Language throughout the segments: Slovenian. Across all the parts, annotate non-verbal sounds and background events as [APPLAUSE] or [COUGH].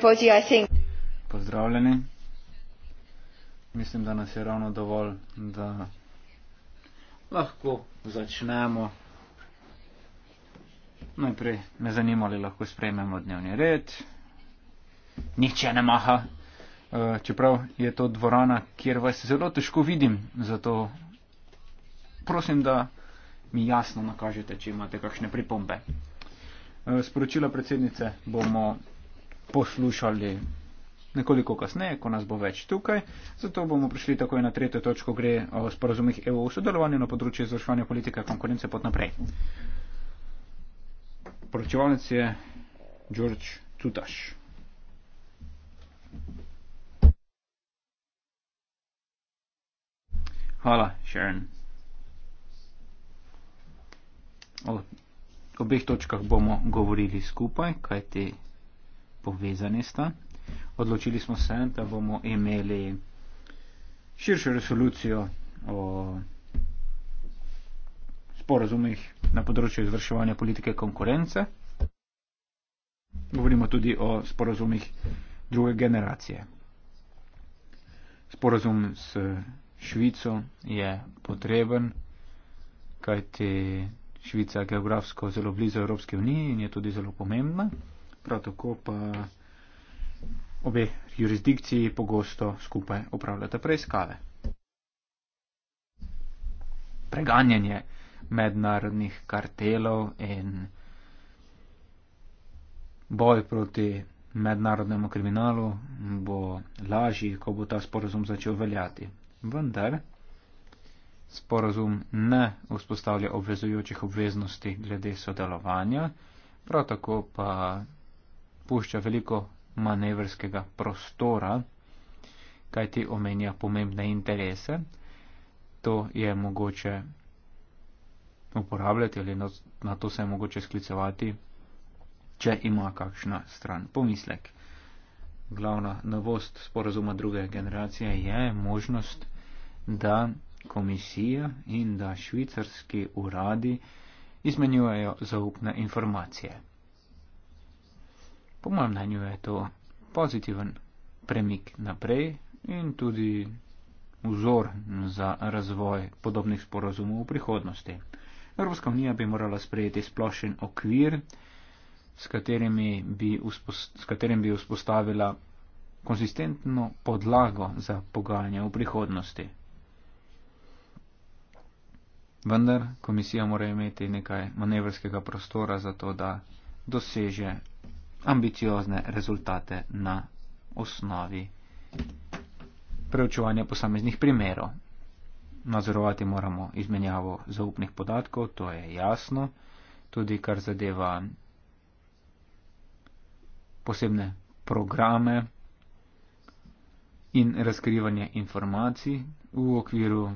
Uh, pozdravljeni mislim da nas je ravno dovolj da lahko začnemo najprej me zanima ali lahko sprejmemo dnevni red nihče ne maha uh, čeprav je to dvorana kjer vas zelo težko vidim zato prosim da mi jasno nakažete, če imate kakšne pripombe. E, sporočila predsednice bomo poslušali nekoliko kasneje, ko nas bo več tukaj, zato bomo prišli takoj na tretjo točko, gre o sporozumih EU o sodelovanju na področju izvrševanja politike konkurence pod naprej. Poročevalec je George Tutaš. Hvala, Sharon o obeh točkah bomo govorili skupaj, kajti povezani sta. Odločili smo se, da bomo imeli širšo resolucijo o sporazumih na področju izvrševanja politike konkurence. Govorimo tudi o sporazumih druge generacije. Sporazum s Švico je potreben, kajti Švica je geografsko zelo blizu Evropske unije in je tudi zelo pomembna. Prav tako pa obe jurisdikciji pogosto skupaj upravljata preiskave. Preganjanje mednarodnih kartelov in boj proti mednarodnemu kriminalu bo lažji, ko bo ta sporozum začel veljati. Vendar. Sporazum ne vzpostavlja obvezujočih obveznosti glede sodelovanja, prav tako pa pušča veliko manevrskega prostora, kaj ti omenja pomembne interese. To je mogoče uporabljati ali na to se je mogoče sklicevati, če ima kakšna stran pomislek. Glavna novost sporazuma druge generacije je možnost, da komisija in da švicarski uradi izmenjujejo zaupne informacije. Po mojem mnenju je to pozitiven premik naprej in tudi vzor za razvoj podobnih sporozumov v prihodnosti. Evropska unija bi morala sprejeti splošen okvir, s, bi s katerim bi vzpostavila konsistentno podlago za pogajanje v prihodnosti vendar komisija mora imeti nekaj manevrskega prostora za to, da doseže ambiciozne rezultate na osnovi preučevanja posameznih primerov. Nazorovati moramo izmenjavo zaupnih podatkov, to je jasno, tudi kar zadeva posebne programe in razkrivanje informacij v okviru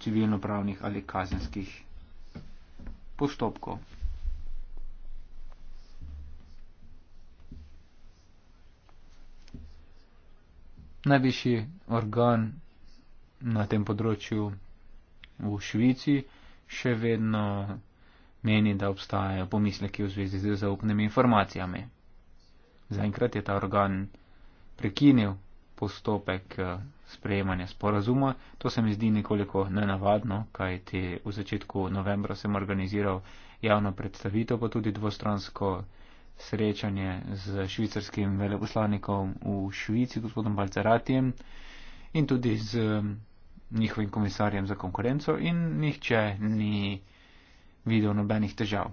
civilnopravnih ali kazenskih postopkov. Najvišji organ na tem področju v Švici še vedno meni, da obstajajo pomisleki v zvezi z zaupnimi informacijami. Zaenkrat je ta organ prekinil postopek eh, sprejemanja sporazuma. To se mi zdi nekoliko nenavadno, kajti v začetku novembra sem organiziral javno predstavitev, pa tudi dvostransko srečanje z švicarskim veleposlanikom v Švici, gospodom Balceratijem, in tudi z eh, njihovim komisarjem za konkurenco in nihče ni videl nobenih težav.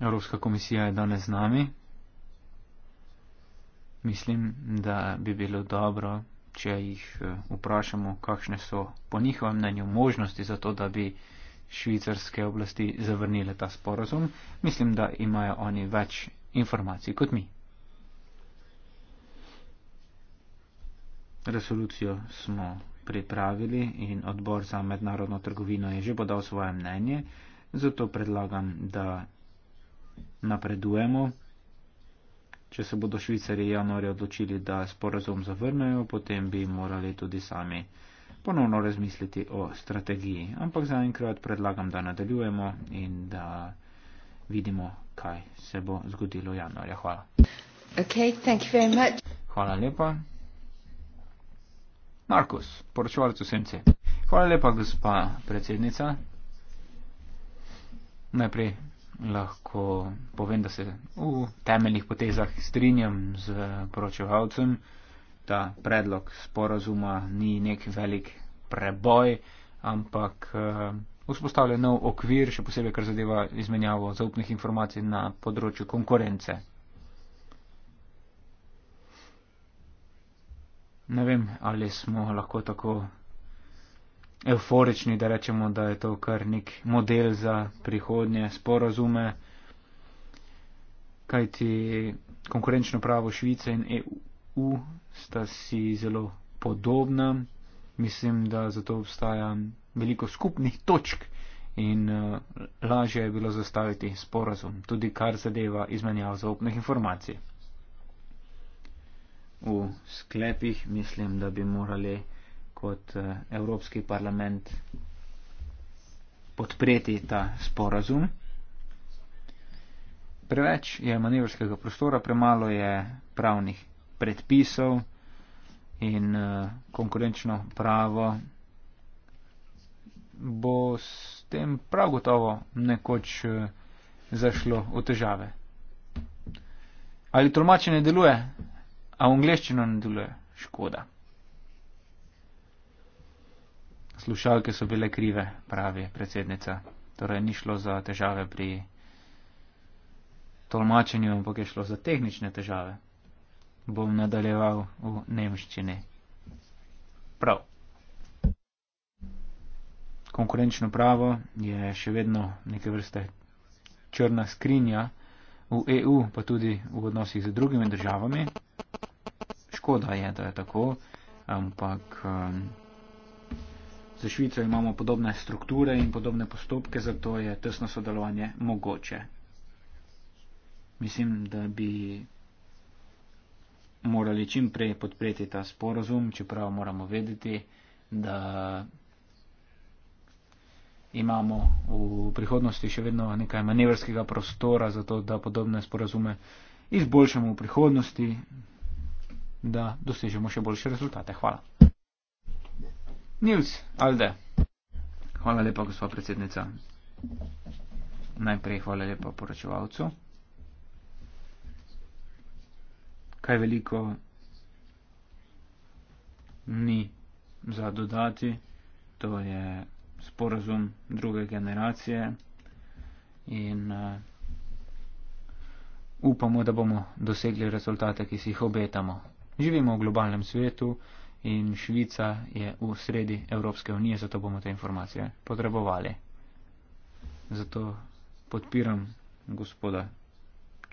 Evropska komisija je danes z nami, Mislim, da bi bilo dobro, če jih eh, vprašamo, kakšne so po njihovem mnenju možnosti za to, da bi švicarske oblasti zavrnile ta sporozum. Mislim, da imajo oni več informacij kot mi. Resolucijo smo pripravili in odbor za mednarodno trgovino je že podal svoje mnenje, zato predlagam, da napredujemo. Če se bodo Švicari januarja odločili, da sporazum zavrnejo, potem bi morali tudi sami ponovno razmisliti o strategiji. Ampak zaenkrat predlagam, da nadaljujemo in da vidimo, kaj se bo zgodilo januarja. Hvala. Okay, Hvala lepa. Markus, poročevalec v Senci. Hvala lepa, gospa predsednica. Najprej lahko povem, da se v temeljnih potezah strinjam z poročevalcem. Ta predlog sporazuma ni nek velik preboj, ampak eh, vzpostavlja nov okvir, še posebej, kar zadeva izmenjavo zaupnih informacij na področju konkurence. Ne vem, ali smo lahko tako euforični, da rečemo, da je to kar nek model za prihodnje sporozume, kajti konkurenčno pravo Švice in EU sta si zelo podobna. Mislim, da zato obstaja veliko skupnih točk in eh, lažje je bilo zastaviti sporozum, tudi kar zadeva izmenjav zaupnih informacij. V sklepih mislim, da bi morali kot eh, Evropski parlament podpreti ta sporazum. Preveč je manevrskega prostora, premalo je pravnih predpisov in eh, konkurenčno pravo bo s tem prav gotovo nekoč eh, zašlo v težave. Ali tolmačenje deluje, a v angleščino ne deluje, škoda. slušalke so bile krive, pravi predsednica. Torej ni šlo za težave pri tolmačenju, ampak je šlo za tehnične težave. Bom nadaljeval v nemščini. Prav. Konkurenčno pravo je še vedno neke vrste črna skrinja v EU, pa tudi v odnosih z drugimi državami. Škoda je, da je tako, ampak. Um, Za Švico imamo podobne strukture in podobne postopke, zato je tesno sodelovanje mogoče. Mislim, da bi morali čim prej podpreti ta sporozum, čeprav moramo vedeti, da imamo v prihodnosti še vedno nekaj manevrskega prostora, zato da podobne sporozume izboljšamo v prihodnosti, da dosežemo še boljše rezultate. Hvala. Nils Alde. Hvala lepa, gospa predsednica. Najprej hvala lepa poročevalcu. Kaj veliko ni za dodati, to je sporazum druge generacije in uh, upamo, da bomo dosegli rezultate, ki si jih obetamo. Živimo v globalnem svetu, uh, in Švica je v sredi Evropske unije, zato bomo te informacije potrebovali. Zato podpiram gospoda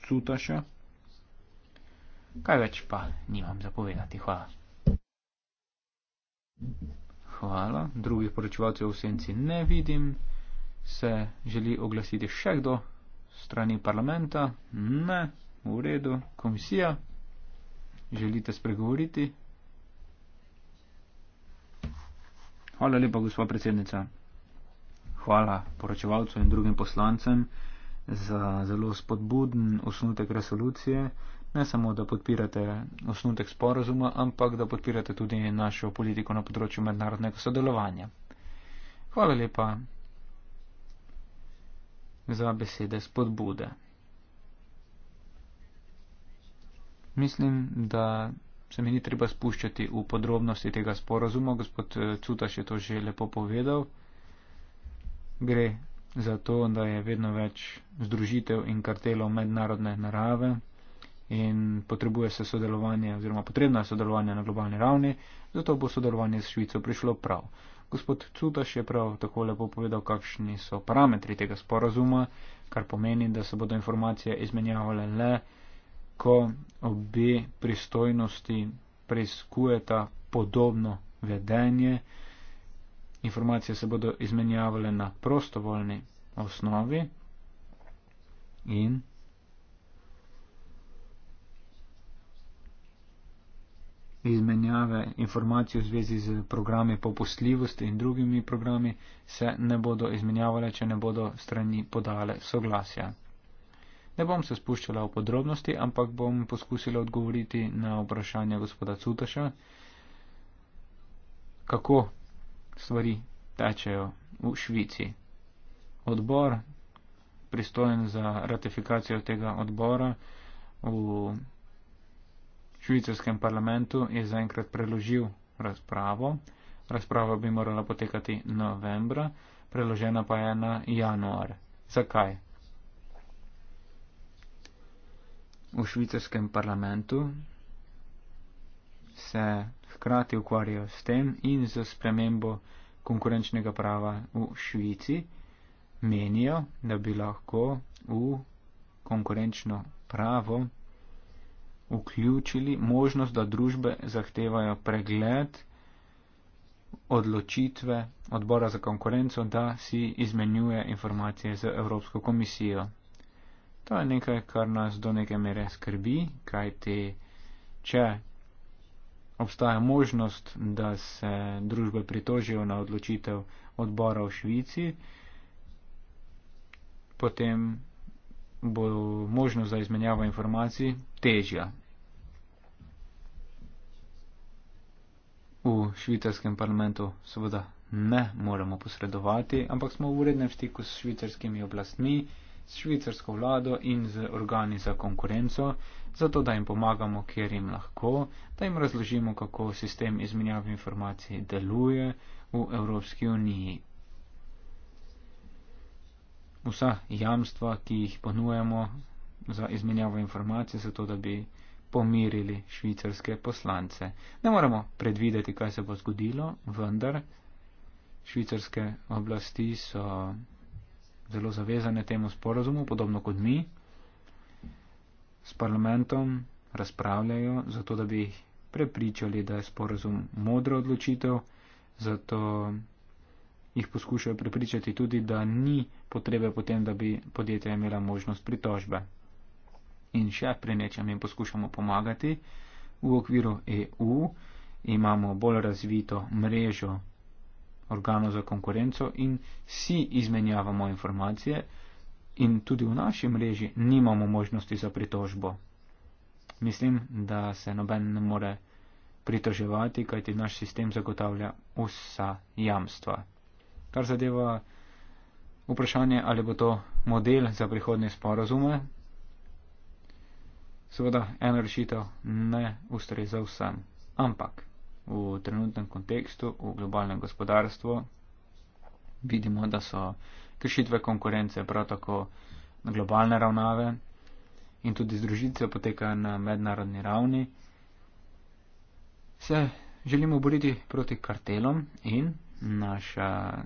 Cutaša. Kaj več pa nimam zapovedati. Hvala. Hvala. Drugih poročevalcev v senci ne vidim. Se želi oglasiti še kdo strani parlamenta? Ne. V redu. Komisija. Želite spregovoriti? Hvala lepa, gospa predsednica. Hvala poročevalcu in drugim poslancem za zelo spodbuden osnutek resolucije. Ne samo, da podpirate osnutek sporozuma, ampak da podpirate tudi našo politiko na področju mednarodnega sodelovanja. Hvala lepa za besede spodbude. Mislim, da se mi ni treba spuščati v podrobnosti tega sporozuma, gospod eh, Cutaš je to že lepo povedal. Gre za to, da je vedno več združitev in kartelov mednarodne narave in potrebuje se sodelovanje oziroma potrebno je sodelovanje na globalni ravni, zato bo sodelovanje s Švico prišlo prav. Gospod Cutaš je prav tako lepo povedal, kakšni so parametri tega sporozuma, kar pomeni, da se bodo informacije izmenjavale le ko obe pristojnosti preizkujeta podobno vedenje, informacije se bodo izmenjavale na prostovoljni osnovi in izmenjave informacij v zvezi z programi popustljivosti in drugimi programi se ne bodo izmenjavale, če ne bodo strani podale soglasja. Ne bom se spuščala v podrobnosti, ampak bom poskusila odgovoriti na vprašanje gospoda Cutaša, kako stvari tečejo v Švici. Odbor, pristojen za ratifikacijo tega odbora v švicarskem parlamentu, je zaenkrat preložil razpravo. Razprava bi morala potekati novembra, preložena pa je na januar. Zakaj? v švicarskem parlamentu se hkrati ukvarjajo s tem in z spremembo konkurenčnega prava v Švici menijo, da bi lahko v konkurenčno pravo vključili možnost, da družbe zahtevajo pregled odločitve odbora za konkurenco, da si izmenjuje informacije z Evropsko komisijo. To je nekaj, kar nas do neke mere skrbi, kaj te, če obstaja možnost, da se družbe pritožijo na odločitev odbora v Švici, potem bo možnost za izmenjavo informacij težja. V švicarskem parlamentu seveda ne moremo posredovati, ampak smo v urednem stiku s švicarskimi oblastmi švicarsko vlado in z organi za konkurenco, zato da jim pomagamo, kjer jim lahko, da jim razložimo, kako sistem izmenjave informacij deluje v Evropski uniji. Vsa jamstva, ki jih ponujemo za izmenjavo informacij, zato da bi pomirili švicarske poslance. Ne moremo predvideti, kaj se bo zgodilo, vendar švicarske oblasti so zelo zavezane temu sporazumu, podobno kot mi, s parlamentom razpravljajo, zato da bi jih prepričali, da je sporazum modra odločitev, zato jih poskušajo prepričati tudi, da ni potrebe potem, da bi podjetja imela možnost pritožbe. In še pri nečem jim poskušamo pomagati. V okviru EU imamo bolj razvito mrežo organov za konkurenco in si izmenjavamo informacije in tudi v naši mreži nimamo možnosti za pritožbo. Mislim, da se noben ne more pritoževati, kajti naš sistem zagotavlja vsa jamstva. Kar zadeva vprašanje, ali bo to model za prihodne sporozume, seveda ena rešitev ne ustreza vsem, ampak v trenutnem kontekstu, v globalnem gospodarstvu. Vidimo, da so kršitve konkurence prav tako na globalne ravnave in tudi združitve potekajo na mednarodni ravni. Se želimo boriti proti kartelom in naša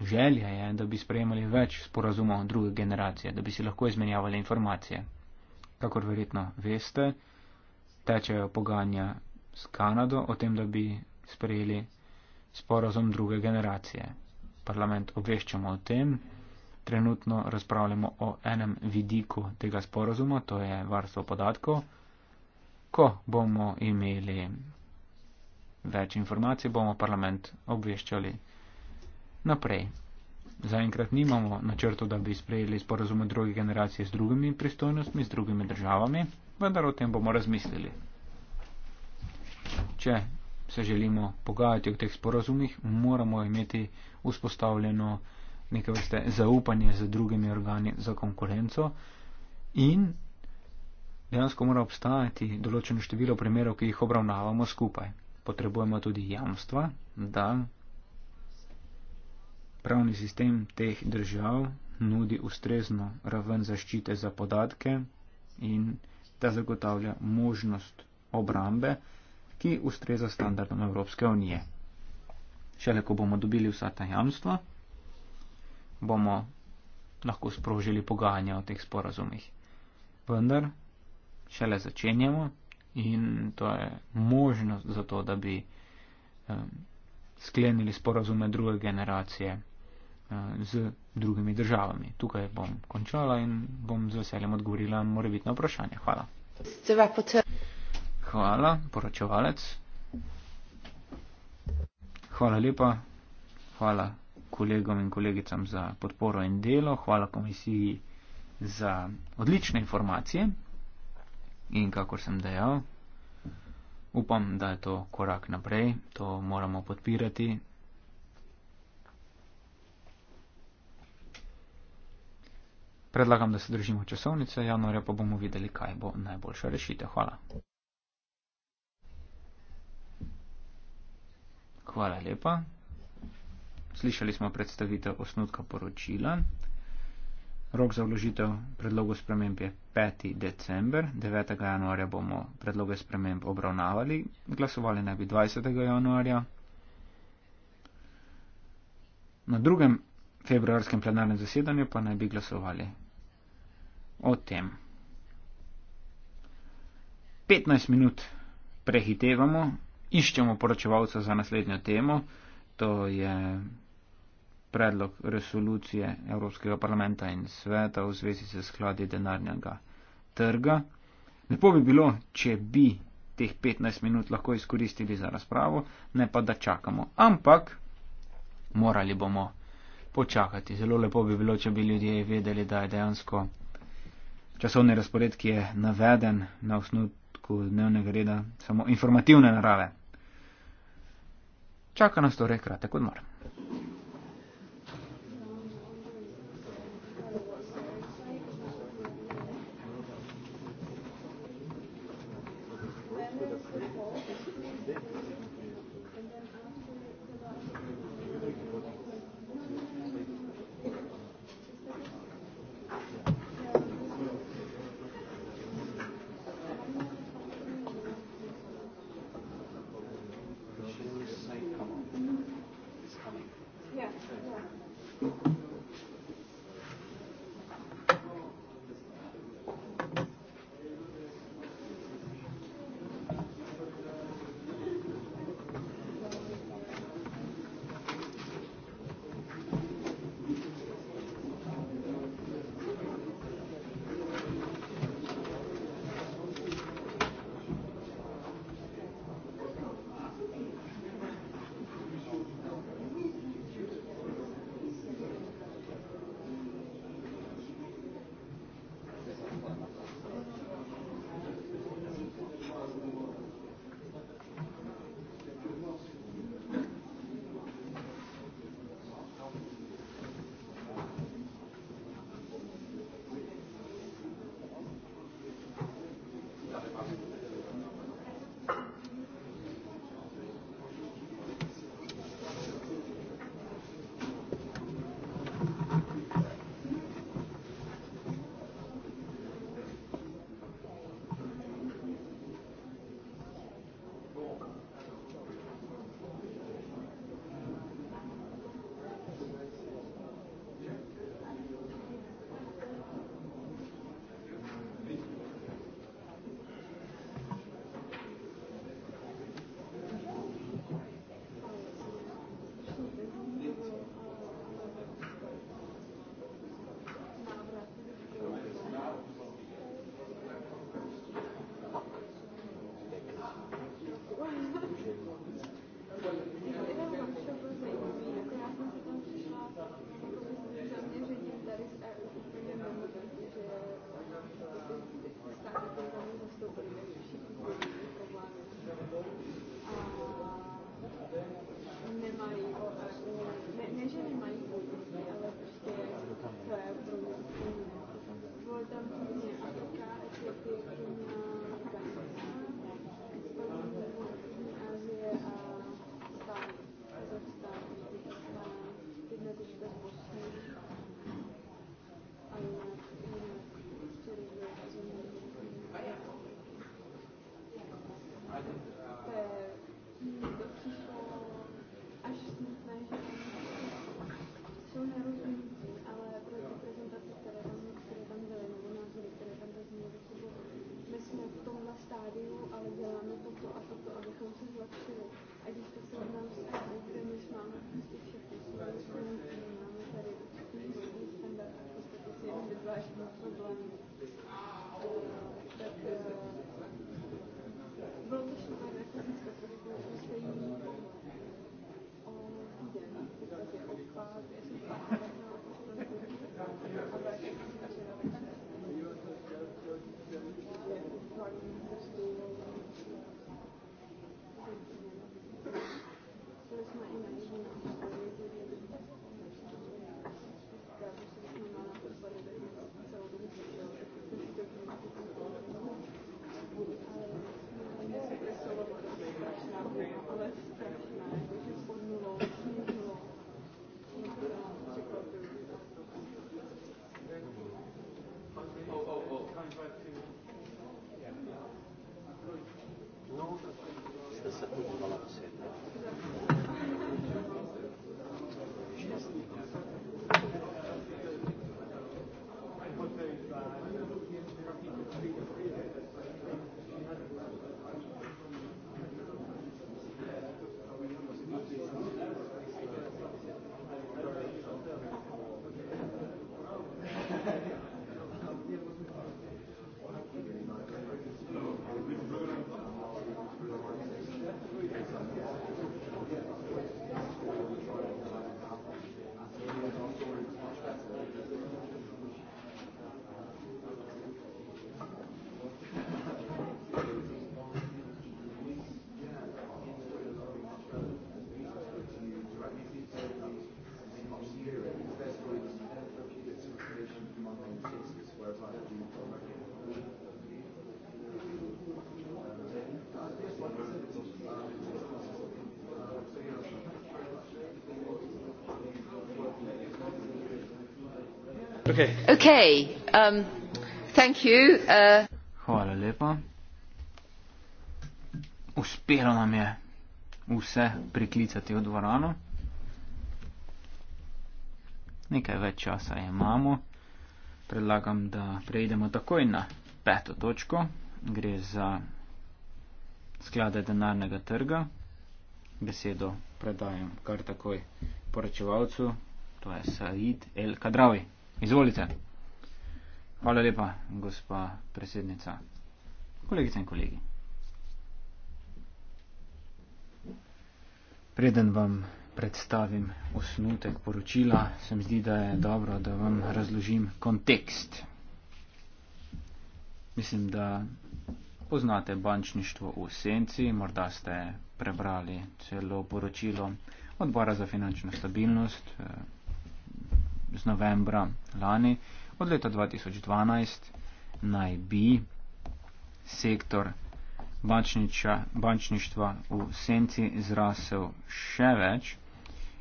želja je, da bi sprejemali več sporazumov druge generacije, da bi si lahko izmenjavali informacije. Kakor verjetno veste, tečejo pogajanja s Kanado o tem, da bi sprejeli sporazum druge generacije. Parlament obveščamo o tem. Trenutno razpravljamo o enem vidiku tega sporazuma, to je varstvo podatkov. Ko bomo imeli več informacij, bomo parlament obveščali naprej. Zaenkrat nimamo načrtu, da bi sprejeli sporazume druge generacije z drugimi pristojnostmi, z drugimi državami, vendar o tem bomo razmislili če se želimo pogajati o teh sporazumih, moramo imeti vzpostavljeno neke vrste zaupanje z drugimi organi za konkurenco in dejansko mora obstajati določeno število primerov, ki jih obravnavamo skupaj. Potrebujemo tudi jamstva, da pravni sistem teh držav nudi ustrezno raven zaščite za podatke in da zagotavlja možnost obrambe ki ustreza standardom Evropske unije. Šele ko bomo dobili vsa ta jamstva, bomo lahko sprožili pogajanja o teh sporazumih. Vendar šele začenjamo in to je možnost za to, da bi um, sklenili sporazume druge generacije z drugimi državami. Tukaj bom končala in bom z veseljem odgovorila na morebitno vprašanje. Hvala. Hvala, poročevalec. Hvala lepa, hvala kolegom in kolegicam za podporo in delo, hvala komisiji za odlične informacije in kakor sem dejal, upam, da je to korak naprej, to moramo podpirati. Predlagam, da se držimo časovnice, januarja pa bomo videli, kaj bo najboljša rešitev. Hvala. Hvala lepa. Slišali smo predstavitev osnutka poročila. Rok za vložitev predlogov sprememb je 5. december. 9. januarja bomo predloge sprememb obravnavali. Glasovali naj bi 20. januarja. Na drugem februarskem plenarnem zasedanju pa naj bi glasovali o tem. 15 minut prehitevamo, iščemo poročevalca za naslednjo temo, to je predlog resolucije Evropskega parlamenta in sveta v zvezi se skladi denarnega trga. Lepo bi bilo, če bi teh 15 minut lahko izkoristili za razpravo, ne pa da čakamo. Ampak morali bomo počakati. Zelo lepo bi bilo, če bi ljudje vedeli, da je dejansko časovni razpored, ki je naveden na osnutku dnevnega reda, samo informativne narave. Čaka nas torej kratek odmor. se tudi malo posvetila. Um, uh, Hvala lepa. Uspelo nam je vse priklicati v dvorano. Nekaj več časa imamo. Predlagam, da preidemo takoj na peto točko. Gre za sklade denarnega trga. Besedo predajam kar takoj poročevalcu, to je Said El Kadravi. Izvolite. Hvala lepa, gospa predsednica. Kolegice in kolegi. Preden vam predstavim osnutek poročila, se mi zdi, da je dobro, da vam razložim kontekst. Mislim, da poznate bančništvo v senci, morda ste prebrali celo poročilo odbora za finančno stabilnost, eh, z novembra lani, od leta 2012 naj bi sektor bančništva v senci zrasel še več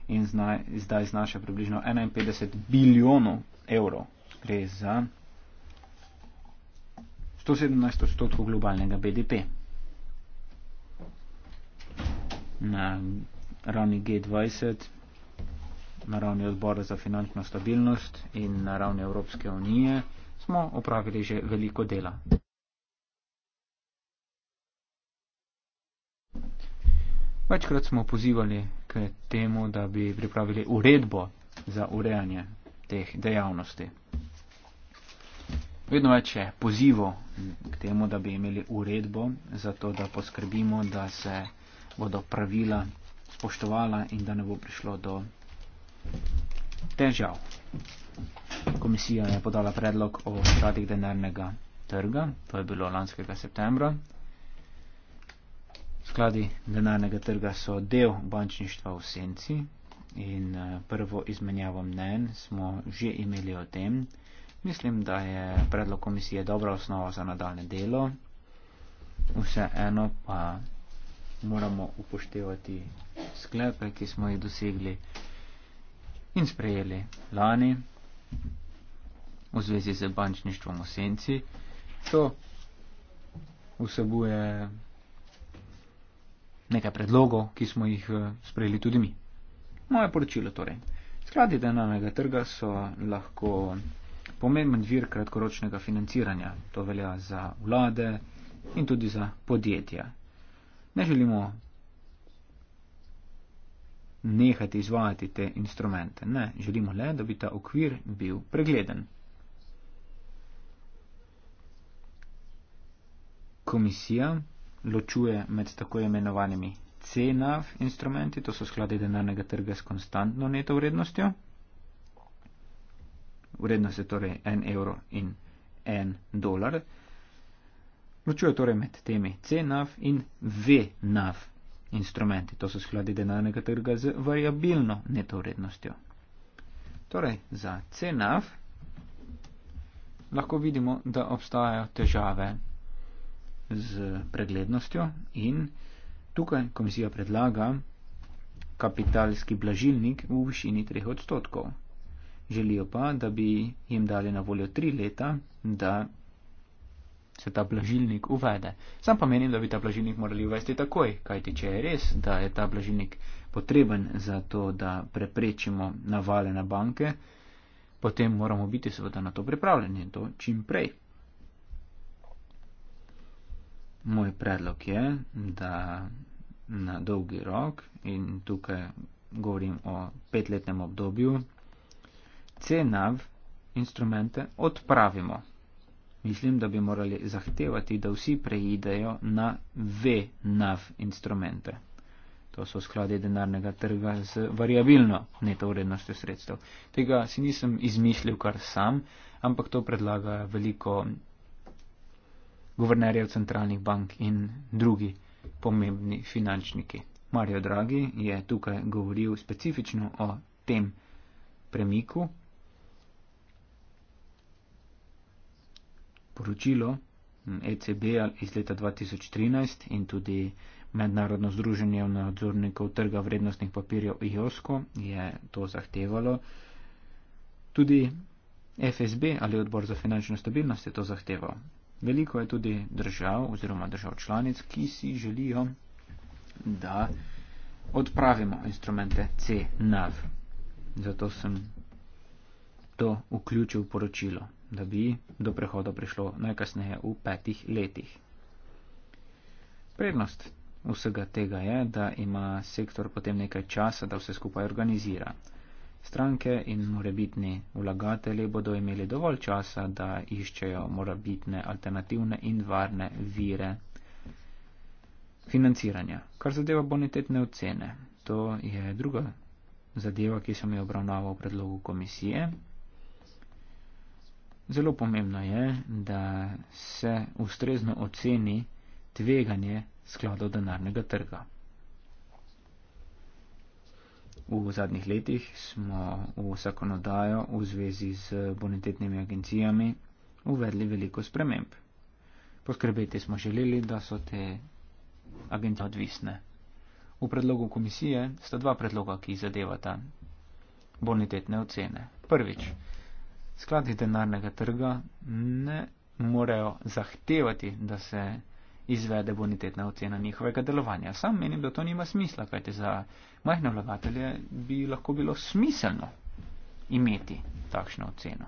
in znaj, zdaj znaša približno 51 bilijonov evrov. Gre za 117 odstotkov globalnega BDP. Na ravni G20 na ravni odbora za finančno stabilnost in na ravni Evropske unije smo opravili že veliko dela. Večkrat smo pozivali k temu, da bi pripravili uredbo za urejanje teh dejavnosti. Vedno več je pozivo k temu, da bi imeli uredbo, zato da poskrbimo, da se bodo pravila spoštovala in da ne bo prišlo do težav. Komisija je podala predlog o škratih denarnega trga, to je bilo lanskega septembra. Skladi denarnega trga so del bančništva v senci in eh, prvo izmenjavo mnen smo že imeli o tem. Mislim, da je predlog komisije dobra osnova za nadaljne delo. Vseeno pa moramo upoštevati sklepe, ki smo jih dosegli in sprejeli lani v zvezi z bančništvom v senci. To vsebuje nekaj predlogov, ki smo jih eh, sprejeli tudi mi. Moje poročilo torej. Skladi denarnega trga so lahko pomemben vir kratkoročnega financiranja. To velja za vlade in tudi za podjetja. Ne želimo nehati izvajati te instrumente. Ne, želimo le, da bi ta okvir bil pregleden. Komisija ločuje med tako imenovanimi CNAV instrumenti, to so skladi denarnega trga s konstantno neto vrednostjo. Vrednost je torej 1 evro in 1 dolar. Ločuje torej med temi CNAV in VNAV instrumenti. To so skladi denarnega trga z variabilno neto vrednostjo. Torej, za CNAF lahko vidimo, da obstajajo težave z preglednostjo in tukaj komisija predlaga kapitalski blažilnik v višini 3 odstotkov. Želijo pa, da bi jim dali na voljo 3 leta, da se ta blažilnik uvede. Sam pa menim, da bi ta blažilnik morali uvesti takoj, kajti če je res, da je ta blažilnik potreben za to, da preprečimo navale na banke, potem moramo biti seveda na to pripravljeni in to čim prej. Moj predlog je, da na dolgi rok in tukaj govorim o petletnem obdobju, cenav instrumente odpravimo mislim, da bi morali zahtevati, da vsi preidejo na VNAV instrumente. To so skladi denarnega trga z variabilno neto vrednostjo sredstev. Tega si nisem izmislil kar sam, ampak to predlaga veliko guvernerjev centralnih bank in drugi pomembni finančniki. Mario Draghi je tukaj govoril specifično o tem premiku. poročilo ECB iz leta 2013 in tudi Mednarodno združenje nadzornikov trga vrednostnih papirjev IOSCO je to zahtevalo. Tudi FSB ali odbor za finančno stabilnost je to zahteval. Veliko je tudi držav oziroma držav članic, ki si želijo, da odpravimo instrumente CNAV. Zato sem to vključil v poročilo da bi do prehoda prišlo najkasneje v petih letih. Prednost vsega tega je, da ima sektor potem nekaj časa, da vse skupaj organizira. Stranke in morebitni vlagatelji bodo imeli dovolj časa, da iščejo morebitne alternativne in varne vire financiranja. Kar zadeva bonitetne ocene, to je druga zadeva, ki sem jo obravnaval v predlogu komisije. Zelo pomembno je, da se ustrezno oceni tveganje skladov denarnega trga. V zadnjih letih smo v zakonodajo v zvezi z bonitetnimi agencijami uvedli veliko sprememb. Poskrbeti smo želeli, da so te agencije odvisne. V predlogu komisije sta dva predloga, ki zadevata bonitetne ocene. Prvič, skladi denarnega trga ne morejo zahtevati, da se izvede bonitetna ocena njihovega delovanja. Sam menim, da to nima smisla, kajte za majhne vlagatelje bi lahko bilo smiselno imeti takšno oceno.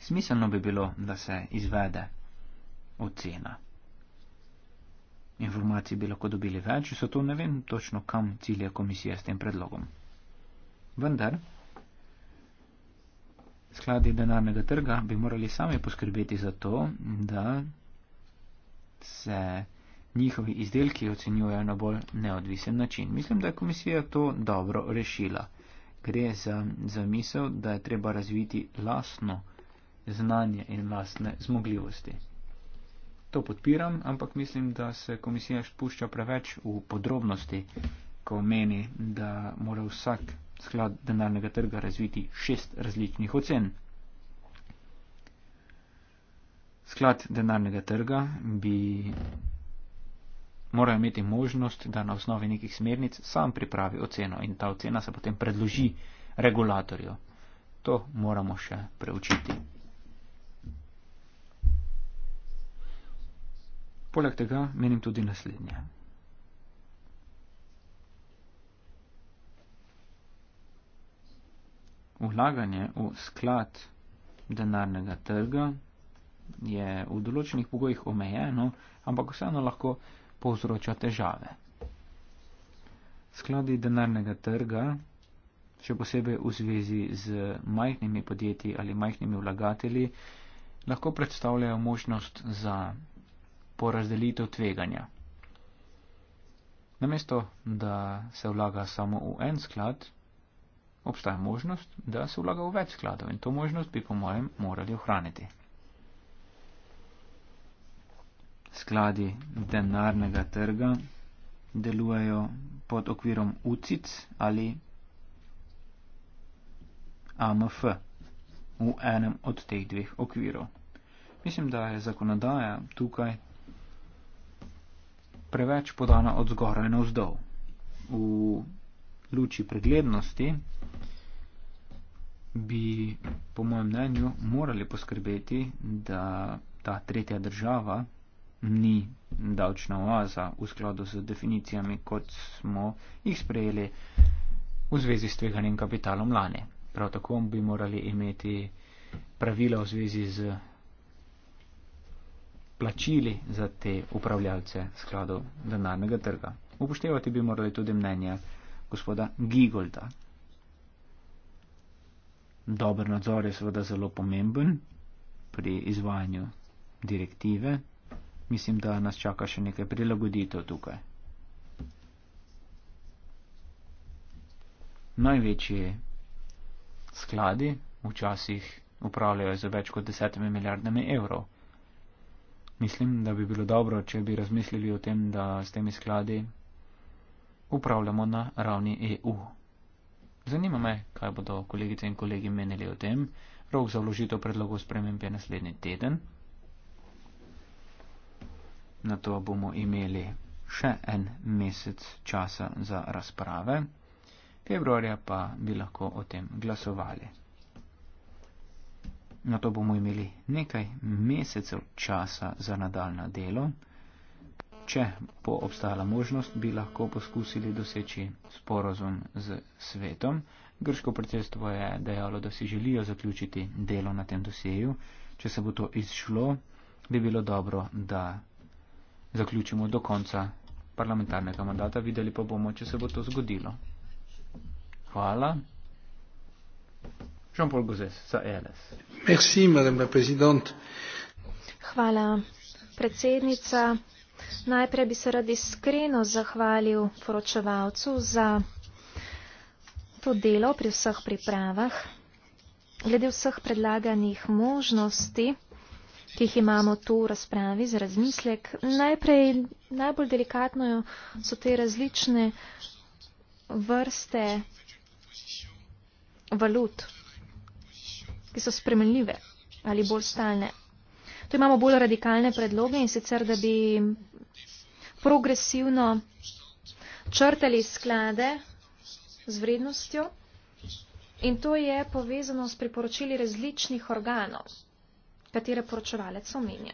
Smiselno bi bilo, da se izvede ocena. Informacij bi lahko dobili več, zato ne vem točno, kam cilje komisije s tem predlogom vendar skladi denarnega trga bi morali sami poskrbeti za to, da se njihovi izdelki ocenjujejo na bolj neodvisen način. Mislim, da je komisija to dobro rešila. Gre za zamisel, da je treba razviti lasno znanje in lasne zmogljivosti. To podpiram, ampak mislim, da se komisija spušča preveč v podrobnosti, ko meni, da mora vsak sklad denarnega trga razviti šest različnih ocen. Sklad denarnega trga bi moral imeti možnost, da na osnovi nekih smernic sam pripravi oceno in ta ocena se potem predloži regulatorju. To moramo še preučiti. Poleg tega menim tudi naslednje. Vlaganje v sklad denarnega trga je v določenih pogojih omejeno, ampak vseeno lahko povzroča težave. Skladi denarnega trga, še posebej v zvezi z majhnimi podjetji ali majhnimi vlagatelji, lahko predstavljajo možnost za porazdelitev tveganja. Namesto, da se vlaga samo v en sklad, obstaja možnost, da se vlaga v več skladov in to možnost bi po mojem morali ohraniti. Skladi denarnega trga delujejo pod okvirom UCIC ali AMF v enem od teh dveh okvirov. Mislim, da je zakonodaja tukaj preveč podana od zgoraj na vzdolj. V luči preglednosti bi po mojem mnenju morali poskrbeti, da ta tretja država ni davčna oaza v skladu z definicijami, kot smo jih sprejeli v zvezi s tveganjem kapitalom lani. Prav tako bi morali imeti pravila v zvezi z plačili za te upravljalce skladov denarnega trga. Upoštevati bi morali tudi mnenja gospoda Gigolda. Dober nadzor je seveda zelo pomemben pri izvajanju direktive. Mislim, da nas čaka še nekaj prilagoditev tukaj. Največji skladi včasih upravljajo za več kot desetimi milijardami evrov. Mislim, da bi bilo dobro, če bi razmislili o tem, da s temi skladi upravljamo na ravni EU. Zanima me, kaj bodo kolegice in kolegi menili o tem. Rok za vložitev predlogov sprememb je naslednji teden. Na to bomo imeli še en mesec časa za razprave. Februarja pa bi lahko o tem glasovali. Na to bomo imeli nekaj mesecev časa za nadaljno delo. Če bo obstajala možnost, bi lahko poskusili doseči sporozum z svetom. Grško predsedstvo je dejalo, da si želijo zaključiti delo na tem doseju. Če se bo to izšlo, bi bilo dobro, da zaključimo do konca parlamentarnega mandata. Videli pa bomo, če se bo to zgodilo. Hvala. Jean-Paul Gozes, za ELS. Merci, madame la présidente. Hvala, predsednica. Najprej bi se rad iskreno zahvalil poročevalcu za to delo pri vseh pripravah. Glede vseh predlaganih možnosti, ki jih imamo tu v razpravi za razmislek, najprej najbolj delikatno so te različne vrste valut, ki so spremenljive ali bolj stalne. Tu imamo bolj radikalne predloge in sicer, da bi progresivno črtali sklade z vrednostjo in to je povezano s priporočili različnih organov, katere poročevalec omenja.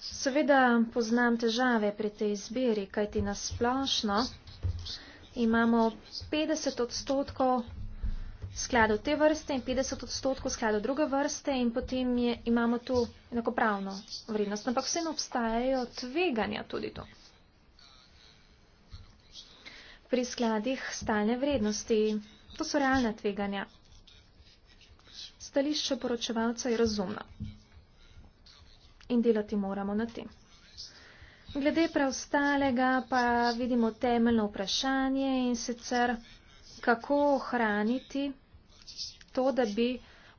Seveda poznam težave pri tej izbiri, kajti nasplošno imamo 50 odstotkov skladov te vrste in 50 odstotkov skladov druge vrste in potem je, imamo tu enakopravno vrednost. Ampak vseeno obstajajo tveganja tudi tu. Pri skladih stalne vrednosti, to so realna tveganja. Stališče poročevalca je razumno in delati moramo na tem. Glede preostalega pa vidimo temeljno vprašanje in sicer kako ohraniti to, da bi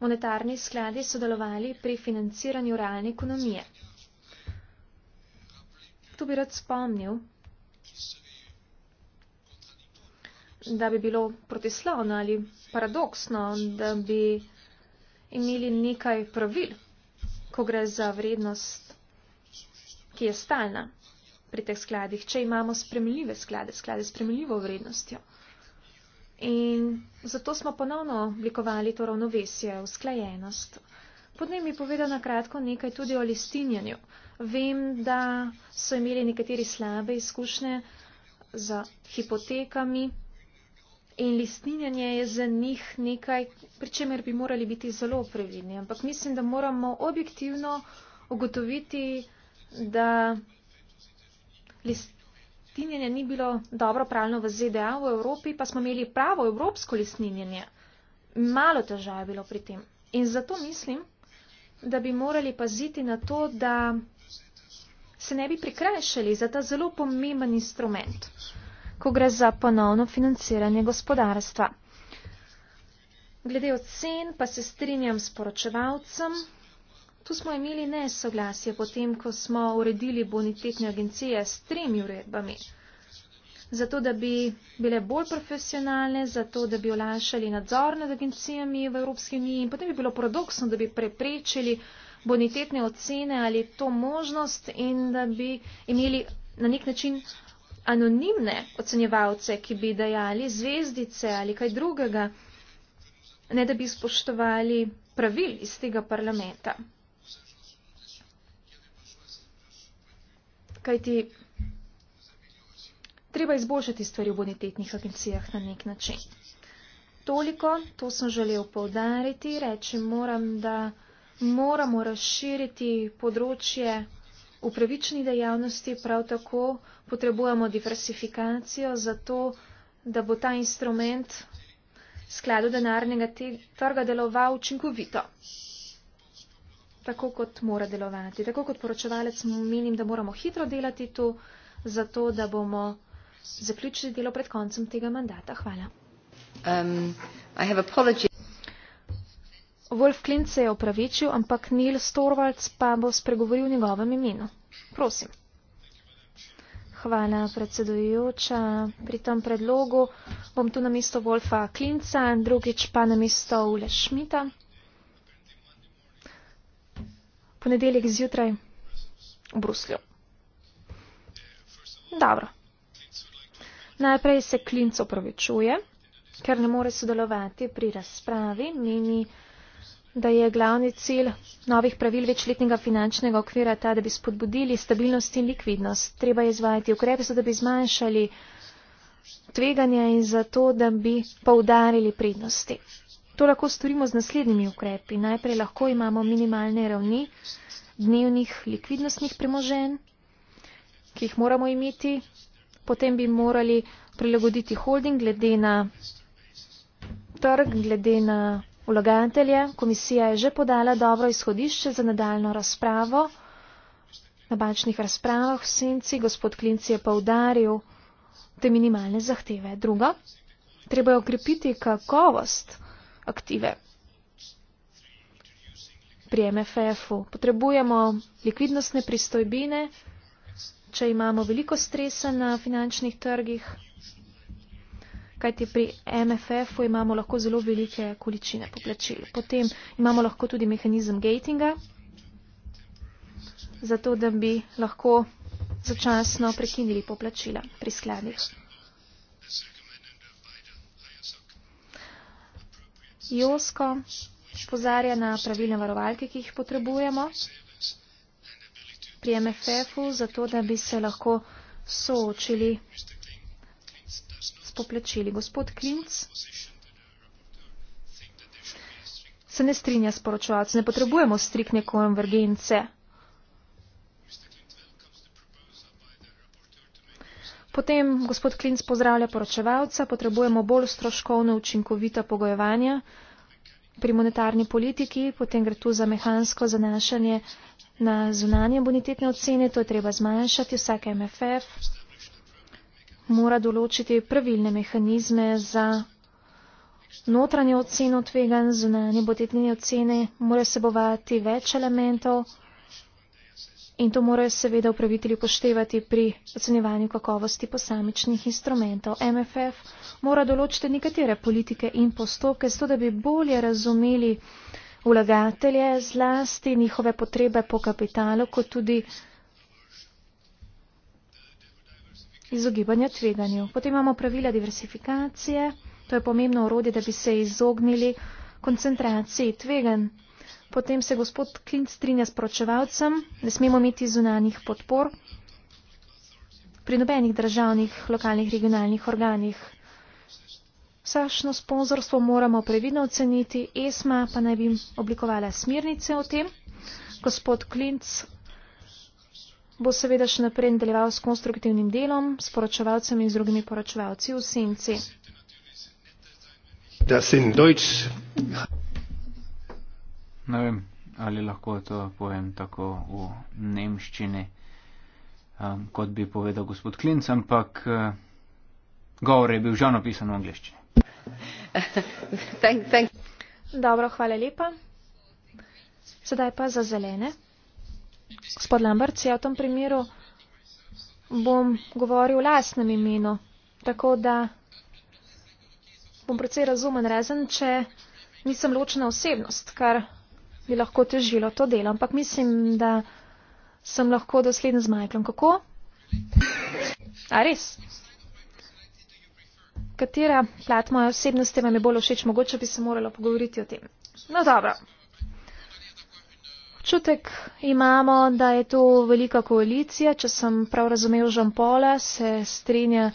monetarni skladi sodelovali pri financiranju realne ekonomije. Tu bi rad spomnil, da bi bilo protislovno ali paradoksno, da bi imeli nekaj pravil, ko gre za vrednost, ki je stalna pri teh skladih, če imamo spremljive sklade, sklade s spremljivo vrednostjo. In zato smo ponovno oblikovali to ravnovesje, usklajenost. Podnebi povedal na kratko nekaj tudi o listinjanju. Vem, da so imeli nekateri slabe izkušnje z hipotekami in listinjanje je za njih nekaj, pri čemer bi morali biti zelo previdni. Ampak mislim, da moramo objektivno ugotoviti, da list, listinjenje ni bilo dobro pravno v ZDA, v Evropi pa smo imeli pravo evropsko listinjenje. Malo težav je bilo pri tem. In zato mislim, da bi morali paziti na to, da se ne bi prikrajšali za ta zelo pomemben instrument, ko gre za ponovno financiranje gospodarstva. Glede ocen pa se strinjam s poročevalcem. Tu smo imeli nesoglasje potem, ko smo uredili bonitetne agencije s tremi uredbami. Zato, da bi bile bolj profesionalne, zato, da bi olajšali nadzor nad agencijami v Evropski uniji in potem bi bilo paradoksno, da bi preprečili bonitetne ocene ali to možnost in da bi imeli na nek način anonimne ocenjevalce, ki bi dajali zvezdice ali kaj drugega, ne da bi spoštovali pravil iz tega parlamenta. kajti treba izboljšati stvari v bonitetnih agencijah na nek način. Toliko, to sem želel povdariti, reči moram, da moramo razširiti področje upravičnih dejavnosti, prav tako potrebujemo diversifikacijo za to, da bo ta instrument skladu denarnega trga deloval učinkovito tako, kot mora delovati. Tako kot poročevalec menim, da moramo hitro delati tu, zato da bomo zaključili delo pred koncem tega mandata. Hvala. Um, Wolf Klint se je opravičil, ampak Neil Storvalds pa bo spregovoril njegovem imenu. Prosim. Hvala, predsedujoča. Pri tem predlogu bom tu na mesto Wolfa Klinca, drugič pa na mesto Ule Šmita ponedeljek zjutraj v Bruslju. Dobro. Najprej se Klinc opravičuje, ker ne more sodelovati pri razpravi, meni, da je glavni cilj novih pravil večletnega finančnega okvira ta, da bi spodbudili stabilnost in likvidnost. Treba je izvajati ukrepe, da bi zmanjšali tveganja in zato, da bi poudarili prednosti. To lahko storimo z naslednjimi ukrepi. Najprej lahko imamo minimalne ravni dnevnih likvidnostnih premoženj, ki jih moramo imeti. Potem bi morali prilagoditi holding glede na trg, glede na vlagatelje. Komisija je že podala dobro izhodišče za nadaljno razpravo na bančnih razpravah v senci. Gospod Klinci je pa udaril te minimalne zahteve. Drugo, treba je okrepiti kakovost aktive. Pri MFF-u potrebujemo likvidnostne pristojbine, če imamo veliko stresa na finančnih trgih, kajti pri MFF-u imamo lahko zelo velike količine poplačil. Potem imamo lahko tudi mehanizem gatinga, zato da bi lahko začasno prekinili poplačila pri skladih. Josko pozarja na pravilne varovalke, ki jih potrebujemo pri MFF-u, zato da bi se lahko soočili s poplačili. Gospod Klinc se ne strinja s poročovalcem, ne potrebujemo strikne konvergence. Potem gospod Klinc pozdravlja poročevalca, potrebujemo bolj stroškovno učinkovita pogojevanja pri monetarni politiki, potem gre tu za mehansko zanašanje na zunanje bonitetne ocene, to je treba zmanjšati, vsak MFF mora določiti pravilne mehanizme za notranje oceno tvegan, zunanje bonitetne ocene, mora sebovati več elementov. In to morajo seveda upravitelji poštevati pri ocenjevanju kakovosti posamičnih instrumentov. MFF mora določiti nekatere politike in postoke, zato da bi bolje razumeli vlagatelje zlasti njihove potrebe po kapitalu, kot tudi izogibanja tveganju. Potem imamo pravila diversifikacije, to je pomembno urodje, da bi se izognili koncentraciji tveganj. Potem se gospod Klint strinja s poročevalcem, ne smemo imeti zunanjih podpor pri nobenih državnih, lokalnih, regionalnih organih. Vsašno sponzorstvo moramo previdno oceniti, ESMA pa naj bi oblikovala smirnice o tem. Gospod Klinc bo seveda še naprej nadaljeval s konstruktivnim delom, s poročevalcem in z drugimi poročevalci v Senci. Da sem Deutsch. Ne vem, ali lahko to povem tako v nemščini, um, kot bi povedal gospod Klinc, ampak uh, govor je bil že napisan v angliščini. [LAUGHS] Dobro, hvala lepa. Sedaj pa za zelene. Gospod Lambert, ja v tem primeru bom govoril v lasnem imenu, tako da bom precej razumen, razen če nisem ločena osebnost, kar bi lahko težilo to delo, ampak mislim, da sem lahko dosleden z Michaelom. Kako? A res? Katera plat moje osebnosti vam je bolj všeč, mogoče bi se moralo pogovoriti o tem. No dobro. Čutek imamo, da je to velika koalicija, če sem prav razumel Žampola, se strinja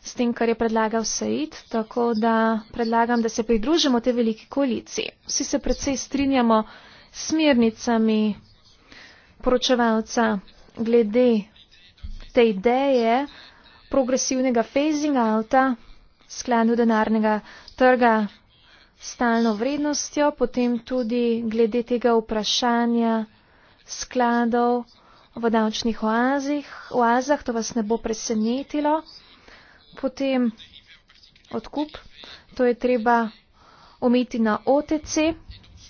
s tem, kar je predlagal Said, tako da predlagam, da se pridružimo te veliki koaliciji. Vsi se predvsej strinjamo, smernicami poročevalca glede te ideje progresivnega phasing outa skladu denarnega trga stalno vrednostjo, potem tudi glede tega vprašanja skladov v davčnih oazih, oazah, to vas ne bo presenetilo. Potem odkup, to je treba ometi na OTC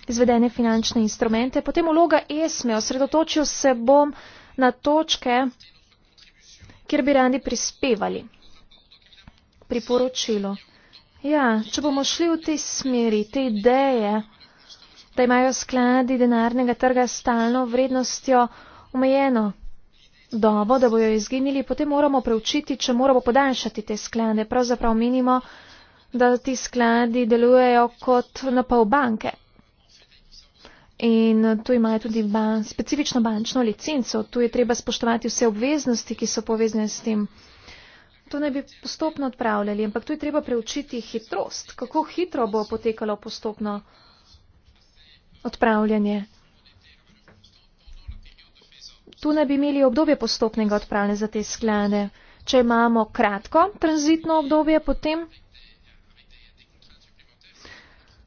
izvedene finančne instrumente. Potem vloga ESME. Osredotočil se bom na točke, kjer bi radi prispevali priporočilo. Ja, če bomo šli v te smeri, te ideje, da imajo skladi denarnega trga stalno vrednostjo omejeno dobo, da bojo izginili, potem moramo preučiti, če moramo podaljšati te sklade. Pravzaprav menimo, da ti skladi delujejo kot napol banke in eh, tu imajo tudi ban, specifično bančno licenco. Tu je treba spoštovati vse obveznosti, ki so povezane s tem. To ne bi postopno odpravljali, ampak tu je treba preučiti hitrost, kako hitro bo potekalo postopno odpravljanje. Tu ne bi imeli obdobje postopnega odpravljanja za te sklade. Če imamo kratko tranzitno obdobje, potem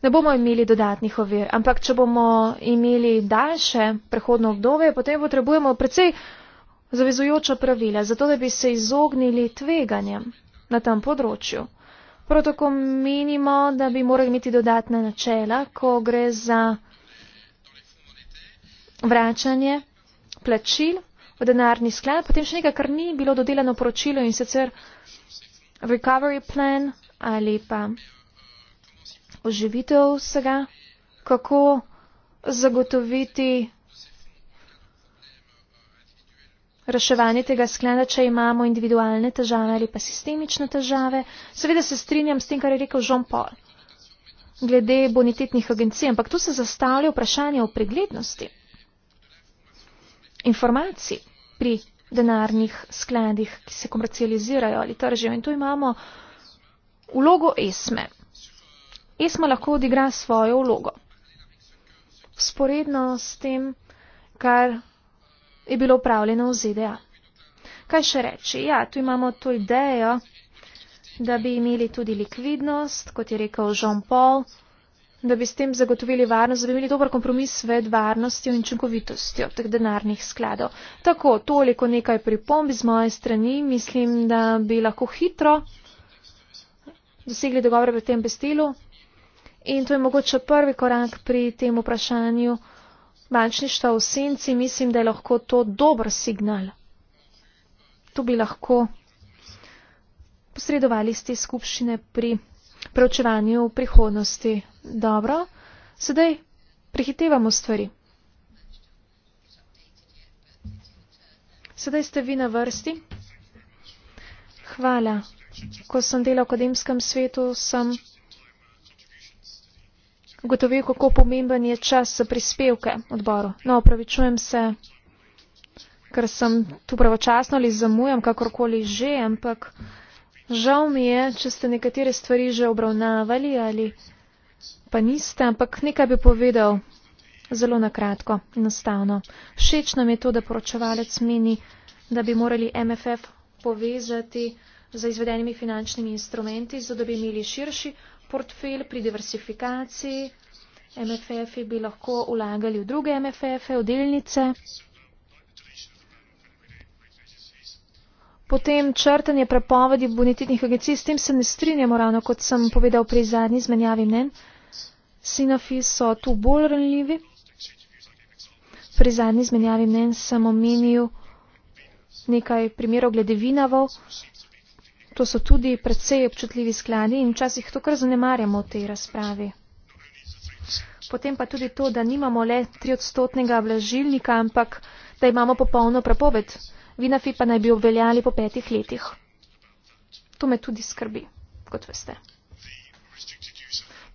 ne bomo imeli dodatnih ovir. Ampak, če bomo imeli daljše prehodno obdobje, potem potrebujemo precej zavezujoča pravila, zato da bi se izognili tveganjem na tem področju. Prav tako menimo, da bi morali imeti dodatne načela, ko gre za vračanje plačil v denarni sklad, potem še nekaj, kar ni bilo dodelano poročilo in sicer recovery plan ali pa oživitev vsega, kako zagotoviti reševanje tega sklada, če imamo individualne težave ali pa sistemične težave. Seveda se strinjam s tem, kar je rekel Jean-Paul glede bonitetnih agencij, ampak tu se zastavlja vprašanje o preglednosti informacij pri denarnih skladih, ki se komercializirajo ali tržijo. In tu imamo vlogo ESME, Esma lahko odigra svojo vlogo. Sporedno s tem, kar je bilo upravljeno v ZDA. Kaj še reči? Ja, tu imamo to idejo, da bi imeli tudi likvidnost, kot je rekel Jean-Paul, da bi s tem zagotovili varnost, da bi imeli dober kompromis med varnostjo in učinkovitostjo teh denarnih skladov. Tako, toliko nekaj pripomb z moje strani. Mislim, da bi lahko hitro dosegli dogovore pri tem bestilu. In to je mogoče prvi korak pri tem vprašanju bančništva v senci. Mislim, da je lahko to dober signal. To bi lahko posredovali iz te skupščine pri preučevanju v prihodnosti. Dobro, sedaj prehitevamo stvari. Sedaj ste vi na vrsti. Hvala. Ko sem delal v akademskem svetu, sem ugotovil, kako pomemben je čas za prispevke odboru. No, opravičujem se, ker sem tu pravočasno ali zamujam, kakorkoli že, ampak žal mi je, če ste nekatere stvari že obravnavali ali pa niste, ampak nekaj bi povedal zelo nakratko, enostavno. Všeč nam je to, da poročevalec meni, da bi morali MFF povezati z izvedenimi finančnimi instrumenti, zato da bi imeli širši portfelj pri diversifikaciji. MFF-i bi lahko vlagali v druge MFF-e, v delnice. Potem črtanje prepovedi bonitetnih agencij, s tem se ne strinjamo ravno, kot sem povedal pri zadnji zmenjavi mnen. Sinofi so tu bolj ranljivi. Pri zadnji zmenjavi mnen sem omenil nekaj primerov glede vinavov. To so tudi precej občutljivi skladi in včasih to kar zanemarjamo v tej razpravi. Potem pa tudi to, da nimamo le triodstotnega vlažilnika, ampak da imamo popolno prepoved. Vinafi pa naj bi obveljali po petih letih. To me tudi skrbi, kot veste.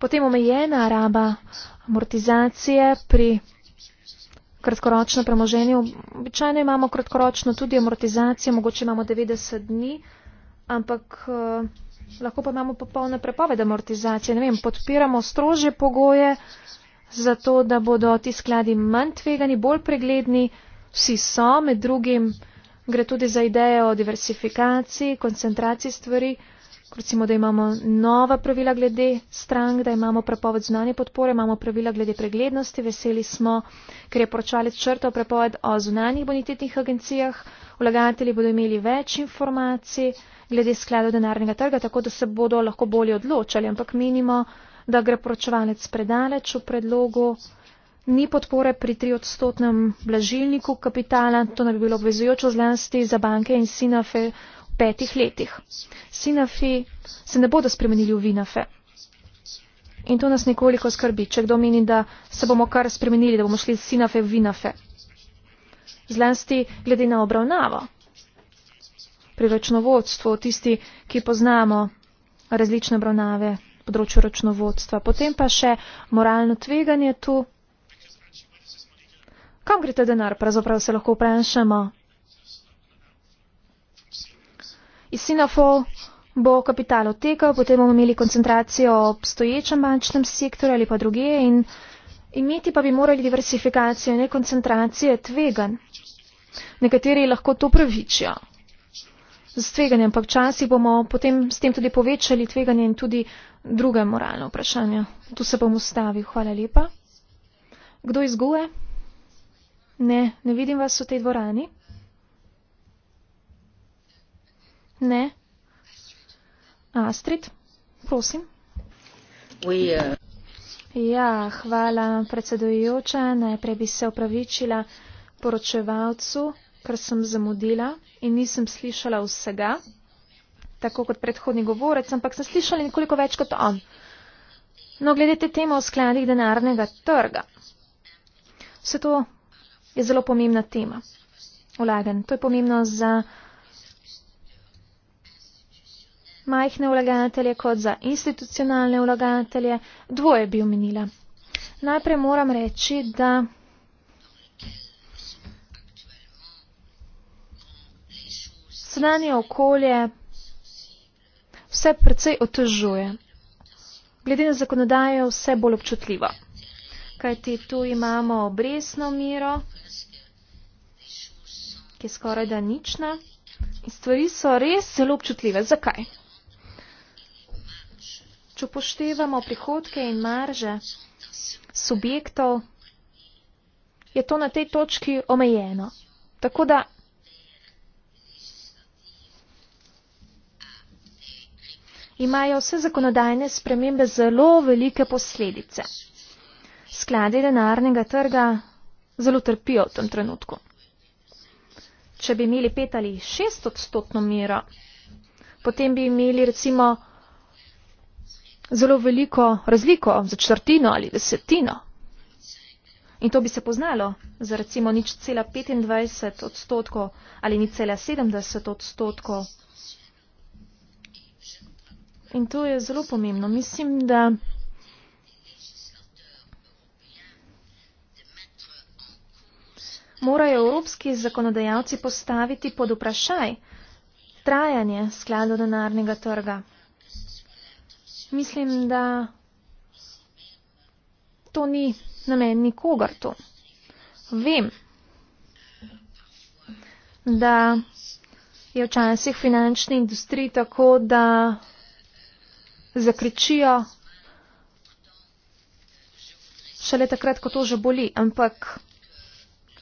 Potem omejena raba amortizacije pri kratkoročnem premoženju. Običajno imamo kratkoročno tudi amortizacijo, mogoče imamo 90 dni ampak eh, lahko pa imamo popolne prepovede amortizacije. Ne vem, podpiramo strože pogoje za to, da bodo ti skladi manj tvegani, bolj pregledni. Vsi so, med drugim gre tudi za idejo o diversifikaciji, koncentraciji stvari. Recimo, da imamo nova pravila glede strank, da imamo prepoved zunanje podpore, imamo pravila glede preglednosti. Veseli smo, ker je poročalec črtal prepoved o zunanjih bonitetnih agencijah. Vlagatelji bodo imeli več informacij glede skladov denarnega trga, tako da se bodo lahko bolje odločali, ampak menimo, da gre poročevalec predaleč v predlogu. Ni podpore pri triodstotnem blažilniku kapitala, to ne bi bilo obvezujočo zlasti za banke in sinafe v petih letih. Sinafi se ne bodo spremenili v vinafe. In to nas nekoliko skrbi, če kdo meni, da se bomo kar spremenili, da bomo šli z sinafe v vinafe. Zlasti glede na obravnavo pri računovodstvu, tisti, ki poznamo različne obravnave področju računovodstva. Potem pa še moralno tveganje tu. Kam gre ta denar? Pravzaprav se lahko vprašamo. Iz Sinafo bo kapital otekal, potem bomo imeli koncentracijo v obstoječem bančnem sektorju ali pa druge in imeti pa bi morali diversifikacijo, ne koncentracije tvegan. Nekateri lahko to pravičijo z tveganjem, ampak časi bomo potem s tem tudi povečali tveganje in tudi druga moralna vprašanja. Tu se bom ustavil. Hvala lepa. Kdo izguje? Ne, ne vidim vas v tej dvorani. Ne. Astrid, prosim. We, uh... Ja, hvala predsedujoča. Najprej bi se opravičila poročevalcu ker sem zamudila in nisem slišala vsega, tako kot predhodni govorec, ampak sem slišala nekoliko več kot on. No, glede te teme o skladih denarnega trga. Vse to je zelo pomembna tema. Vlagan. To je pomembno za majhne vlagatelje kot za institucionalne vlagatelje. Dvoje bi omenila. Najprej moram reči, da. zunanje okolje vse precej otežuje. Glede na zakonodajo vse bolj občutljivo. Kajti tu imamo obresno miro, ki je skoraj da nična. In stvari so res zelo občutljive. Zakaj? Če upoštevamo prihodke in marže subjektov, je to na tej točki omejeno. Tako da imajo vse zakonodajne spremembe zelo velike posledice. Sklade denarnega trga zelo trpijo v tem trenutku. Če bi imeli pet ali šest odstotno mero, potem bi imeli recimo zelo veliko razliko za četrtino ali desetino. In to bi se poznalo za recimo nič cela 25 odstotkov ali nič cela 70 odstotkov In to je zelo pomembno. Mislim, da morajo evropski zakonodajalci postaviti pod vprašaj trajanje skladu denarnega trga. Mislim, da to ni namen nikogar to. Vem, da je včasih finančni industriji tako, da zakričijo, šele takrat, ko to že boli, ampak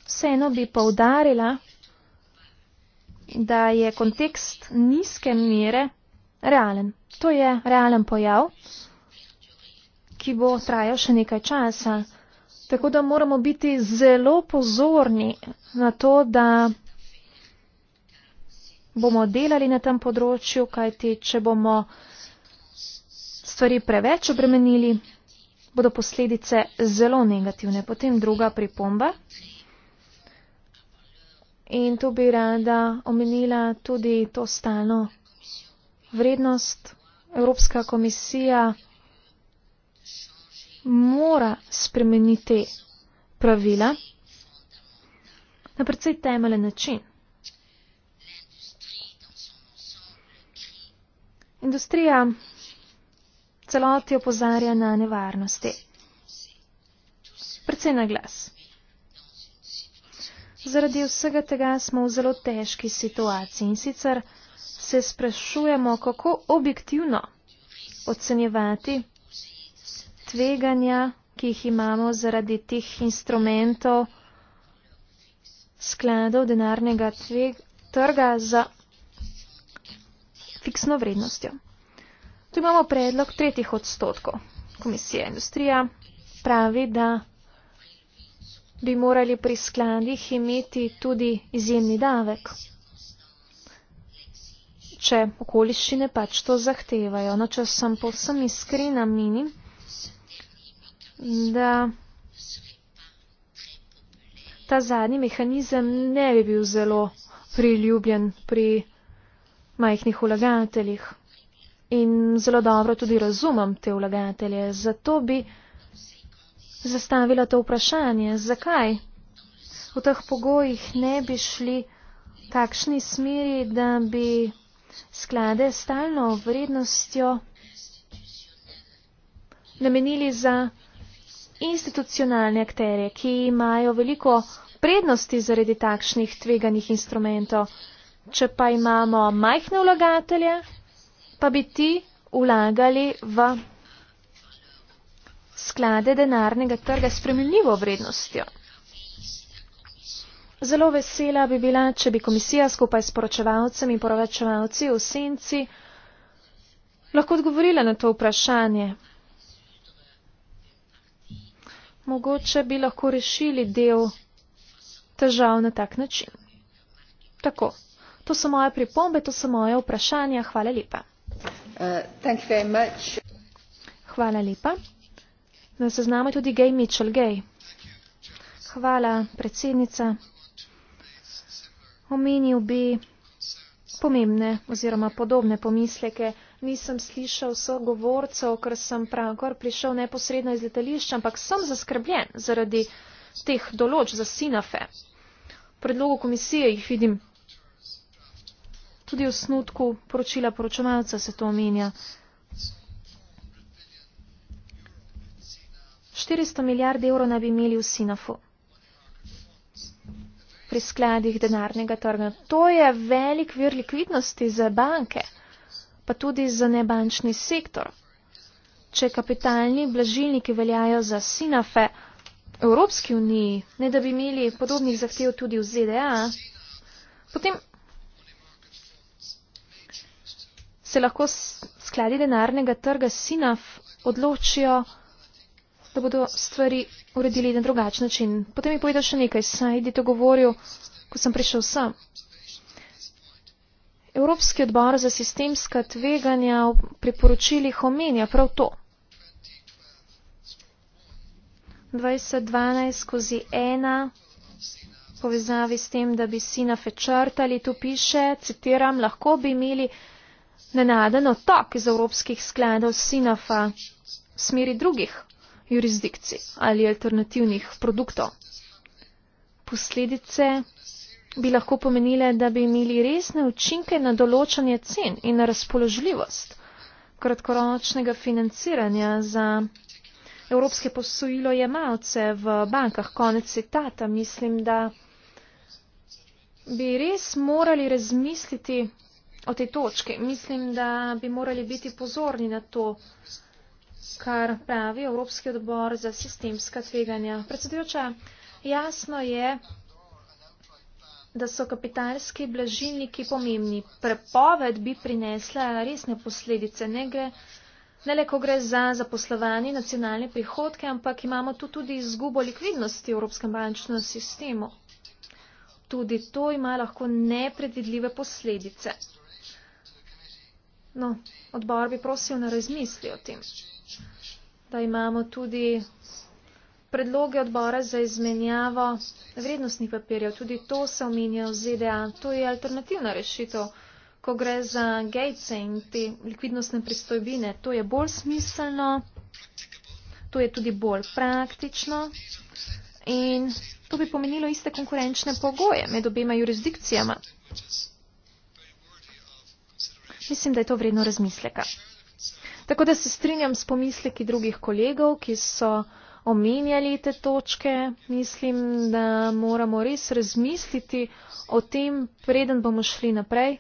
vseeno bi povdarila, da je kontekst nizke mere realen. To je realen pojav, ki bo trajal še nekaj časa. Tako da moramo biti zelo pozorni na to, da bomo delali na tem področju, kajti če bomo stvari preveč obremenili, bodo posledice zelo negativne. Potem druga pripomba. In tu bi rada omenila tudi to stalno vrednost. Evropska komisija mora spremeniti pravila na predvsej temelen način. Industrija celoti opozarja na nevarnosti. Predvsej na glas. Zaradi vsega tega smo v zelo težki situaciji in sicer se sprašujemo, kako objektivno ocenjevati tveganja, ki jih imamo zaradi teh instrumentov skladov denarnega tveg, trga za fiksno vrednostjo. Tu imamo predlog tretjih odstotkov. Komisija industrija pravi, da bi morali pri skladih imeti tudi izjemni davek, če okoliščine pač to zahtevajo. No, če sem povsem iskrena, menim, da ta zadnji mehanizem ne bi bil zelo priljubljen pri majhnih vlagateljih in zelo dobro tudi razumem te vlagatelje. Zato bi zastavila to vprašanje, zakaj v teh pogojih ne bi šli v takšni smeri, da bi sklade stalno vrednostjo namenili za institucionalne akterje, ki imajo veliko prednosti zaradi takšnih tveganih instrumentov. Če pa imamo majhne vlagatelje, pa bi ti vlagali v sklade denarnega trga s premljivo vrednostjo. Zelo vesela bi bila, če bi komisija skupaj s poročevalcem in poročevalci v senci lahko odgovorila na to vprašanje. Mogoče bi lahko rešili del težav na tak način. Tako, to so moje pripombe, to so moje vprašanja. Hvala lepa. Hvala lepa. Na seznamu je tudi gej Mitchell Gay. Hvala, predsednica. Omenil bi pomembne oziroma podobne pomisleke. Nisem slišal sogovorcev, ker sem pravkar prišel neposredno iz letališča, ampak sem zaskrbljen zaradi teh določ za Sinafe. V predlogu komisije jih vidim tudi v snutku poročila poročevalca se to omenja. 400 milijard evrov naj bi imeli v Sinafu pri skladih denarnega trga. To je velik vir likvidnosti za banke, pa tudi za nebančni sektor. Če kapitalni blažilniki veljajo za Sinafe Evropski uniji, ne da bi imeli podobnih zahtev tudi v ZDA, potem se lahko skladi denarnega trga SINAF odločijo, da bodo stvari uredili na drugačen način. Potem mi povedal še nekaj, saj je dogovoril, ko sem prišel sem. Evropski odbor za sistemska tveganja v priporočilih omenja prav to. 2012 skozi ena povezavi s tem, da bi sinafe črtali, tu piše, citiram, lahko bi imeli nenaden otok iz evropskih skladov Sinafa v smeri drugih jurisdikcij ali alternativnih produktov. Posledice bi lahko pomenile, da bi imeli resne učinke na določanje cen in na razpoložljivost kratkoročnega financiranja za evropske posojilo jemalce v bankah. Konec citata. Mislim, da bi res morali razmisliti o tej točki. Mislim, da bi morali biti pozorni na to, kar pravi Evropski odbor za sistemska tveganja. Predsedujoča, jasno je, da so kapitalski blažilniki pomembni. Prepoved bi prinesla resne posledice. Ne, gre, ne le, ko gre za zaposlovanje nacionalne prihodke, ampak imamo tu tudi izgubo likvidnosti v Evropskem bančnem sistemu. Tudi to ima lahko nepredvidljive posledice. No, odbor bi prosil na razmisli o tem, da imamo tudi predloge odbora za izmenjavo vrednostnih papirjev. Tudi to se omenja v ZDA. To je alternativna rešitev, ko gre za gejce in te likvidnostne pristojbine. To je bolj smiselno, to je tudi bolj praktično in to bi pomenilo iste konkurenčne pogoje med obema jurisdikcijama mislim, da je to vredno razmisleka. Tako da se strinjam s pomisleki drugih kolegov, ki so omenjali te točke. Mislim, da moramo res razmisliti o tem, preden bomo šli naprej.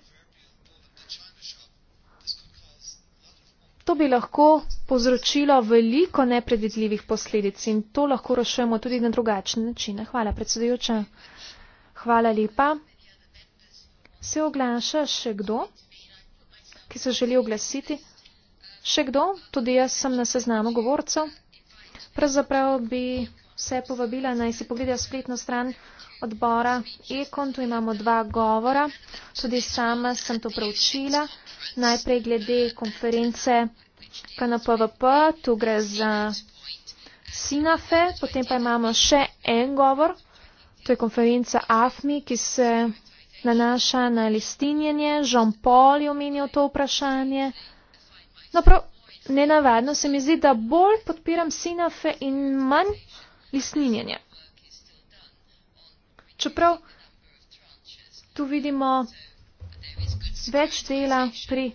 To bi lahko povzročilo veliko nepredvidljivih posledic in to lahko rošujemo tudi na drugačne načine. Hvala, predsedujoča. Hvala lepa. Se oglaša še kdo? ki se želi oglasiti. Še kdo? Tudi jaz sem na seznamu govorcev. Pravzaprav bi vse povabila naj si pogledajo spletno stran odbora Ekon, tu imamo dva govora, tudi sama sem to preučila, najprej glede konference KNPVP, tu gre za SINAFE, potem pa imamo še en govor, to je konferenca AFMI, ki se nanaša na listinjenje, Žan Pol je omenil to vprašanje. No, prav nenavadno se mi zdi, da bolj podpiram sinafe in manj listinjenje. Čeprav tu vidimo več dela pri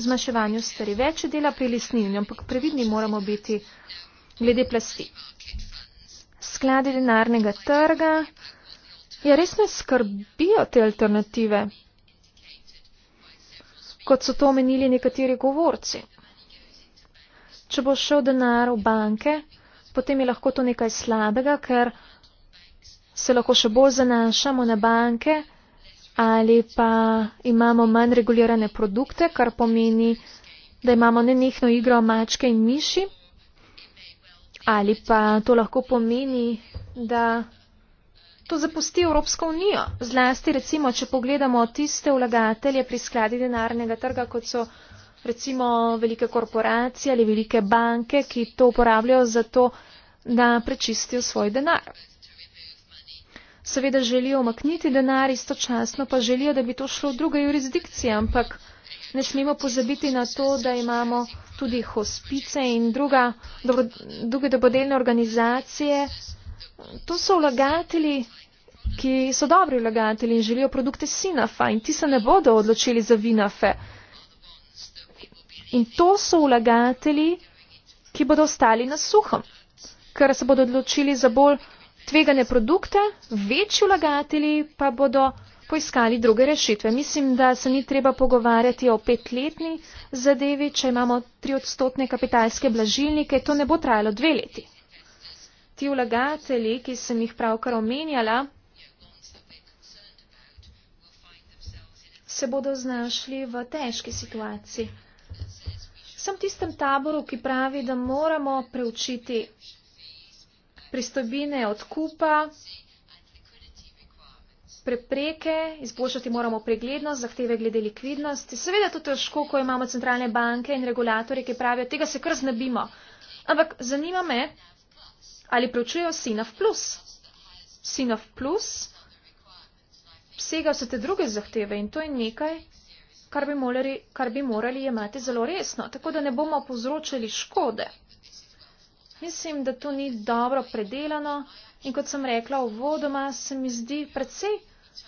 zmaševanju stvari, več dela pri listinjenju, ampak previdni moramo biti glede plasti. Skladi denarnega trga, Ja, res me skrbijo te alternative, kot so to omenili nekateri govorci. Če bo šel denar v banke, potem je lahko to nekaj slabega, ker se lahko še bolj zanašamo na banke ali pa imamo manj regulirane produkte, kar pomeni, da imamo nenehno igro mačke in miši. Ali pa to lahko pomeni, da to zapusti Evropsko unijo. Zlasti recimo, če pogledamo tiste vlagatelje pri skladi denarnega trga, kot so recimo velike korporacije ali velike banke, ki to uporabljajo za to, da prečistijo svoj denar. Seveda želijo omakniti denar, istočasno pa želijo, da bi to šlo v druge jurisdikcije, ampak ne smemo pozabiti na to, da imamo tudi hospice in druga, druge dobodelne organizacije, to so vlagatelji, ki so dobri vlagatelji in želijo produkte Sinafa in ti se ne bodo odločili za Vinafe. In to so vlagatelji, ki bodo ostali na suhom, ker se bodo odločili za bolj tvegane produkte, večji vlagatelji pa bodo poiskali druge rešitve. Mislim, da se ni treba pogovarjati o petletni zadevi, če imamo tri odstotne kapitalske blažilnike, to ne bo trajalo dve leti ti vlagatelji, ki sem jih pravkar omenjala, se bodo znašli v težki situaciji. Sem tistem taboru, ki pravi, da moramo preučiti pristojbine odkupa, prepreke, izboljšati moramo preglednost, zahteve glede likvidnosti. Seveda to težko, ko imamo centralne banke in regulatorje, ki pravijo, tega se kar znebimo. Ampak zanima me, ali preučujejo sinov plus. Sinov plus vsega vse te druge zahteve in to je nekaj, kar bi, morali, kar bi morali jemati zelo resno, tako da ne bomo povzročili škode. Mislim, da to ni dobro predelano in kot sem rekla v vodoma, se mi zdi predvsej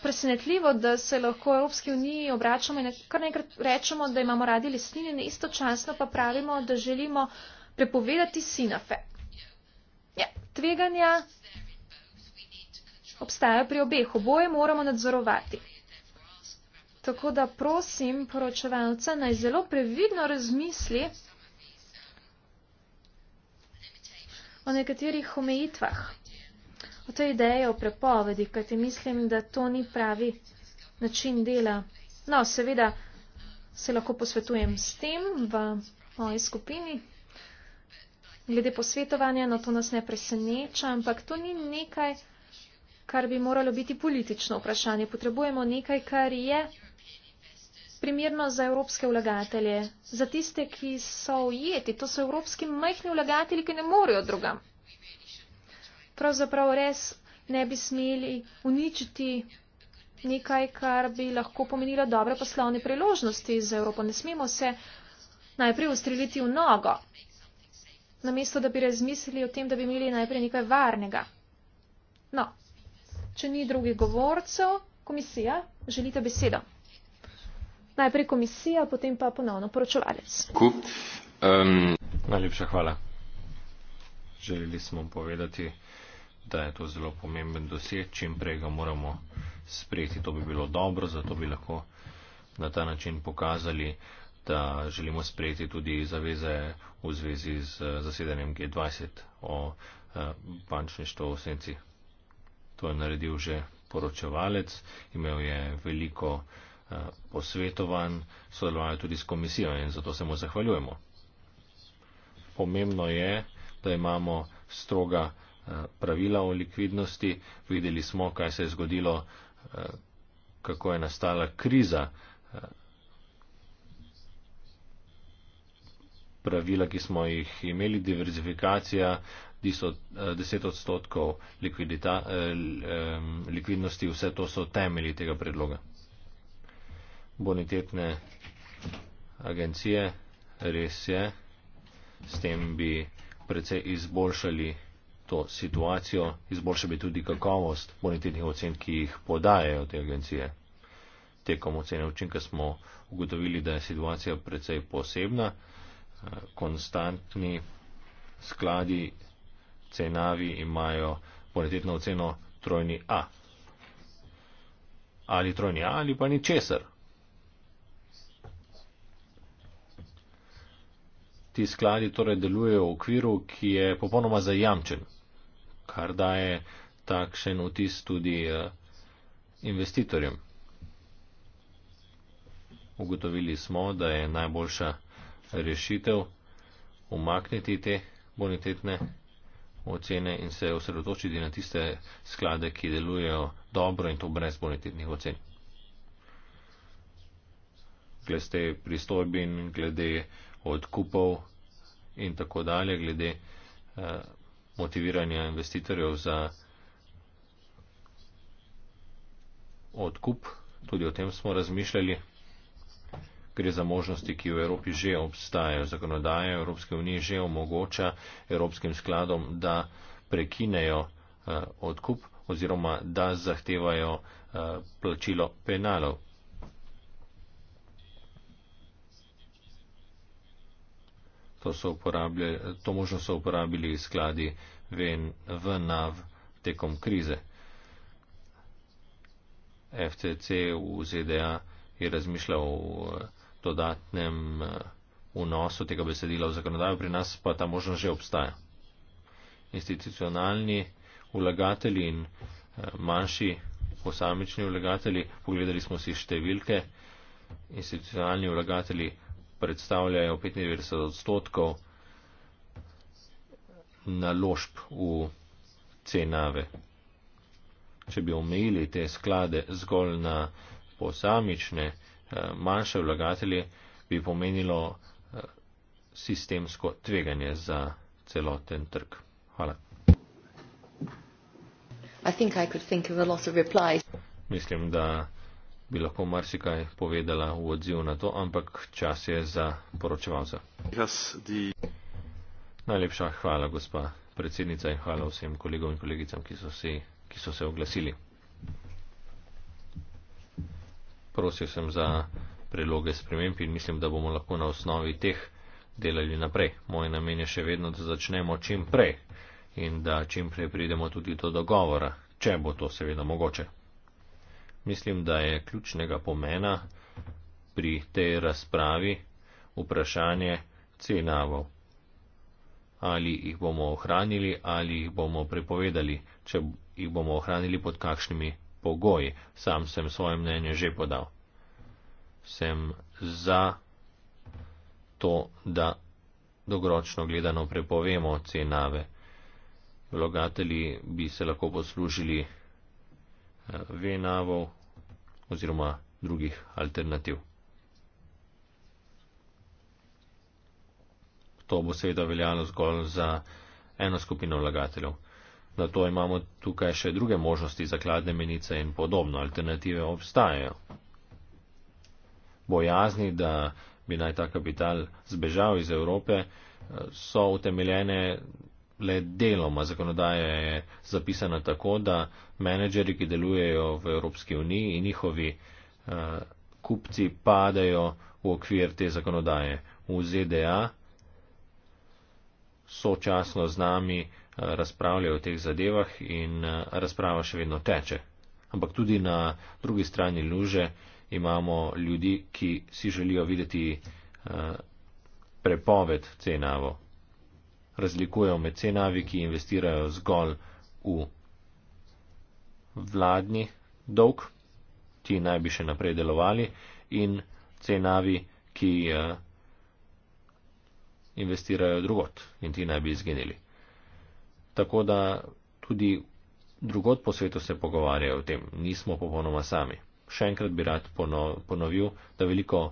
presenetljivo, da se lahko Evropski uniji obračamo in kar nekrat rečemo, da imamo radi lesnine in istočasno pa pravimo, da želimo prepovedati sinafe. Ja, tveganja obstajajo pri obeh, oboje moramo nadzorovati. Tako da prosim poročevalca naj zelo previdno razmisli o nekaterih omejitvah, o tej ideji o prepovedi, kajti mislim, da to ni pravi način dela. No, seveda se lahko posvetujem s tem v moji skupini glede posvetovanja, no to nas ne preseneča, ampak to ni nekaj, kar bi moralo biti politično vprašanje. Potrebujemo nekaj, kar je primerno za evropske vlagatelje, za tiste, ki so ujeti. To so evropski majhni vlagatelji, ki ne morejo drugam. Pravzaprav res ne bi smeli uničiti nekaj, kar bi lahko pomenilo dobre poslovne priložnosti za Evropo. Ne smemo se najprej ustreliti v nogo namesto da bi razmislili o tem, da bi imeli najprej nekaj varnega. No, če ni drugih govorcev, komisija, želite besedo. Najprej komisija, potem pa ponovno poročevalec. Um, najlepša hvala. Želeli smo povedati, da je to zelo pomemben doseg, čim prej ga moramo sprejeti, to bi bilo dobro, zato bi lahko na ta način pokazali, da želimo sprejeti tudi zaveze v zvezi z eh, zasedanjem G20 o eh, bančništvu v senci. To je naredil že poročevalec, imel je veliko eh, posvetovanj, sodeloval je tudi s komisijo in zato se mu zahvaljujemo. Pomembno je, da imamo stroga pravila o likvidnosti. Videli smo, kaj se je zgodilo, kako je nastala kriza pravila, ki smo jih imeli, diverzifikacija 10 eh, odstotkov likvidita, eh, eh, likvidnosti, vse to so temelji tega predloga. Bonitetne agencije, res je, s tem bi predvsej izboljšali to situacijo, izboljšali bi tudi kakovost bonitetnih ocen, ki jih podajajo te agencije. Tekom ocene učinka smo ugotovili, da je situacija predvsej posebna konstantni skladi cenavi imajo bonitetno oceno trojni A. Ali trojni A ali pa ni česar. Ti skladi torej delujejo v okviru, ki je popolnoma zajamčen, kar daje takšen vtis tudi eh, investitorjem. Ugotovili smo, da je najboljša rešitev, umakniti te bonitetne ocene in se osredotočiti na tiste sklade, ki delujejo dobro in to brez bonitetnih ocen. Glede pristojbin, glede odkupov in tako dalje, glede eh, motiviranja investitorjev za odkup, tudi o tem smo razmišljali gre za možnosti, ki v Evropi že obstajajo. Zakonodaja Evropske unije že omogoča Evropskim skladom, da prekinejo eh, odkup oziroma da zahtevajo eh, plačilo penalov. To, to možno so uporabili skladi ven, v NAV tekom krize. FCC v ZDA je razmišljal o eh, dodatnem eh, vnosu tega besedila v zakonodajo, pri nas pa ta možnost že obstaja. Institucionalni vlagatelji in eh, manjši posamični vlagatelji, pogledali smo si številke, institucionalni vlagatelji predstavljajo 95 odstotkov naložb v cenave. Če bi omejili te sklade zgolj na posamične Eh, manjše vlagatelje, bi pomenilo eh, sistemsko tveganje za celoten trg. Hvala. I think I could think of a lot of replies. Mislim, da bi lahko marsikaj povedala v odziv na to, ampak čas je za poročevalca. Yes, the... Najlepša hvala, gospa predsednica, in hvala vsem kolegom in kolegicam, ki so, si, ki so se oglasili. prosil sem za priloge sprememb in mislim, da bomo lahko na osnovi teh delali naprej. Moje namen je še vedno, da začnemo čim prej in da čim prej pridemo tudi do dogovora, če bo to seveda mogoče. Mislim, da je ključnega pomena pri tej razpravi vprašanje cenavov. Ali jih bomo ohranili ali jih bomo prepovedali, če jih bomo ohranili pod kakšnimi pogoji, sam sem svoje mnenje že podal. Sem za to, da dogročno gledano prepovemo cenave. Vlogatelji bi se lahko poslužili eh, venavov oziroma drugih alternativ. To bo seveda veljalo zgolj za eno skupino vlagateljev. Na to imamo tukaj še druge možnosti zakladne menice in podobno. Alternative obstajajo. Bojazni, da bi naj ta kapital zbežal iz Evrope, so utemeljene le deloma. Zakonodaja je zapisana tako, da menedžeri, ki delujejo v Evropski uniji in njihovi uh, kupci padajo v okvir te zakonodaje. V ZDA sočasno z nami uh, razpravljajo o teh zadevah in eh, razprava še vedno teče. Ampak tudi na drugi strani luže imamo ljudi, ki si želijo videti eh, prepoved cenavo. Razlikujejo med cenavi, ki investirajo zgolj v vladni dolg, ti naj bi še naprej delovali, in cenavi, ki eh, investirajo drugot in ti naj bi izginili tako da tudi drugot po svetu se pogovarjajo o tem, nismo popolnoma sami. Še enkrat bi rad ponovil, da veliko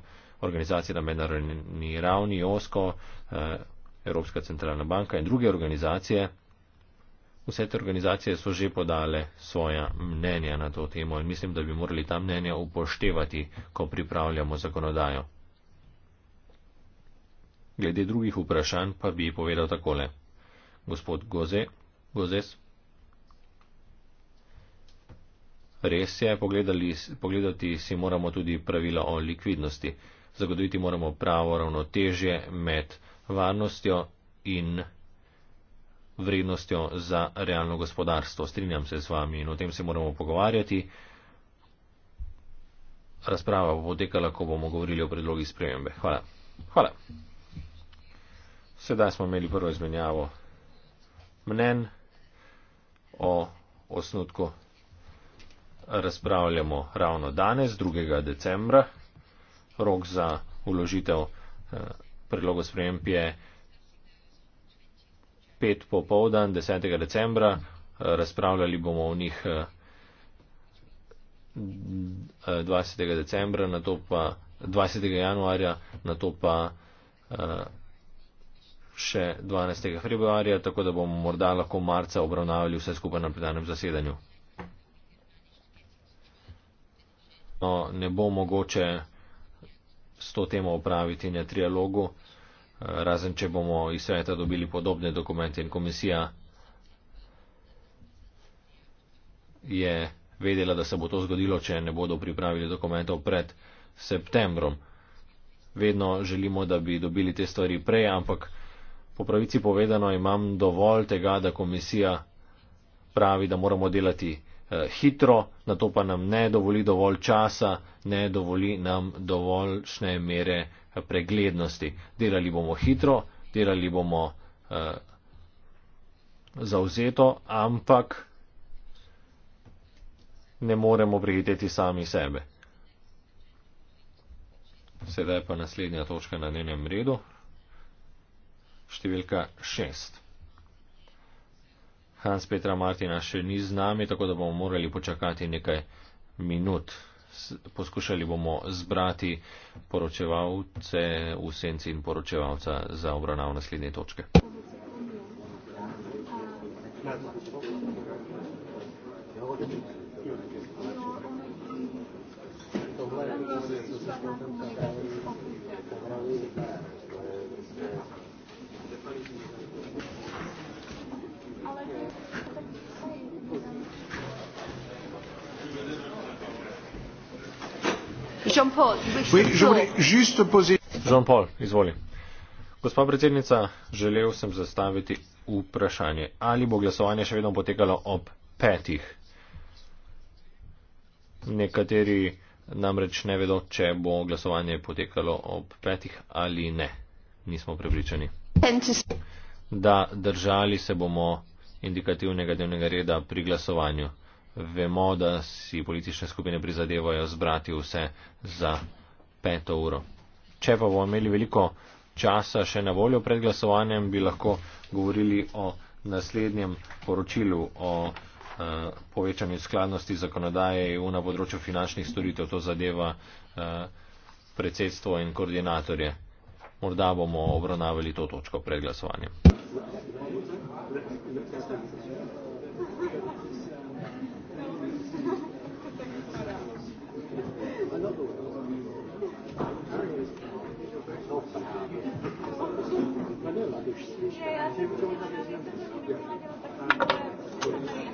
organizacij na mednarodni ravni, OSKO, eh, Evropska centralna banka in druge organizacije, vse te organizacije so že podale svoja mnenja na to temo in mislim, da bi morali ta mnenja upoštevati, ko pripravljamo zakonodajo. Glede drugih vprašanj pa bi povedal takole gospod Goze, Gozes. Res je, pogledati si moramo tudi pravila o likvidnosti. Zagotoviti moramo pravo ravnotežje med varnostjo in vrednostjo za realno gospodarstvo. Strinjam se z vami in o tem se moramo pogovarjati. Razprava bo potekala, ko bomo govorili o predlogi spremembe. Hvala. Hvala. Sedaj smo imeli prvo izmenjavo mnen o osnutku razpravljamo ravno danes, 2. decembra. Rok za uložitev eh, predloga sprememb je 5 popovdan 10. decembra. Eh, razpravljali bomo o njih 20. Eh, decembra, na to pa 20. januarja, na to pa še 12. februarja, tako da bomo morda lahko marca obravnavali vse skupaj na predanem zasedanju. No, ne bo mogoče s to temo upraviti na trialogu, eh, razen če bomo iz sveta dobili podobne dokumente in komisija je vedela, da se bo to zgodilo, če ne bodo pripravili dokumentov pred septembrom. Vedno želimo, da bi dobili te stvari prej, ampak po pravici povedano, imam dovolj tega, da komisija pravi, da moramo delati eh, hitro, na to pa nam ne dovoli dovolj časa, ne dovoli nam dovoljšne mere eh, preglednosti. Delali bomo hitro, delali bomo eh, zauzeto, ampak ne moremo prihiteti sami sebe. Sedaj pa naslednja točka na njenem redu številka 6. Hans Petra Martina še ni z nami, tako da bomo morali počakati nekaj minut. Poskušali bomo zbrati poročevalce v senci in poročevalca za obravnav naslednje točke. Gracias. Oui, je voulais juste poser. Jean-Paul, isolez. Gospa predsednica, želel sem zastaviti vprašanje, ali bo glasovanje še vedno potekalo ob petih. Nekateri namreč ne vedo, če bo glasovanje potekalo ob petih ali ne. Nismo prepričani da držali se bomo indikativnega dnevnega reda pri glasovanju. Vemo, da si politične skupine prizadevajo zbrati vse za peto uro. Če pa bomo imeli veliko časa še na voljo pred glasovanjem, bi lahko govorili o naslednjem poročilu o a, eh, povečanju skladnosti zakonodaje EU na področju finančnih storitev. To zadeva a, eh, predsedstvo in koordinatorje morda bomo obravnavali to točko pred glasovanjem. Thank ja, you. Ja.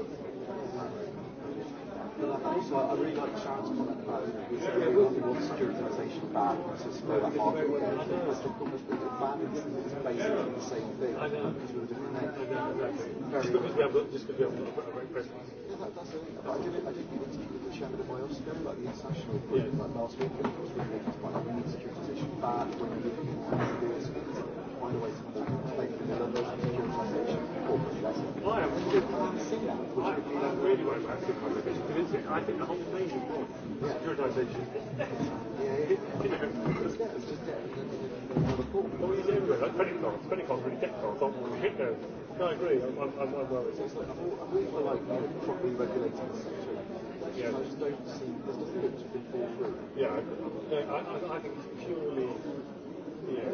and also I really like Sharon's comment about the wealthy wants securitization bad because it's where the heart of the world is. It's almost been abandoned and it's basically the same thing because we're a different name. Exactly. Very just because we have just to be able to put a right press that, that's it. But I did, I did meet with the chairman of IOSCO, like the international group, yeah. like last week, and of course, we were to find out we need securitization back when we're looking at ideas, find a way to make it available to securitization fire. I think the whole thing is securitization. Yeah. I, I, I think it's purely, yeah.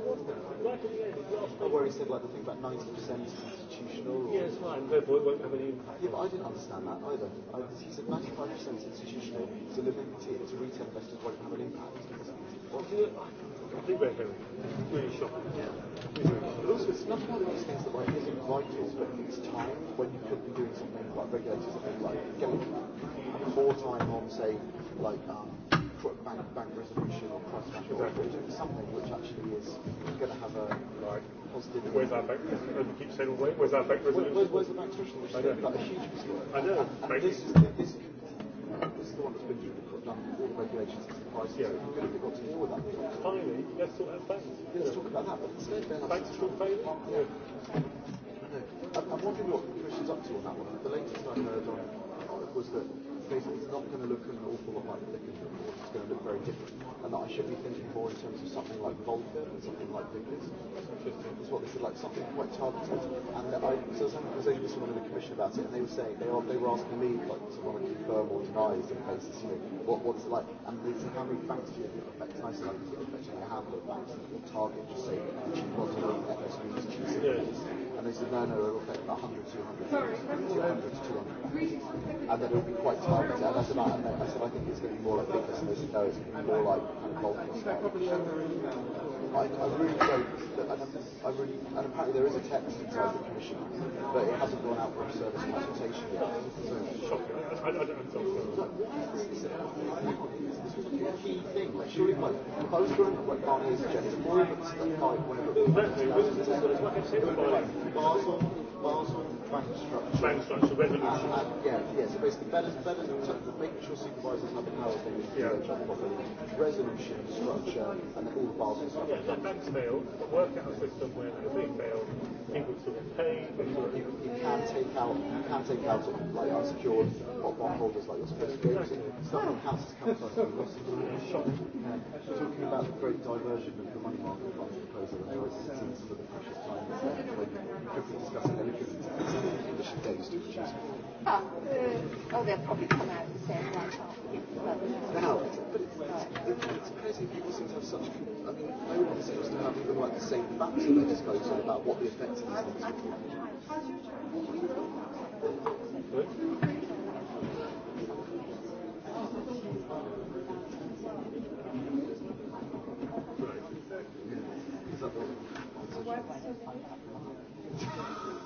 I worry said like the thing about 90% institutional. Or yeah, it's fine. Therefore, it won't have any impact. Yeah, but I didn't understand that either. I, he said 95% institutional. It's a liquidity. It's a retail investor. It won't have an impact. What's the red herring? Really shocking. Yeah. Also, it's not one of these things that like isn't vital, but it's time when you could be doing something like regulating something like getting more time on, say, like. Um, put bank, bank resolution or price cap or something which actually is going to have a right. positive impact. Where's our bank resolution? Oh, you keep saying, where, where's our bank resolution? Where, where's the bank resolution? Which I know. Like a huge I know. And, and this, is the, this, this is the one that's been through the, done all the regulations and surprises. Yeah. You're going to have got to deal with that. Finally, let's talk about banks. Yeah. Let's talk about that. But instead, then banks are still failing? Yeah. yeah. I'm wondering what the Commission's up to on that one. The latest I heard on uh, was that basically it's not going to look an awful lot like Dickens anymore. It's going to look very different. And that I should be thinking more in terms of something like Volker and something like Dickens. It's what they said, like something quite targeted. And I, so I was having a conversation with someone in the commission about it, and they were saying, they, are, they were asking me like, to want to confirm or deny some cases, you know, what, what's it like? And they said, how many banks do you have effect? And I said, like, effect? And I have the banks that will target, just say, which ones are the FSB's choosing. Yeah. And they said, no, no, it'll affect 100, 200, 200, 200. And then it'll be quite targeted. And I said, I, I, said, I think it's going to be more like this. And they said, no, it's going to be more like kind of bulk. I think they probably I, I really don't, and, I really, and apparently there is a text inside the commission, but it hasn't gone out for a service consultation yet. So, shocking. I, I don't know. Surely, if I was growing up like Barney's agenda, why would it be like whatever? Exactly, it was like a set of like Basel, Basel plan structure. Plan structure, resolution. Uh, uh, yeah, yeah, so basically better, better than terms of making sure supervisors have the power to do the properly. Resolution, structure, and all the bars and stuff. Yeah, then banks fail, but work out a system where if they fail, People still get paid. You, you, you can take out, you can take out like unsecured or bondholders like you're supposed to do. Exactly. Stuff on houses counts like a shock. Talking about the great diversion of the money market fund proposal, the crisis seems for the precious time. Is there? Like, you could be discussing anything the text of Jesus. But, uh, oh, they'll probably come out and say it's not well, no, but it's, it's, it's, it's crazy people seem to have such. I mean, no one seems to have even like the same facts in their disposal about what the effect of this is. Thank you.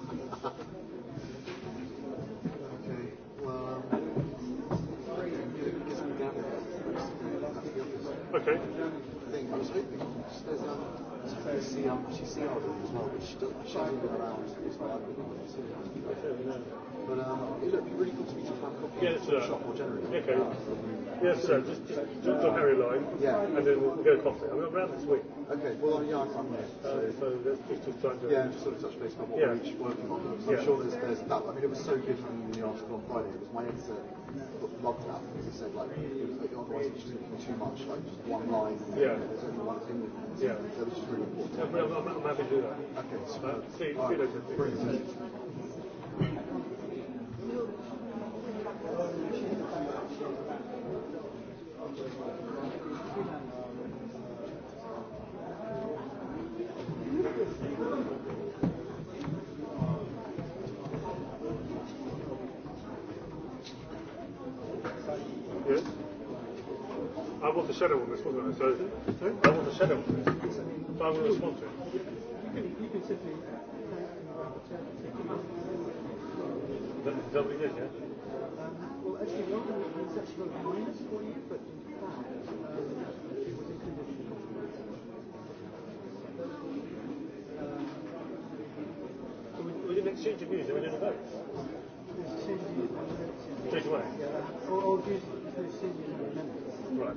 Okay. She's seen all the things now, but she doesn't, she hasn't been around as long as I've been around. But um, it'd be really good to meet you for a couple yeah, of sir. shop more generally. Okay. Um, yes, sir. Just, just uh, don't Harry line. Yeah. And then we'll, we'll get a coffee. I'm mean, around this week. Okay. Well, uh, yeah, I'm there. Uh, so, so let's just, just try to yeah, just sort of touch base on what yeah. we're each working on. So yeah. I'm sure there's, there's that. I mean, it was so good from the article on Friday. It was my editor logged out because he said, like, otherwise it's just going to be too much, like, just one line. And yeah. There's only one thing. Yeah. That was just really important. Yeah, I'm, I'm happy to do that. Okay. Super. Uh, see, see right. you later. Brilliant. Brilliant. the shadow one responsible. So Sorry? I want the shadow one. So I'm going to respond to it. That's um, the job he does, yeah? Change of music, we're doing a vote. Change of music, Change of Yeah, or, or just change of Right.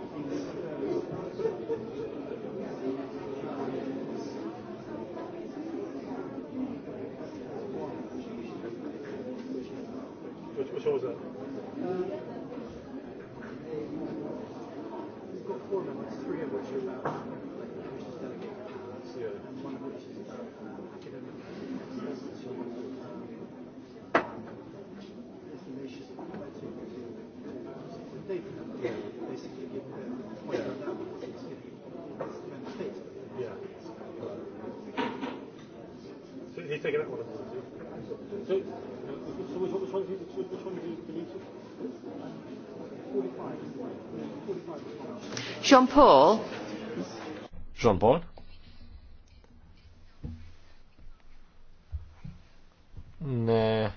jean paul jean paul ne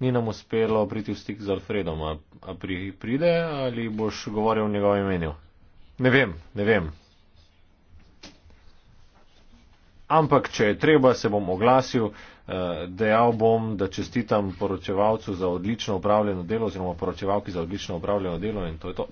ni nam uspelo priti v stik z alfredom a, a pri, pride ali boš govoril v njegovem imenu ne vem ne vem Ampak, če je treba, se bom oglasil, eh, dejal bom, da čestitam poročevalcu za odlično upravljeno delo oziroma poročevalki za odlično upravljeno delo in to je to.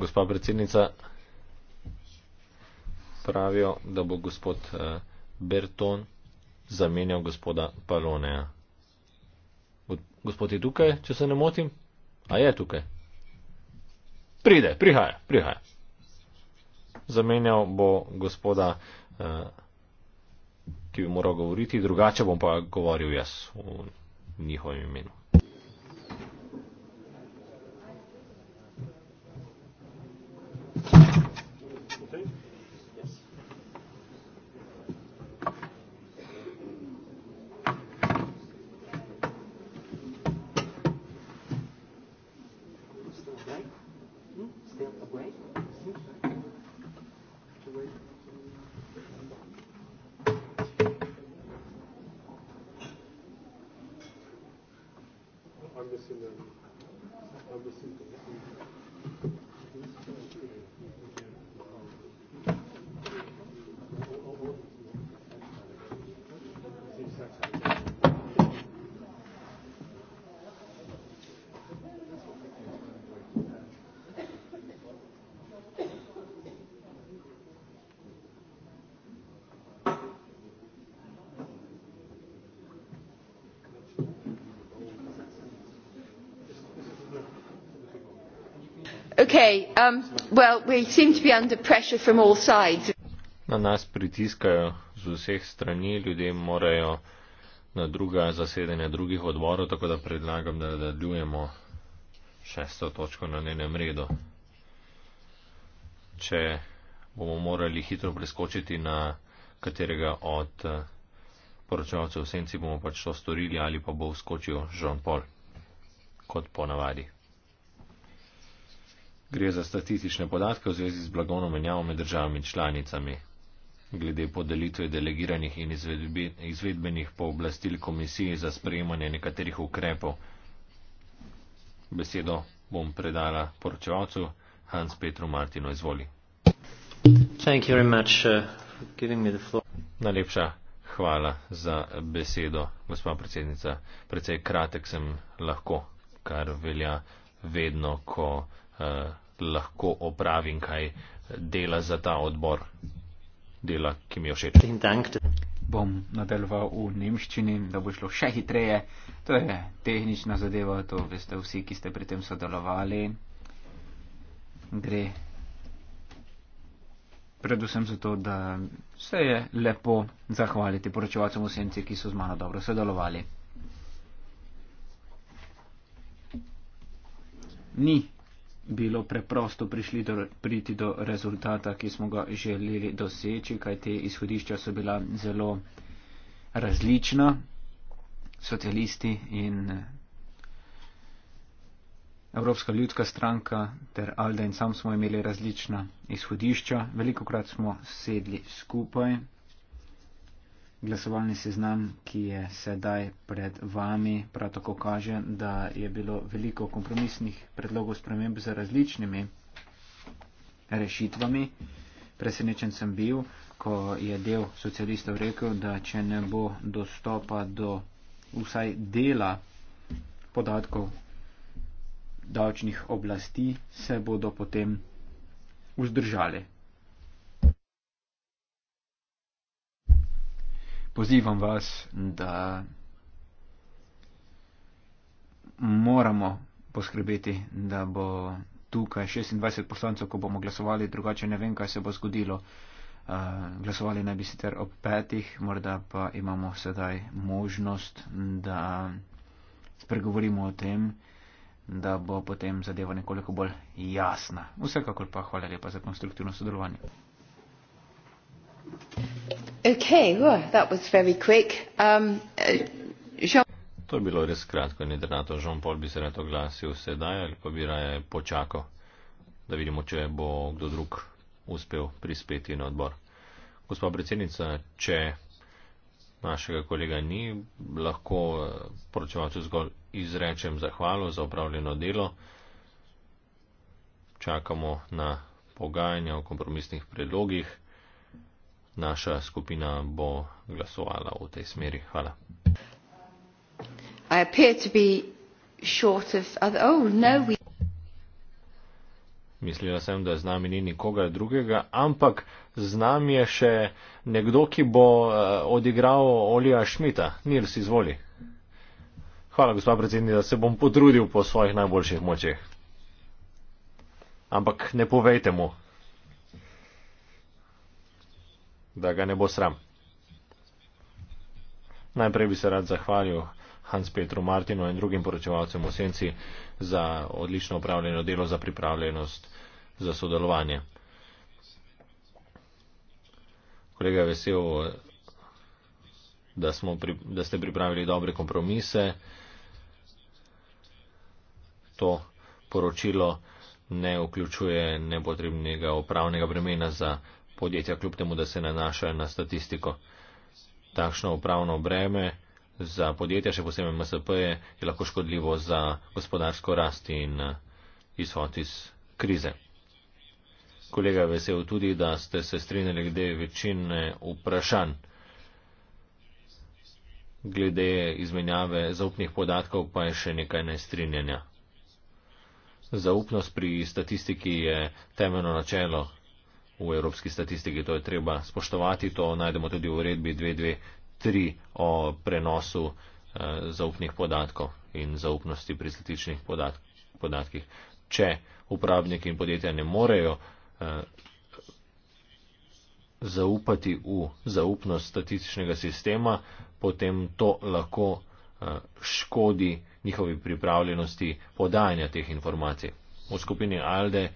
gospa predsednica pravijo da bo gospod eh, berton zamenjal gospoda paloneja gospod je tukaj če se ne motim a je tukaj pride prihaja prihaja zamenjal bo gospoda eh, ki bi moral govoriti drugače bom pa govoril jaz v njihovem imenu. Um, na nas pritiskajo z vseh strani ljudje morajo na druga zasedanja drugih odborov tako da predlagam da nadaljujemo šesto točko na njenem redu če bomo morali hitro preskočiti na katerega od eh, poročevalcev v senci bomo pač to storili ali pa bo vskočil Jean-Paul kot ponavadi. Gre za statistične podatke v zvezi z blagovno menjavo med državami članicami. Glede podelitve delegiranih in izvedbenih pooblastil komisiji za sprejemanje nekaterih ukrepov. Besedo bom predala poročevalcu Hans Petru Martino. Izvoli. Much, uh, Najlepša hvala za besedo, gospa predsednica. Predvsej kratek sem lahko, kar velja vedno, ko Eh, lahko opravim kaj dela za ta odbor, dela, ki mi je všeč. Bom nadaljeval v nemščini, da bo šlo še hitreje. To je tehnična zadeva, to veste vsi, ki ste pri tem sodelovali. Gre predvsem zato, da se je lepo zahvaliti poročevalcem v senci, ki so z mano dobro sodelovali. Ni bilo preprosto prišli do, priti do rezultata, ki smo ga želeli doseči, kaj te izhodišča so bila zelo različna, socialisti in eh, Evropska ljudska stranka ter Alde in sam smo imeli različna izhodišča, veliko krat smo sedli skupaj glasovalni seznam, ki je sedaj pred vami, prav tako kaže, da je bilo veliko kompromisnih predlogov sprememb z različnimi rešitvami. Presenečen sem bil, ko je del socialistov rekel, da če ne bo dostopa do vsaj dela podatkov davčnih oblasti, se bodo potem vzdržali. pozivam vas, da moramo poskrbeti, da bo tukaj 26 poslancev, ko bomo glasovali, drugače ne vem, kaj se bo zgodilo. Uh, glasovali naj bi sicer ob petih, morda pa imamo sedaj možnost, da spregovorimo o tem, da bo potem zadeva nekoliko bolj jasna. Vsekakor pa hvala lepa za konstruktivno sodelovanje. Um, uh, to je bilo res kratko in jedrnato. Žonpol bi se rad oglasil sedaj ali pa bi raje počakal, da vidimo, če bo kdo drug uspel prispeti na odbor. Gospa predsednica, če našega kolega ni, lahko eh, poročevalcu zgolj izrečem zahvalo za opravljeno delo. Čakamo na pogajanja o kompromisnih predlogih naša skupina bo glasovala v tej smeri. Hvala. Oh, no, Mislila sem, da z nami ni nikoga drugega, ampak z nami je še nekdo, ki bo eh, odigral Olija Šmita. Nils, izvoli. Hvala, gospod predsednik, da se bom potrudil po svojih najboljših močeh. Ampak ne povejte mu. da ga ne bo sram. Najprej bi se rad zahvalil Hans-Petru Martinu in drugim poročevalcem v Senci za odlično upravljeno delo, za pripravljenost, za sodelovanje. Kolega je vesel, da, smo, da ste pripravili dobre kompromise. To poročilo ne vključuje nepotrebnega upravnega bremena za podjetja, kljub temu, da se nanašajo na statistiko. Takšno upravno breme za podjetja, še posebej MSP, -je, je lahko škodljivo za gospodarsko rast in eh, izhod iz krize. Kolega je vesel tudi, da ste se strinjali glede večine vprašanj. Glede izmenjave zaupnih podatkov pa je še nekaj nestrinjanja. Zaupnost pri statistiki je temeljno načelo v evropski statistiki, to je treba spoštovati, to najdemo tudi v uredbi 223 o prenosu eh, zaupnih podatkov in zaupnosti pri statičnih podat podatkih. Če uporabniki in podjetja ne morejo eh, zaupati v zaupnost statističnega sistema, potem to lahko eh, škodi njihovi pripravljenosti podajanja teh informacij. V skupini ALDE eh,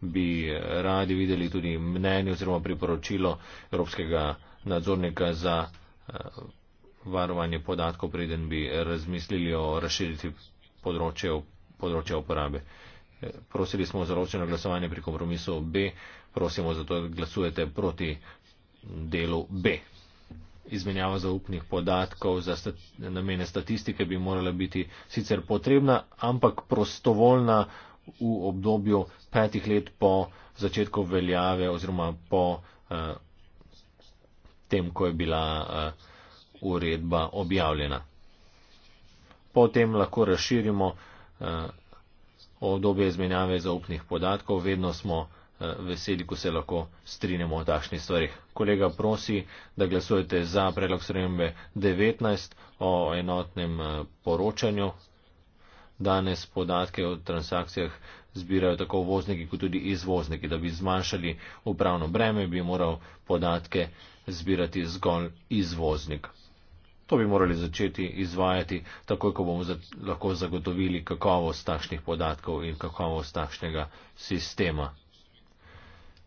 bi radi videli tudi mnenje oziroma priporočilo Evropskega nadzornika za eh, varovanje podatkov, preden bi razmislili o razširitvi področja, področja uporabe. Eh, prosili smo za ročeno glasovanje pri kompromisu B, prosimo za to, da glasujete proti delu B. Izmenjava zaupnih podatkov za namene statistike bi morala biti sicer potrebna, ampak prostovoljna v obdobju petih let po začetku veljave oziroma po eh, tem, ko je bila eh, uredba objavljena. Potem lahko razširimo eh, obdobje izmenjave zaupnih podatkov. Vedno smo eh, veseli, ko se lahko strinjamo o takšnih stvarih. Kolega prosi, da glasujete za predlog sprejembe 19 o enotnem eh, poročanju. Danes podatke o transakcijah zbirajo tako uvozniki kot tudi izvozniki. Da bi zmanjšali upravno breme, bi moral podatke zbirati zgolj izvoznik. To bi morali začeti izvajati, takoj ko bomo lahko zagotovili kakovost takšnih podatkov in kakovost takšnega sistema.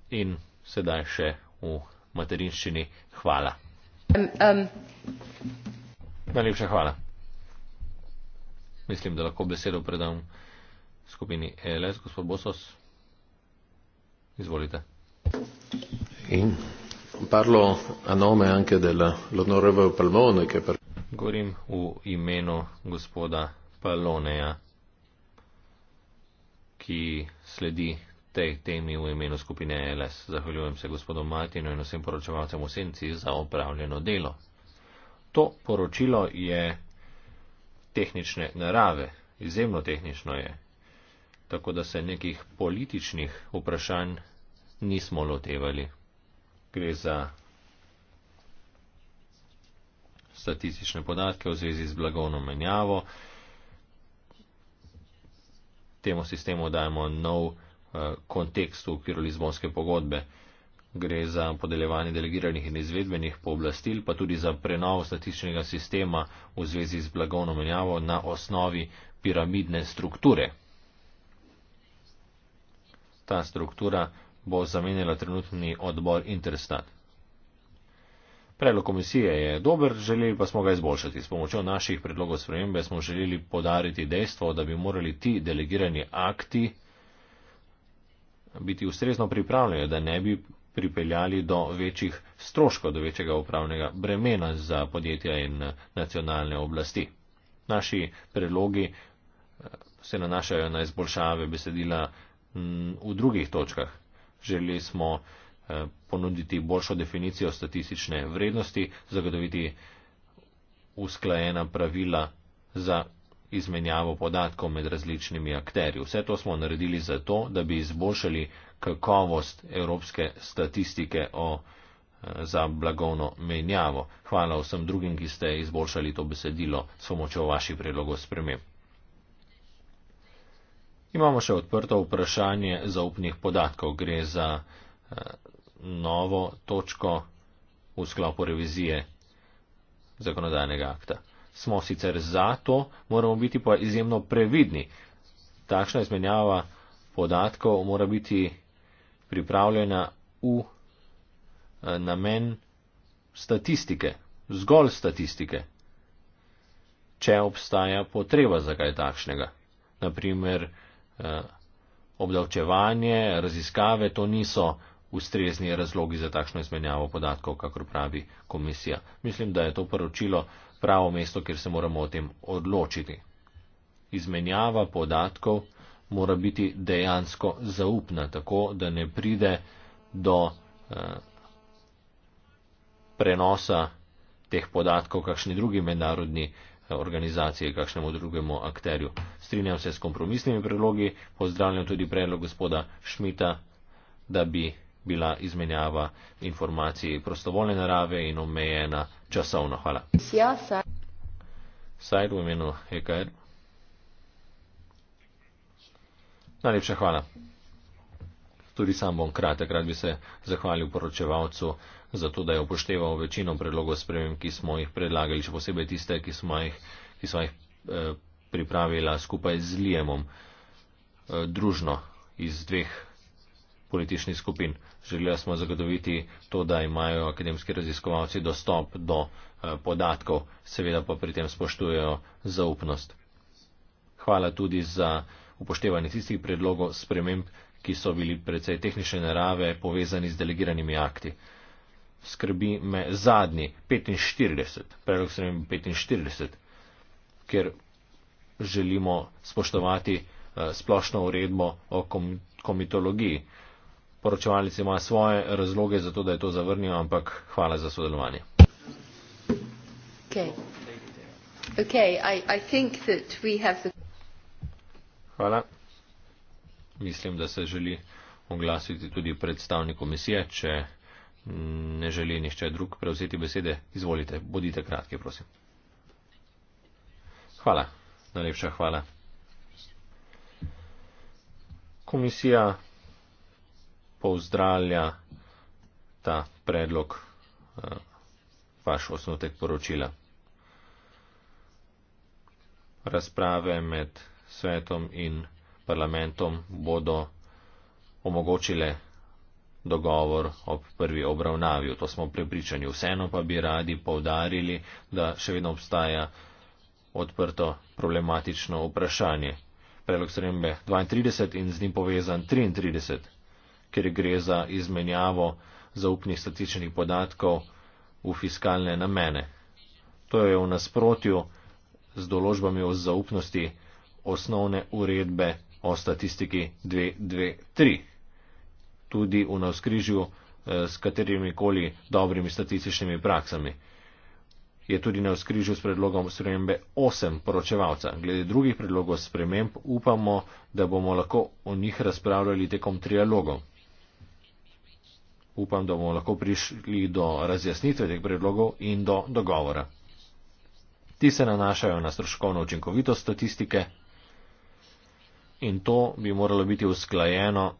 In sedaj še v materinščini hvala. Um, um. Najlepša hvala. Mislim, da lahko besedo predam skupini ELS, gospod Bosos. Izvolite. In parlo a nome anche dell'onorevole Palmone. Che per... Govorim v imenu gospoda Paloneja, ki sledi tej temi v imenu skupine ELS. Zahvaljujem se gospodu Martinu in vsem poročevalcem v senci za opravljeno delo. To poročilo je tehnične narave, izjemno tehnično je, tako da se nekih političnih vprašanj nismo lotevali. Gre za statistične podatke v zvezi z blagovno menjavo. Temu sistemu dajemo nov uh, kontekst v okviru Lizbonske pogodbe. Uh, Gre za podeljevanje delegiranih in izvedbenih pooblastil, pa tudi za prenovo statističnega sistema v zvezi z blagovno menjavo na osnovi piramidne strukture. Ta struktura bo zamenjala trenutni odbor Interstat. Predlog komisije je dober, želeli pa smo ga izboljšati. S pomočjo naših predlogov spremembe smo želeli podariti dejstvo, da bi morali ti delegirani akti biti ustrezno pripravljeni, da ne bi pripeljali do večjih stroškov, do večjega upravnega bremena za podjetja in nacionalne oblasti. Naši predlogi eh, se nanašajo na izboljšave besedila mm, v drugih točkah. Želeli smo eh, ponuditi boljšo definicijo statistične vrednosti, zagotoviti usklajena pravila za izmenjavo podatkov med različnimi akterji. Vse to smo naredili zato, da bi izboljšali kakovost evropske statistike o, eh, za blagovno menjavo. Hvala vsem drugim, ki ste izboljšali to besedilo s pomočjo vaših predlogov spremem. Imamo še odprto vprašanje zaupnih podatkov. Gre za eh, novo točko v sklopu revizije zakonodajnega akta. Smo sicer za to, moramo biti pa izjemno previdni. Takšna izmenjava podatkov mora biti pripravljena v eh, namen statistike, zgolj statistike, če obstaja potreba za kaj takšnega. Naprimer, eh, obdavčevanje, raziskave, to niso ustrezni razlogi za takšno izmenjavo podatkov, kakor pravi komisija. Mislim, da je to poročilo pravo mesto, kjer se moramo o tem odločiti. Izmenjava podatkov mora biti dejansko zaupna, tako da ne pride do eh, prenosa teh podatkov kakšni drugi mednarodni eh, organizacije, kakšnemu drugemu akterju. Strinjam se s kompromisnimi predlogi, pozdravljam tudi predlog gospoda Šmita, da bi bila izmenjava informacij prostovoljne narave in omejena časovno. Hvala. Ja, Sajdu imenu EKR. Najlepša hvala. Tudi sam bom kratek, rad bi se zahvalil poročevalcu za to, da je upošteval večino predlogov sprememb, ki smo jih predlagali, še posebej tiste, ki smo jih, ki smo jih eh, pripravila skupaj z Lijemom, eh, družno iz dveh političnih skupin. Želela smo zagotoviti to, da imajo akademski raziskovalci dostop do eh, podatkov, seveda pa pri tem spoštujejo zaupnost. Hvala tudi za upoštevanje tistih predlogov sprememb, ki so bili predvsej tehnične narave povezani z delegiranimi akti. Skrbi me zadnji, 45, predlog sprememb 45, ker želimo spoštovati eh, splošno uredbo o komitologiji. Poročevalci imajo svoje razloge za to, da je to zavrnil, ampak hvala za sodelovanje. Okay. Okay, I, I Hvala. Mislim, da se želi oglasiti tudi predstavnik komisije. Če ne želi nišče drug prevzeti besede, izvolite, bodite kratki, prosim. Hvala. Najlepša hvala. Komisija pozdravlja ta predlog, eh, vaš osnotek poročila. Razprave med svetom in parlamentom bodo omogočile dogovor ob prvi obravnavi. To smo prepričani. Vseeno pa bi radi povdarili, da še vedno obstaja odprto problematično vprašanje. Predlog srembe 32 in z njim povezan 33, ker gre za izmenjavo zaupnih statičnih podatkov v fiskalne namene. To je v nasprotju z določbami o zaupnosti osnovne uredbe o statistiki 223. Tudi v navskrižju eh, s katerimi koli dobrimi statističnimi praksami. Je tudi na vzkrižju s predlogom spremembe 8 poročevalca. Glede drugih predlogov sprememb upamo, da bomo lahko o njih razpravljali tekom trialogov. Upam, da bomo lahko prišli do razjasnitve teh predlogov in do dogovora. Ti se nanašajo na stroškovno učinkovitost statistike, in to bi moralo biti usklajeno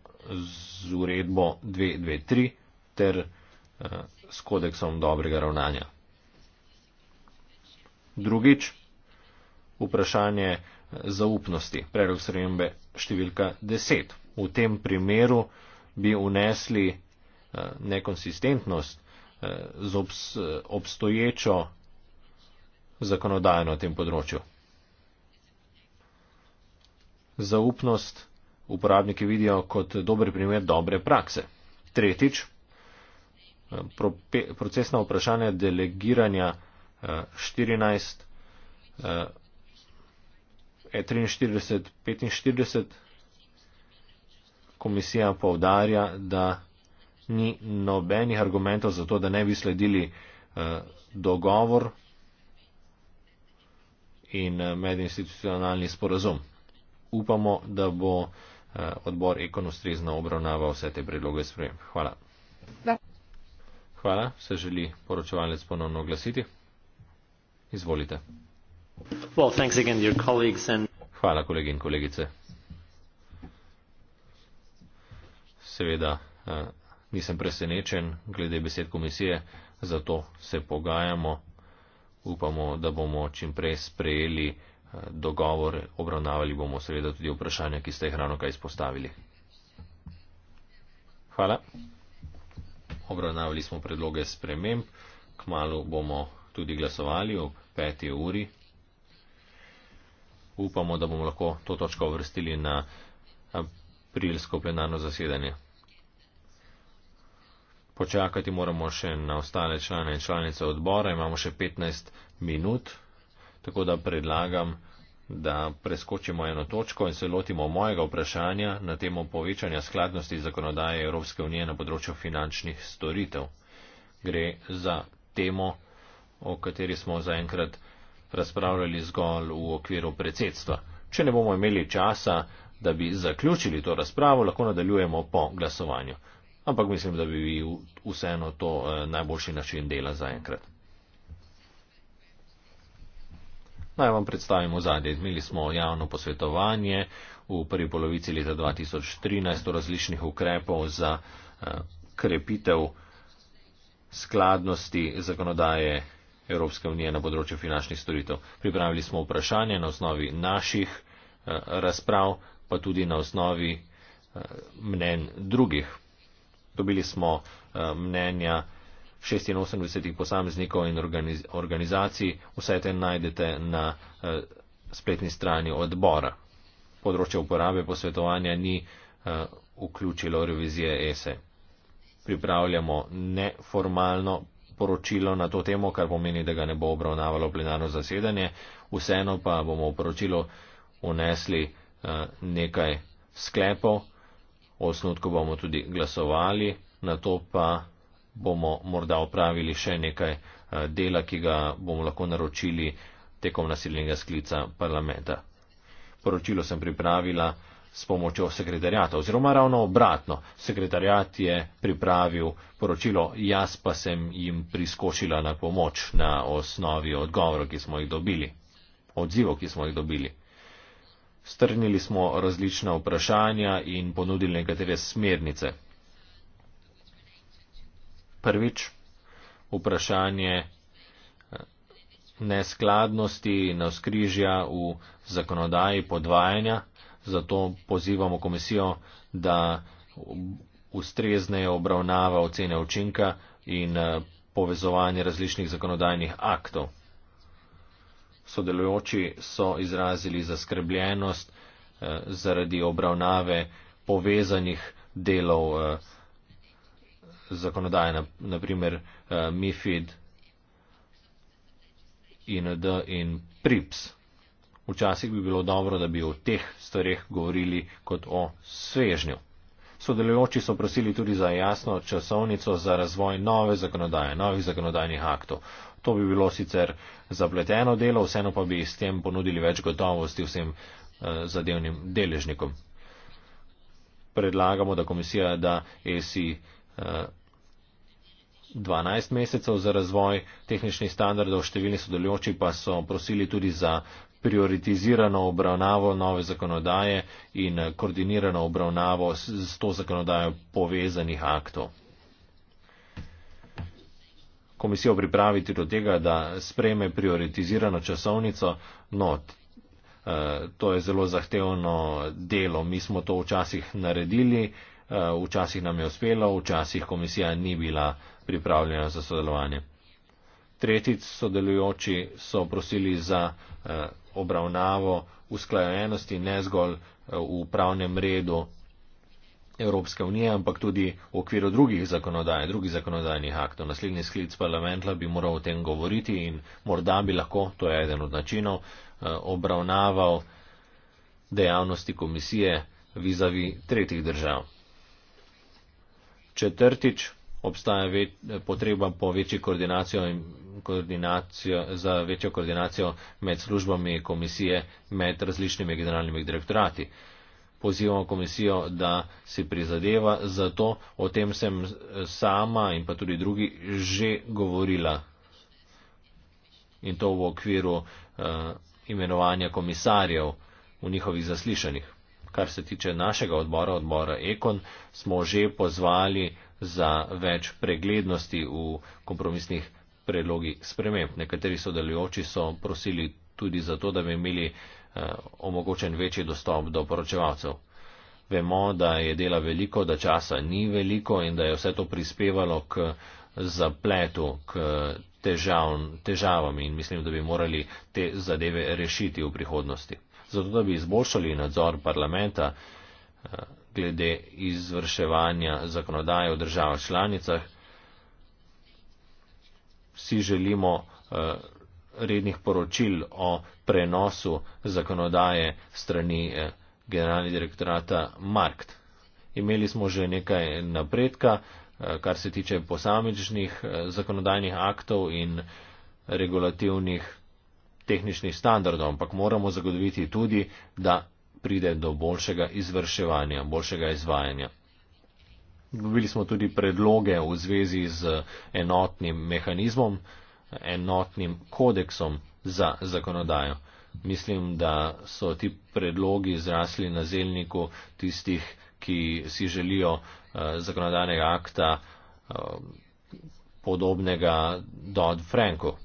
z uredbo 223 ter eh, s kodeksom dobrega ravnanja. Drugič, vprašanje eh, zaupnosti, predlog sremembe številka 10. V tem primeru bi unesli eh, nekonsistentnost z obstoječo zakonodajno na tem področju zaupnost uporabniki vidijo kot dober primer dobre prakse. Tretjič, eh, procesna vprašanja delegiranja 14, 43, 45. Komisija povdarja, da ni nobenih argumentov za to, da ne bi sledili eh, dogovor in eh, medinstitucionalni sporazum upamo, da bo eh, odbor Ekon ustrezno obravnaval vse te predloge sprejem. Hvala. Da. Hvala. Se želi poročevalec ponovno oglasiti? Izvolite. Well, again, and... Hvala, kolegi in kolegice. Seveda eh, nisem presenečen glede besed komisije, zato se pogajamo. Upamo, da bomo čim prej sprejeli. Eh, dogovor. Obravnavali bomo seveda tudi vprašanja, ki ste jih ravno kaj izpostavili. Hvala. Obravnavali smo predloge sprememb. Kmalo bomo tudi glasovali ob peti uri. Upamo, da bomo lahko to točko vrstili na eh, aprilsko plenarno zasedanje. Počakati moramo še na ostale člane in članice odbora. Imamo še 15 minut tako da predlagam, da preskočimo eno točko in se lotimo mojega vprašanja na temo povečanja skladnosti zakonodaje Evropske unije na področju finančnih storitev. Gre za temo, o kateri smo zaenkrat razpravljali zgolj v okviru predsedstva. Če ne bomo imeli časa, da bi zaključili to razpravo, lahko nadaljujemo po glasovanju. Ampak mislim, da bi vseeno to eh, najboljši način dela zaenkrat. Naj vam predstavimo zadnje. Imeli smo javno posvetovanje v prvi polovici leta 2013 o različnih ukrepov za eh, krepitev skladnosti zakonodaje Evropske unije na področju finančnih storitev. Pripravili smo vprašanje na osnovi naših eh, razprav, pa tudi na osnovi eh, mnen drugih. Dobili smo eh, mnenja. 86 posameznikov in organizacij, vse te najdete na eh, spletni strani odbora. Področje uporabe posvetovanja ni eh, vključilo revizije ESE. Pripravljamo neformalno poročilo na to temo, kar pomeni, da ga ne bo obravnavalo plenarno zasedanje, vseeno pa bomo v poročilo unesli eh, nekaj sklepov, o osnutku bomo tudi glasovali, na to pa bomo morda opravili še nekaj eh, dela, ki ga bomo lahko naročili tekom nasilnega sklica parlamenta. Poročilo sem pripravila s pomočjo sekretarjata, oziroma ravno obratno. Sekretarjat je pripravil poročilo, jaz pa sem jim priskočila na pomoč na osnovi odgovorov, ki smo jih dobili, odzivov, ki smo jih dobili. Strnili smo različna vprašanja in ponudili nekatere smernice prvič vprašanje eh, neskladnosti na skrižja v zakonodaji podvajanja, zato pozivamo komisijo, da ustrezneje obravnava ocene učinka in eh, povezovanje različnih zakonodajnih aktov. Sodelujoči so izrazili zaskrbljenost eh, zaradi obravnave povezanih delov zakonodaje, naprimer uh, eh, MIFID in ND in PRIPS. Včasih bi bilo dobro, da bi o teh stvareh govorili kot o svežnju. Sodelujoči so prosili tudi za jasno časovnico za razvoj nove zakonodaje, novih zakonodajnih aktov. To bi bilo sicer zapleteno delo, vseeno pa bi s tem ponudili več gotovosti vsem uh, zadevnim deležnikom. Predlagamo, da komisija da ESI uh, eh, 12 mesecev za razvoj tehničnih standardov, številni sodelujoči pa so prosili tudi za prioritizirano obravnavo nove zakonodaje in koordinirano obravnavo s to zakonodajo povezanih aktov. Komisijo pripraviti do tega, da spreme prioritizirano časovnico, no, eh, to je zelo zahtevno delo. Mi smo to včasih naredili. Eh, včasih nam je uspelo, včasih komisija ni bila pripravljena za sodelovanje. Tretjič sodelujoči so prosili za eh, obravnavo usklajenosti ne zgolj eh, v pravnem redu Evropske unije, ampak tudi v okviru drugih zakonodaj, drugih zakonodajnih aktov. Naslednji sklic parlamenta bi moral o tem govoriti in morda bi lahko, to je eden od načinov, obravnaval dejavnosti komisije vizavi tretjih držav. Četrtič, obstaja več, potreba po večji koordinacijo, koordinacijo, za večjo koordinacijo med službami komisije, med različnimi generalnimi direktorati. Pozivamo komisijo, da si prizadeva za to, o tem sem sama in pa tudi drugi že govorila. In to v okviru uh, imenovanja komisarjev v njihovih zaslišanjih kar se tiče našega odbora, odbora Ekon, smo že pozvali za več preglednosti v kompromisnih predlogih sprememb. Nekateri sodelujoči so prosili tudi zato, da bi imeli eh, omogočen večji dostop do poročevalcev. Vemo, da je dela veliko, da časa ni veliko in da je vse to prispevalo k zapletu, k težav, težavam in mislim, da bi morali te zadeve rešiti v prihodnosti zato da bi izboljšali nadzor parlamenta eh, glede izvrševanja zakonodaje v državah članicah, si želimo eh, rednih poročil o prenosu zakonodaje strani eh, generalnega direktorata Markt. Imeli smo že nekaj napredka, kar se tiče posamičnih zakonodajnih aktov in regulativnih tehničnih standardov, ampak moramo zagotoviti tudi, da pride do boljšega izvrševanja, boljšega izvajanja. Dobili smo tudi predloge v zvezi z enotnim mehanizmom, enotnim kodeksom za zakonodajo. Mislim, da so ti predlogi zrasli na zelniku tistih, ki si želijo eh, zakonodajnega akta eh, podobnega Dodd-Franku.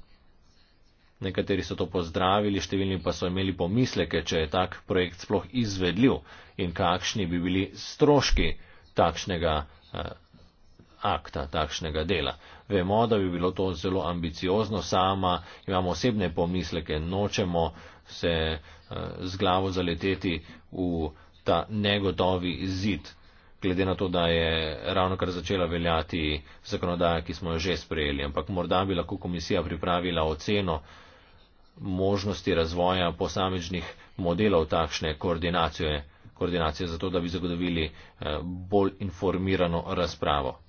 Nekateri so to pozdravili, številni pa so imeli pomisleke, če je tak projekt sploh izvedljiv in kakšni bi bili stroški takšnega eh, akta, takšnega dela. Vemo, da bi bilo to zelo ambiciozno, sama imamo osebne pomisleke, nočemo se eh, z glavo zaleteti v ta negotovi zid. Glede na to, da je ravno kar začela veljati zakonodaja, ki smo jo že sprejeli, ampak morda bi lahko komisija pripravila oceno, možnosti razvoja posamičnih modelov takšne koordinacije, koordinacije zato da bi zagotovili eh, bolj informirano razpravo.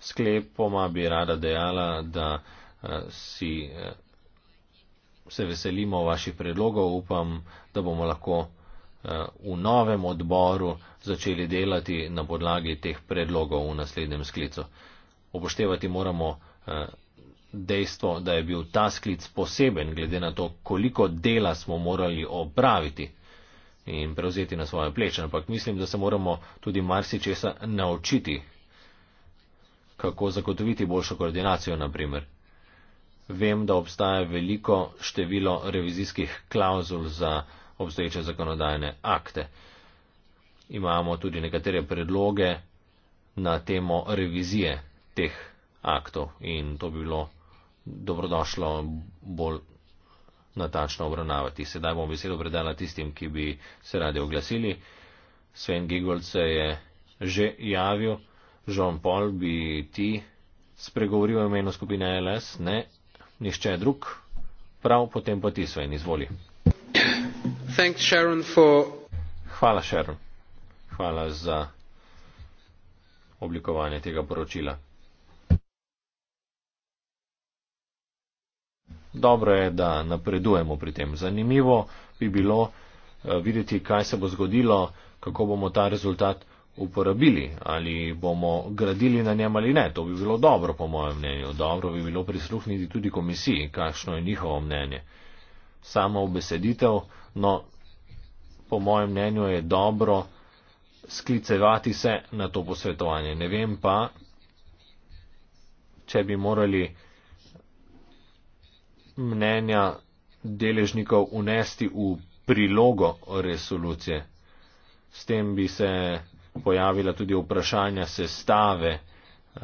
Sklepoma bi rada dejala, da eh, si, eh, se veselimo vaših predlogov, upam, da bomo lahko v novem odboru začeli delati na podlagi teh predlogov v naslednjem sklicu. Upoštevati moramo dejstvo, da je bil ta sklic poseben, glede na to, koliko dela smo morali opraviti in prevzeti na svoje pleče. Ampak mislim, da se moramo tudi marsičesa naučiti, kako zagotoviti boljšo koordinacijo, naprimer. Vem, da obstaja veliko število revizijskih klauzul za obstoječe zakonodajne akte. Imamo tudi nekatere predloge na temo revizije teh aktov in to bi bilo dobrodošlo bolj natačno obravnavati. Sedaj bom besedo predala tistim, ki bi se radi oglasili. Sven Gigold se je že javil. Jean-Paul, bi ti spregovoril o imenu skupine LS? Ne, nišče drug. Prav, potem pa ti, Sven, izvoli. For... Hvala, Sharon. Hvala za oblikovanje tega poročila. dobro je, da napredujemo pri tem. Zanimivo bi bilo eh, videti, kaj se bo zgodilo, kako bomo ta rezultat uporabili, ali bomo gradili na njem ali ne. To bi bilo dobro, po mojem mnenju. Dobro bi bilo prisluhniti tudi komisiji, kakšno je njihovo mnenje. Samo obeseditev, no, po mojem mnenju je dobro sklicevati se na to posvetovanje. Ne vem pa, če bi morali mnenja deležnikov unesti v prilogo resolucije. S tem bi se pojavila tudi vprašanja sestave eh,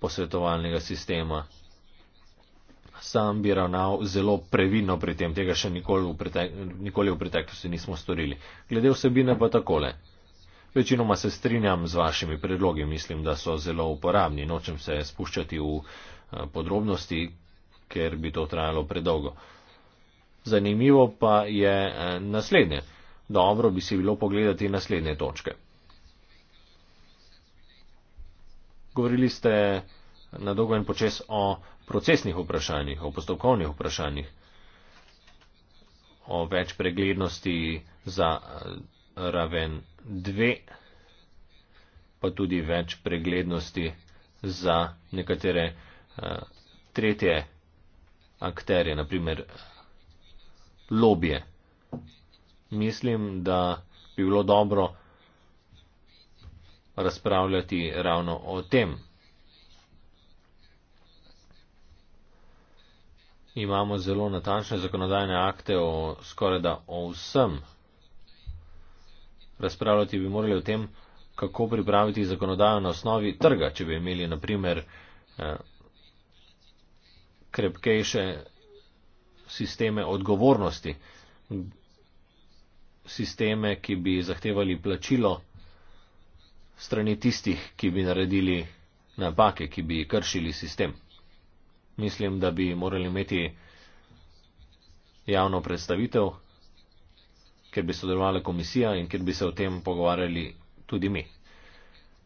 posvetovalnega sistema. Sam bi ravnal zelo previdno pri tem, tega še nikoli v, pretek, nikoli v preteklosti nismo storili. Glede vsebine pa takole. Večinoma se strinjam z vašimi predlogi, mislim, da so zelo uporabni. Nočem se spuščati v eh, podrobnosti, ker bi to trajalo predolgo. Zanimivo pa je eh, naslednje. Dobro bi si bilo pogledati naslednje točke. Govorili ste na dolgo in počes o procesnih vprašanjih, o postopkovnih vprašanjih, o več preglednosti za eh, raven 2, pa tudi več preglednosti za nekatere eh, tretje akterje, naprimer lobije. Mislim, da bi bilo dobro razpravljati ravno o tem. Imamo zelo natančne zakonodajne akte o skoraj da o vsem. Razpravljati bi morali o tem, kako pripraviti zakonodajo na osnovi trga, če bi imeli, naprimer, eh, krepkejše sisteme odgovornosti, sisteme, ki bi zahtevali plačilo strani tistih, ki bi naredili napake, ki bi kršili sistem. Mislim, da bi morali imeti javno predstavitev, ker bi sodelovala komisija in ker bi se o tem pogovarjali tudi mi.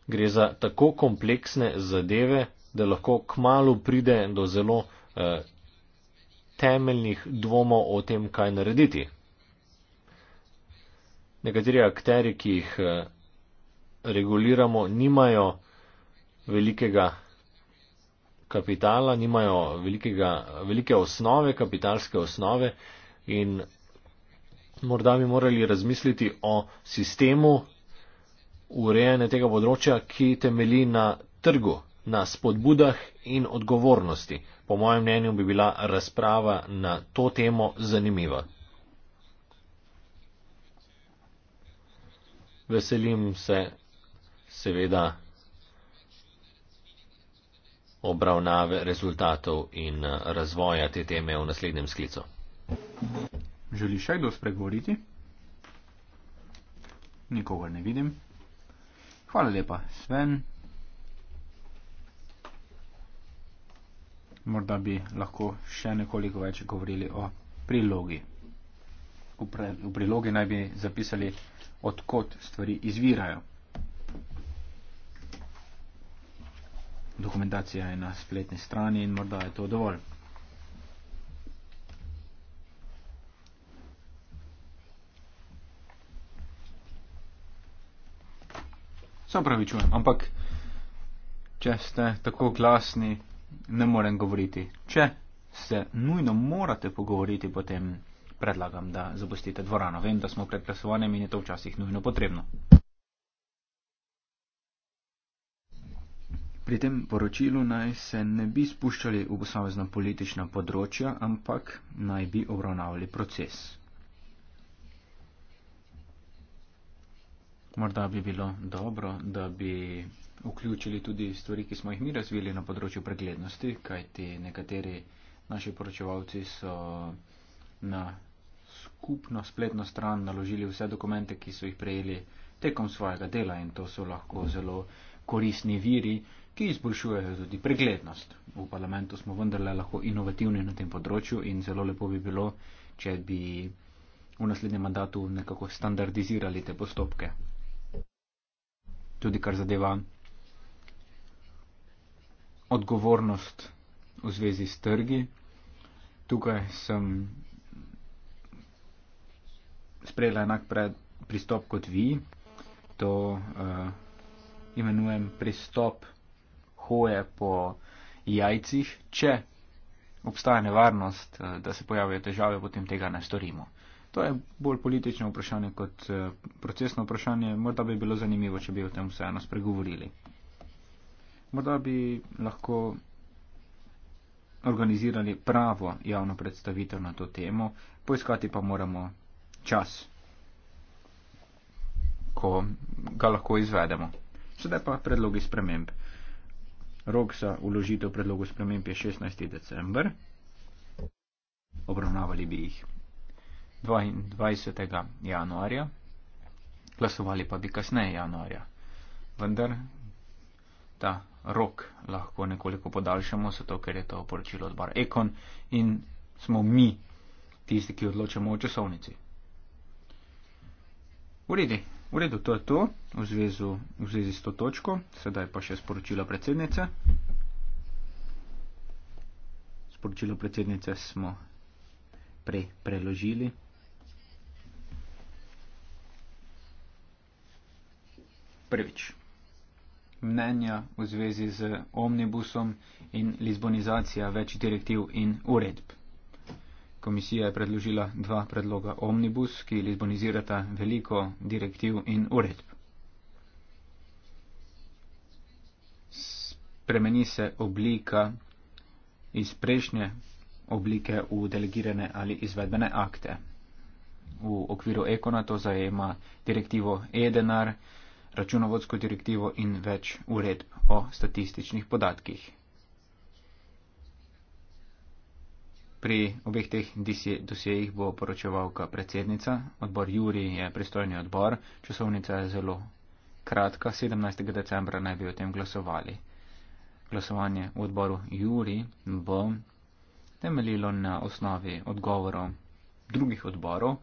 Gre za tako kompleksne zadeve, da lahko k malu pride do zelo Eh, temeljnih dvomov o tem, kaj narediti. Nekateri akteri, ki jih eh, reguliramo, nimajo velikega kapitala, nimajo velikega, velike osnove, kapitalske osnove in morda bi morali razmisliti o sistemu urejanja tega področja, ki temelji na trgu na spodbudah in odgovornosti. Po mojem mnenju bi bila razprava na to temo zanimiva. Veselim se seveda obravnave rezultatov in eh, razvoja te teme v naslednjem sklicu. Želi še kdo spregovoriti? Nikogar ne vidim. Hvala lepa, Sven. morda bi lahko še nekoliko več govorili o prilogi. V, pre, v prilogi naj bi zapisali, odkot stvari izvirajo. Dokumentacija je na spletni strani in morda je to dovolj. Se pravi, čujem, ampak če ste tako glasni, ne morem govoriti. Če se nujno morate pogovoriti, potem predlagam, da zapustite dvorano. Vem, da smo pred glasovanjem in je to včasih nujno potrebno. Pri tem poročilu naj se ne bi spuščali v posamezna politična področja, ampak naj bi obravnavali proces. Morda bi bilo dobro, da bi vključili tudi stvari, ki smo jih mi razvili na področju preglednosti, kajti nekateri naši poročevalci so na skupno spletno stran naložili vse dokumente, ki so jih prejeli tekom svojega dela in to so lahko zelo korisni viri, ki izboljšujejo tudi preglednost. V parlamentu smo vendarle lahko inovativni na tem področju in zelo lepo bi bilo, če bi v naslednjem mandatu nekako standardizirali te postopke. Tudi kar zadeva odgovornost v zvezi s trgi. Tukaj sem sprejela enak pred, pristop kot vi. To uh, imenujem pristop hoje po jajcih. Če obstaja nevarnost, uh, da se pojavijo težave, potem tega ne storimo. To je bolj politično vprašanje kot uh, procesno vprašanje. Morda bi bilo zanimivo, če bi o tem vseeno spregovorili morda bi lahko organizirali pravo javno predstavitev na to temo, poiskati pa moramo čas, ko ga lahko izvedemo. Sedaj pa predlogi sprememb. Rok za uložitev predlogov sprememb je 16. december. Obravnavali bi jih 22. januarja, glasovali pa bi kasneje januarja. Vendar ta rok lahko nekoliko podaljšamo, zato ker je to poročilo od bar Ekon in smo mi tisti, ki odločamo o časovnici. Uredi, uredu to je to v zvezi, v zvezi s to točko, sedaj pa še sporočilo predsednice. Sporočilo predsednice smo pre preložili. Prvič mnenja v zvezi z omnibusom in lizbonizacija več direktiv in uredb. Komisija je predložila dva predloga omnibus, ki lizbonizirata veliko direktiv in uredb. Spremeni se oblika iz prejšnje oblike v delegirane ali izvedbene akte. V okviru ekona to zajema direktivo e-denar, računovodsko direktivo in več uredb o statističnih podatkih. Pri obeh teh dosjejih bo poročevalka predsednica, odbor Juri je pristojni odbor, časovnica je zelo kratka, 17. decembra naj bi o tem glasovali. Glasovanje v odboru Juri bo temeljilo na osnovi odgovorov drugih odborov,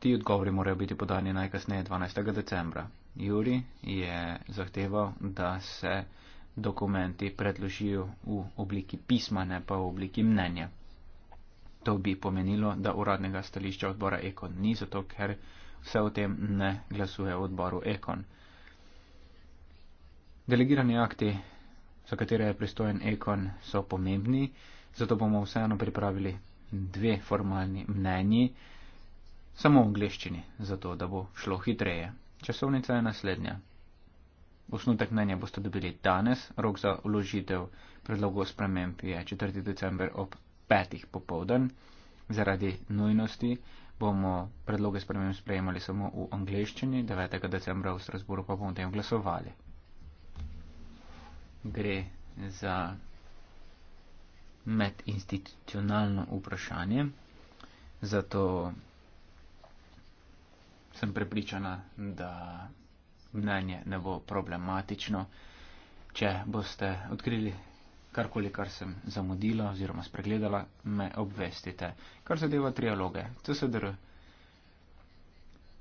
ti odgovori morajo biti podani najkasneje 12. decembra. Juri je zahteval, da se dokumenti predložijo v obliki pisma, ne pa v obliki mnenja. To bi pomenilo, da uradnega stališča odbora Ekon ni, zato ker vse o tem ne glasuje v odboru Ekon. Delegirani akti, za katere je pristojen Ekon, so pomembni, zato bomo vseeno pripravili dve formalni mnenji, samo v angliščini, zato da bo šlo hitreje. Časovnica je naslednja. Osnutek mnenja boste dobili danes, rok za uložitev predlogov sprememb je 4. december ob 5. popovdan. Zaradi nujnosti bomo predloge sprememb sprejemali samo v angleščini, 9. decembra v Strasburu pa bomo tem glasovali. Gre za medinstitucionalno vprašanje, zato sem prepričana, da mnenje ne bo problematično, če boste odkrili karkoli, kar sem zamudila oziroma spregledala, me obvestite. Kar zadeva trialoge, CSDR,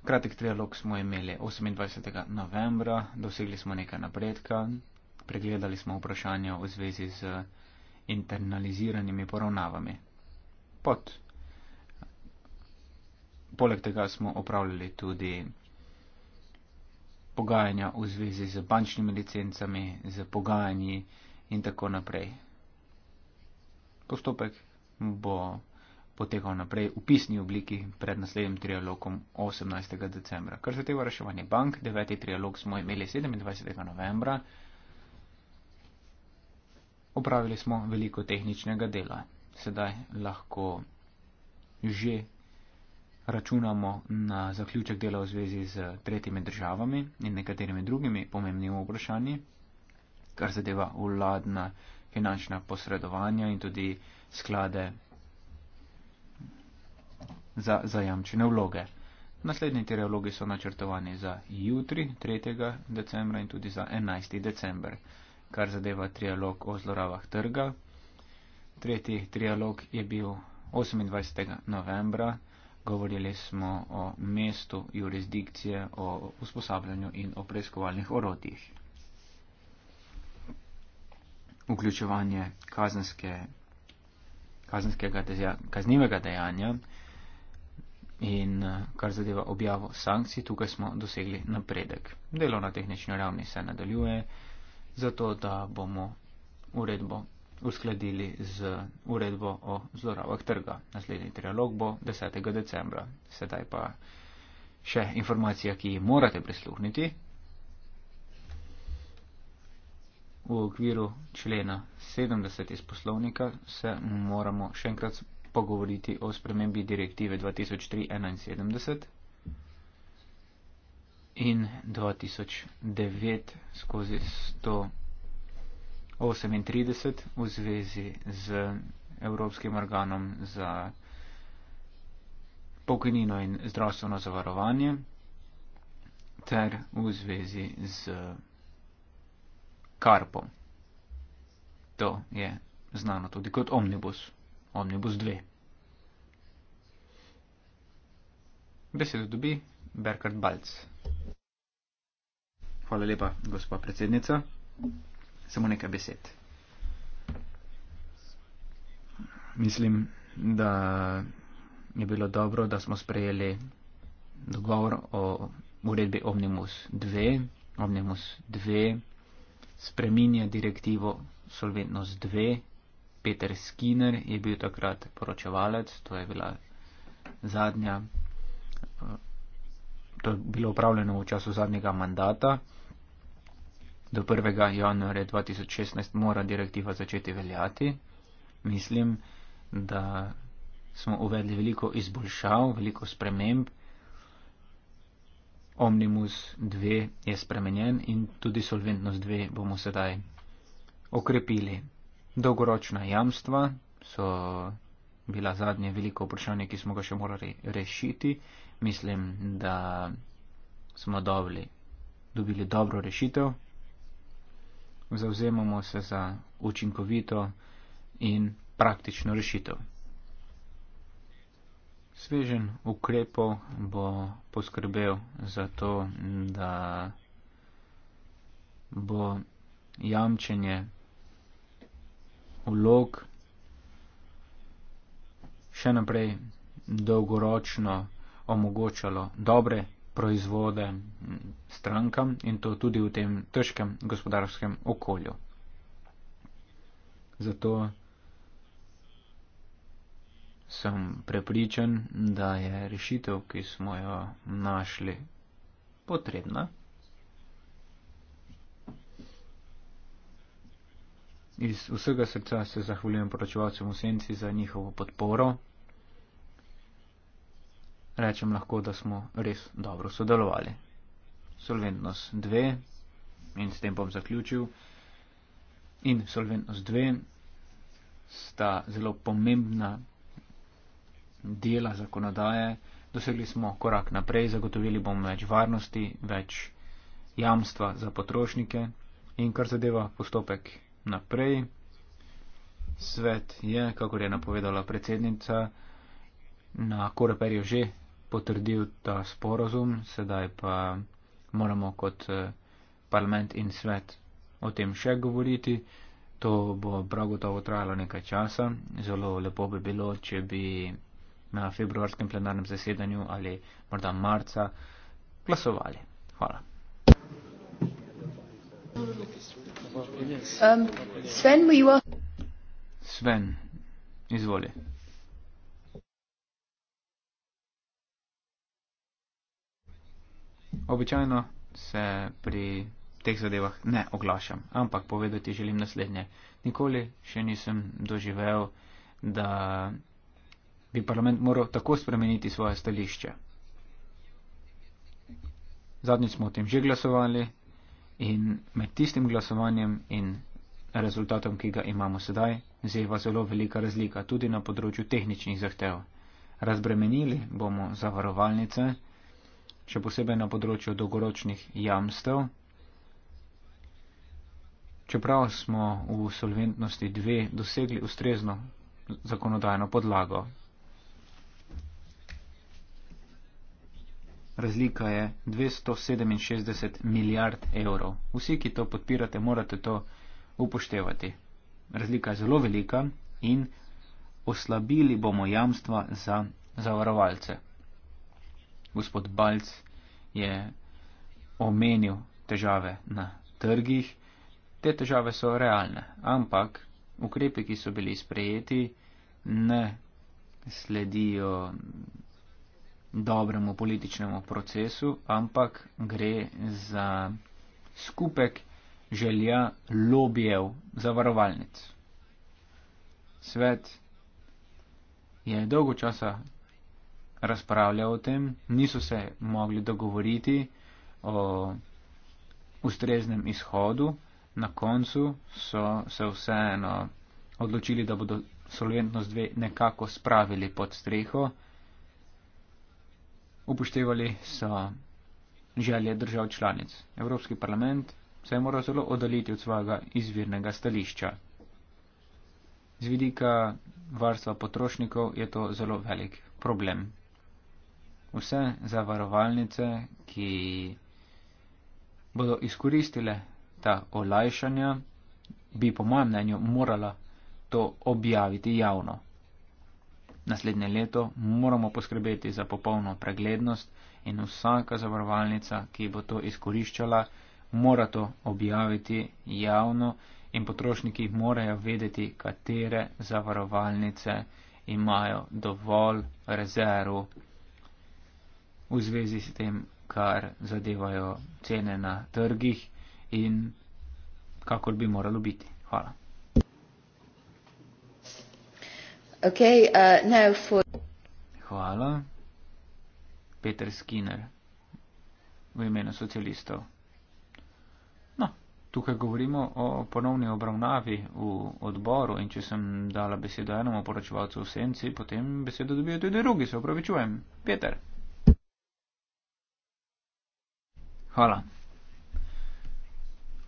kratek trialog smo imeli 28. novembra, dosegli smo nekaj napredka, pregledali smo vprašanja v zvezi z internaliziranimi poravnavami. Pot. Poleg tega smo opravljali tudi pogajanja v zvezi z bančnimi licencami, z pogajanji in tako naprej. Postopek bo potekal naprej v pisni obliki pred naslednjim trialogom 18. decembra. Kar se tega reševanja bank, deveti trialog smo imeli 27. novembra. Opravili smo veliko tehničnega dela. Sedaj lahko že računamo na zaključek dela v zvezi z tretjimi državami in nekaterimi drugimi pomembnimi vprašanji, kar zadeva vladna finančna posredovanja in tudi sklade za zajamčene vloge. Naslednji tri vloge so načrtovani za jutri, 3. decembra in tudi za 11. december, kar zadeva trialog o zlorabah trga. Tretji trialog je bil 28. novembra govorili smo o mestu jurisdikcije, o usposabljanju in o preiskovalnih orodjih. Vključevanje kazenske, kazenskega dezja, kaznivega dejanja in kar zadeva objavo sankcij, tukaj smo dosegli napredek. Delo na tehnični ravni se nadaljuje, zato da bomo uredbo uskladili z uredbo o zlorabah trga. Naslednji trialog bo 10. decembra. Sedaj pa še informacija, ki jo morate prisluhniti. V okviru člena 70 iz poslovnika se moramo še enkrat pogovoriti o spremembi direktive 2003-71 in 2009 skozi 100. 38 v zvezi z Evropskim organom za pokojnino in zdravstveno zavarovanje ter v zvezi z Karpom. To je znano tudi kot omnibus, omnibus 2. Besedo dobi Berkard Balc. Hvala lepa, gospa predsednica samo nekaj besed. Mislim, da je bilo dobro, da smo sprejeli dogovor o uredbi Omnimus 2. Omnimus 2 spreminja direktivo Solventnost 2. Peter Skinner je bil takrat poročevalec, to je bila zadnja. Eh, to je bilo upravljeno v času zadnjega mandata do 1. januarja 2016 mora direktiva začeti veljati. Mislim, da smo uvedli veliko izboljšav, veliko sprememb. Omnimus 2 je spremenjen in tudi solventnost 2 bomo sedaj okrepili. Dolgoročna jamstva so bila zadnje veliko vprašanje, ki smo ga še morali rešiti. Mislim, da smo dobili, dobili dobro rešitev, zauzemamo se za učinkovito in praktično rešitev. Svežen ukrepov bo poskrbel za to, da bo jamčenje vlog še naprej dolgoročno omogočalo dobre proizvode strankam in to tudi v tem težkem gospodarskem okolju. Zato sem prepričan, da je rešitev, ki smo jo našli, potrebna. Iz vsega srca se zahvaljujem poročevalcem v senci za njihovo podporo rečem lahko, da smo res dobro sodelovali. Solventnost 2 in s tem bom zaključil. In solventnost 2 sta zelo pomembna dela zakonodaje. Dosegli smo korak naprej, zagotovili bomo več varnosti, več jamstva za potrošnike in kar zadeva postopek naprej. Svet je, kako je napovedala predsednica, na koreperju že potrdil ta sporozum, sedaj pa moramo kot eh, parlament in svet o tem še govoriti. To bo prav gotovo trajalo nekaj časa. Zelo lepo bi bilo, če bi na februarskem plenarnem zasedanju ali morda marca glasovali. Hvala. Um, Sven, Sven, izvoli. Običajno se pri teh zadevah ne oglašam, ampak povedati želim naslednje. Nikoli še nisem doživel, da bi parlament moral tako spremeniti svoje stališče. Zadnjič smo o tem že glasovali in med tistim glasovanjem in rezultatom, ki ga imamo sedaj, zeva zelo velika razlika tudi na področju tehničnih zahtev. Razbremenili bomo zavarovalnice, še posebej na področju dolgoročnih jamstev. Čeprav smo v solventnosti dve dosegli ustrezno zakonodajno podlago. Razlika je 267 milijard evrov. Vsi, ki to podpirate, morate to upoštevati. Razlika je zelo velika in oslabili bomo jamstva za zavarovalce gospod Balc je omenil težave na trgih. Te težave so realne, ampak ukrepe, ki so bili sprejeti, ne sledijo dobremu političnemu procesu, ampak gre za skupek želja lobijev zavarovalnic. Svet je dolgo časa razpravljal o tem, niso se mogli dogovoriti o ustreznem izhodu, na koncu so se vseeno odločili, da bodo solventnost dve nekako spravili pod streho, upoštevali so želje držav članic. Evropski parlament se je moral zelo oddaliti od svojega izvirnega stališča. Z vidika varstva potrošnikov je to zelo velik problem vse zavarovalnice, ki bodo izkoristile ta olajšanja, bi po mojem mnenju morala to objaviti javno. Naslednje leto moramo poskrbeti za popolno preglednost in vsaka zavarovalnica, ki bo to izkoriščala, mora to objaviti javno in potrošniki morajo vedeti, katere zavarovalnice imajo dovolj rezerv v zvezi s tem, kar zadevajo cene na trgih in kakor bi moralo biti. Hvala. Okay, uh, now for... Hvala. Peter Skinner v imenu socialistov. No, tukaj govorimo o ponovni obravnavi v odboru in če sem dala besedo enemu poročevalcu v senci, potem besedo dobijo tudi drugi, se opravičujem. Peter. Hvala.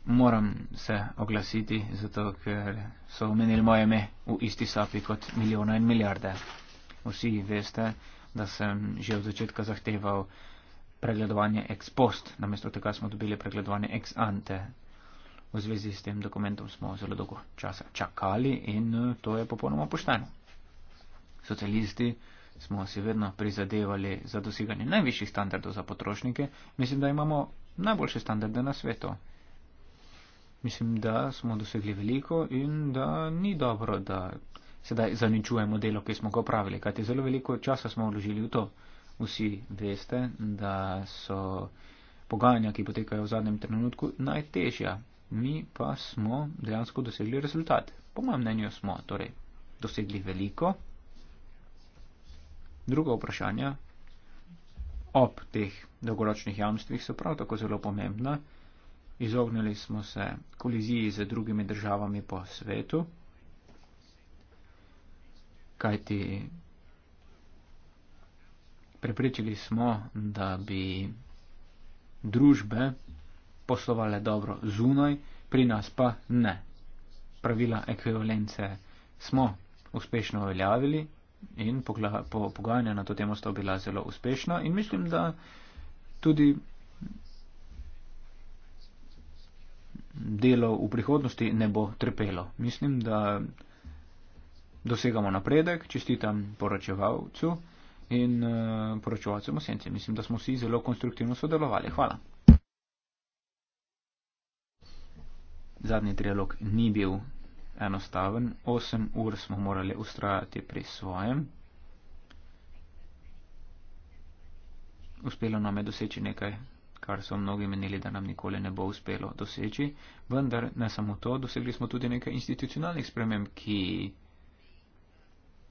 Moram se oglasiti, zato ker so omenili moje ime v isti sapi kot milijona in milijarde. Vsi veste, da sem že od začetka zahteval pregledovanje ex post, namesto tega smo dobili pregledovanje ex ante. V zvezi s tem dokumentom smo zelo dolgo časa čakali in eh, to je popolnoma pošteno. Socialisti smo si vedno prizadevali za doseganje najvišjih standardov za potrošnike, mislim, da imamo najboljše standarde na svetu. Mislim, da smo dosegli veliko in da ni dobro, da sedaj zaničujemo delo, ki smo ga opravili, kajti zelo veliko časa smo vložili v to. Vsi veste, da so pogajanja, ki potekajo v zadnjem trenutku, najtežja. Mi pa smo dejansko dosegli rezultat. Po mojem mnenju smo torej dosegli veliko, Druga vprašanja ob teh dolgoročnih jamstvih so prav tako zelo pomembna. Izognili smo se koliziji z drugimi državami po svetu, kajti prepričali smo, da bi družbe poslovale dobro zunaj, pri nas pa ne. Pravila ekvivalence smo uspešno uveljavili, in po, pogajanja na to temo sta bila zelo uspešna in mislim, da tudi delo v prihodnosti ne bo trpelo. Mislim, da dosegamo napredek, čestitam poročevalcu in uh, poročevalcem v senci. Mislim, da smo vsi zelo konstruktivno sodelovali. Hvala. Zadnji trialog ni bil enostaven. Osem ur smo morali ustrajati pri svojem. Uspelo nam je doseči nekaj, kar so mnogi menili, da nam nikoli ne bo uspelo doseči, vendar ne samo to, dosegli smo tudi nekaj institucionalnih sprememb, ki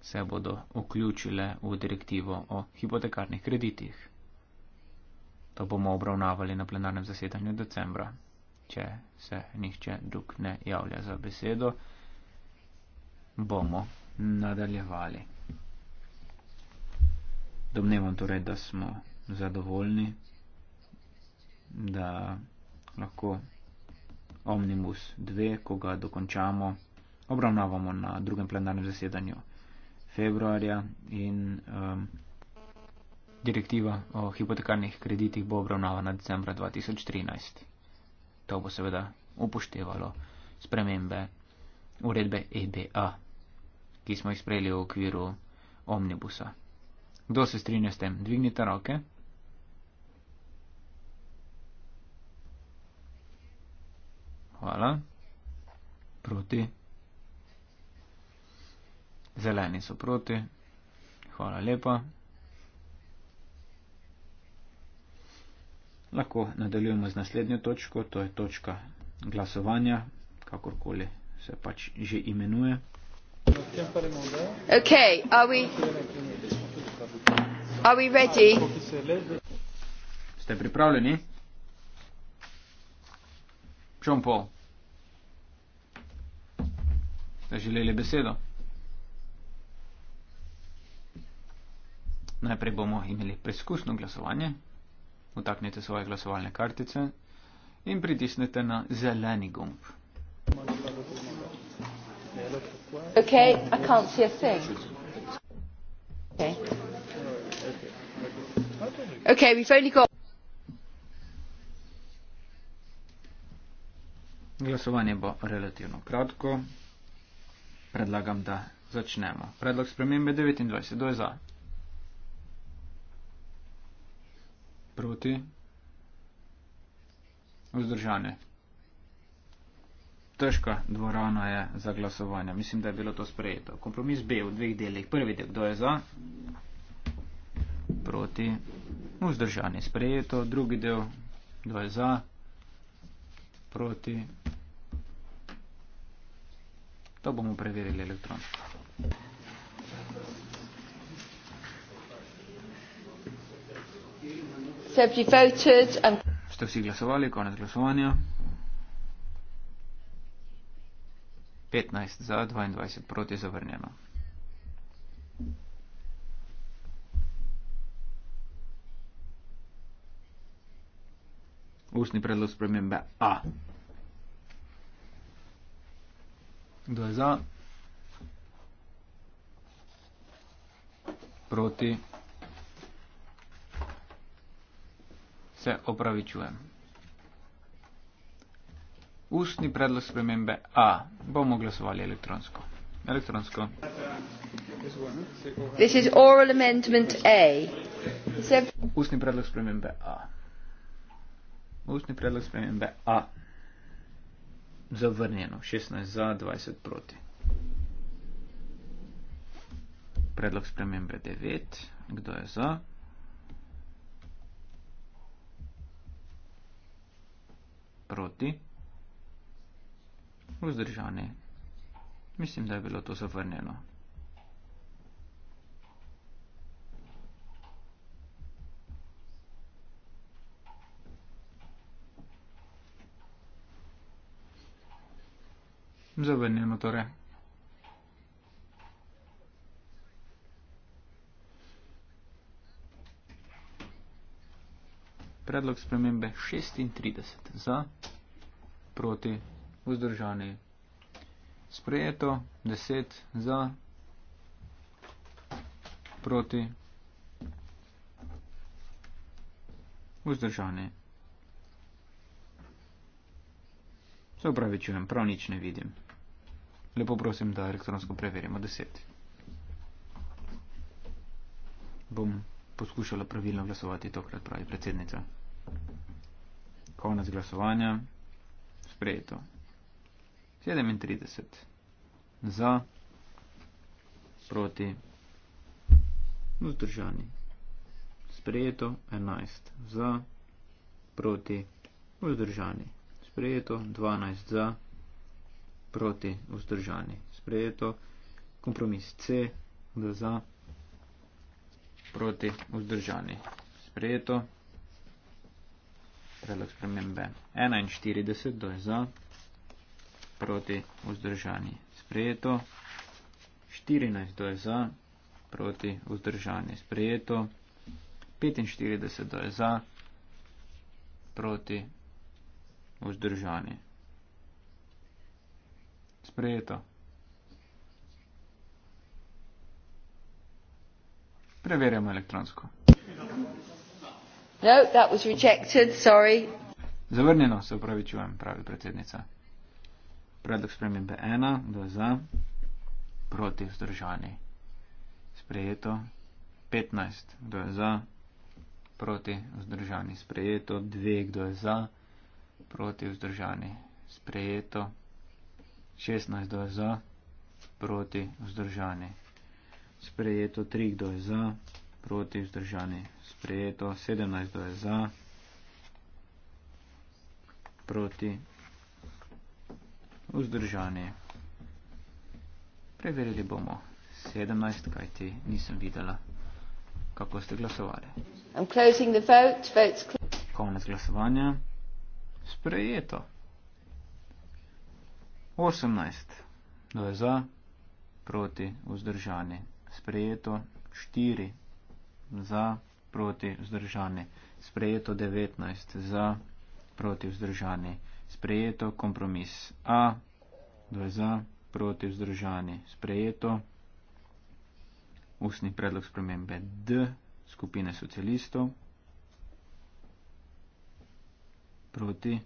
se bodo vključile v direktivo o hipotekarnih kreditih. To bomo obravnavali na plenarnem zasedanju decembra, če se nihče drug ne javlja za besedo bomo nadaljevali. Domnevam torej, da smo zadovoljni, da lahko Omnibus 2, ko ga dokončamo, obravnavamo na drugem plenarnem zasedanju februarja in um, direktiva o hipotekarnih kreditih bo obravnavana decembra 2013. To bo seveda upoštevalo spremembe uredbe EBA ki smo jih sprejeli v okviru omnibusa. Kdo se strinja s tem? Dvignite roke. Hvala. Proti. Zeleni so proti. Hvala lepa. Lahko nadaljujemo z naslednjo točko, to je točka glasovanja, kakorkoli se pač že imenuje. Okay, are we, are we ready? Ste pripravljeni? John Paul. Ste želeli besedo? Najprej bomo imeli preizkusno glasovanje. Utaknite svoje glasovalne kartice in pritisnite na zeleni gumb. Okay, I can't see a thing. Okay. Okay, we've only got. Glasovanje bo relativno kratko. Predlagam, da začnemo. Predlog spremembe 29. Kdo je za? Proti? Vzdržane? težka dvorana je za glasovanje. Mislim, da je bilo to sprejeto. Kompromis B v dveh delih. Prvi del, kdo je za, proti, vzdržani sprejeto. Drugi del, kdo je za, proti. To bomo preverili elektronsko. Ste vsi glasovali, konec glasovanja. 15 za 22 proti zavrnjeno. Ustni predlog spremembe A. Kdo je za? Proti? Se opravičujem. Ustni predlog spremembe A. Bomo glasovali elektronsko. Elektronsko. This is oral amendment A. Ustni predlog spremembe A. Ustni predlog spremembe A. Zavrnjeno. 16 za, 20 proti. Predlog spremembe 9. Kdo je za? Proti vzdržani. Mislim, da je bilo to zavrnjeno. Zavrnjeno torej. Predlog spremembe 36 za proti vzdržani. Sprejeto 10 za proti vzdržani. Se upravičujem, prav nič ne vidim. Lepo prosim, da elektronsko preverimo 10. Bom poskušala pravilno glasovati tokrat, pravi predsednica. Konec glasovanja. Sprejeto. 37 za, proti, vzdržani. Sprejeto 11 za, proti, vzdržani. Sprejeto 12 za, proti, vzdržani. Sprejeto kompromis C da za, proti, vzdržani. Sprejeto predlog spremembe 41 do je za proti vzdržani. Sprejeto. 14 je za, proti vzdržani. Sprejeto. 45 je za, proti vzdržani. Sprejeto. Preverjamo elektronsko. No, that was rejected, sorry. Zavrnjeno, se upravičujem, pravi predsednica. Predlog spremembe 1, kdo je za, proti vzdržani. Sprejeto 15, kdo je za, proti vzdržani. Sprejeto 2, kdo je za, proti vzdržani. Sprejeto 16, kdo je za, proti vzdržani. Sprejeto 3, kdo je za, proti vzdržani. Sprejeto 17, kdo je za, proti vzdržani vzdržane. Preverili bomo 17, kajti nisem videla, kako ste glasovali. Konec glasovanja. Sprejeto. 18. Kdo je za? Proti vzdržane. Sprejeto. 4. Za. Proti vzdržane. Sprejeto 19. Za. Proti vzdržane sprejeto, kompromis A, dve za, proti vzdržani, sprejeto, ustni predlog spremembe D, skupine socialistov, proti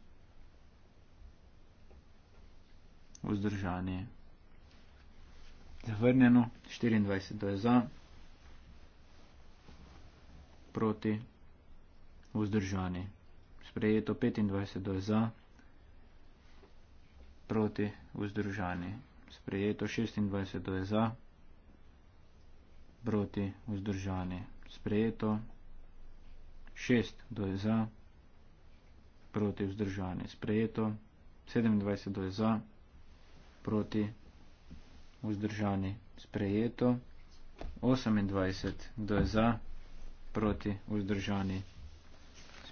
vzdržani, zavrnjeno, 24 dve za, proti vzdržani. Sprejeto 25 do za proti vzdržani. Sprejeto 26 je za, proti vzdržani. Sprejeto 6 je za, proti vzdržani. Sprejeto 27 je za, proti vzdržani. Sprejeto 28 je za, proti vzdržani.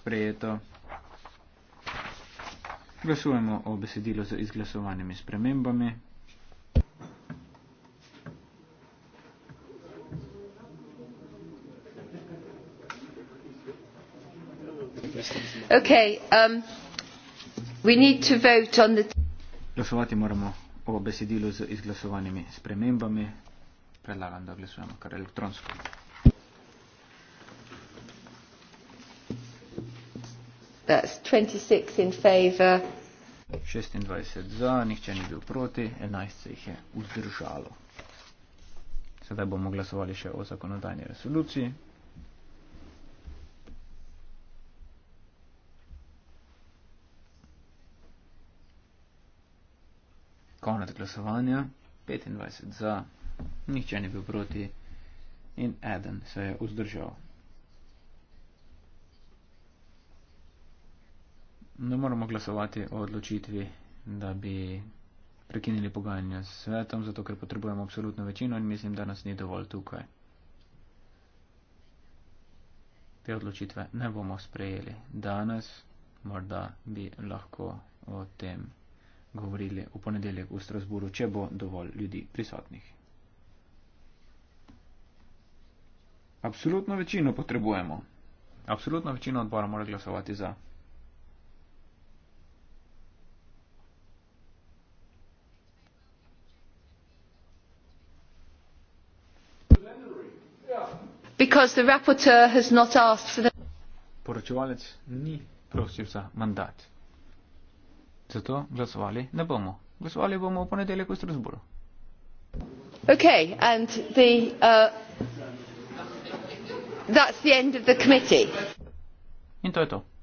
Sprejeto Glasujemo o besedilo z izglasovanimi spremembami. Okay, um, we need to vote on the Glasovati moramo o besedilu z izglasovanimi spremembami. Predlagam, da glasujemo kar elektronsko. That's 26 in favor. 26 za, nihče ni bil proti, 11 se jih je vzdržalo. Sedaj bomo glasovali še o zakonodajni resoluciji. Konec glasovanja, 25 za, nihče ni bil proti in eden se je vzdržal. ne moramo glasovati o odločitvi, da bi prekinili pogajanja s svetom, zato ker potrebujemo absolutno večino in mislim, da nas ni dovolj tukaj. Te odločitve ne bomo sprejeli danes, morda bi lahko o tem govorili v ponedeljek v Strasburu, če bo dovolj ljudi prisotnih. Absolutno večino potrebujemo. Absolutno večino odbora mora glasovati za. Poročevalec ni prosil za mandat. Zato glasovali ne bomo. Glasovali bomo v ponedeljek v Strasburu. Okay, and the, uh, that's the end of the committee. In to je to.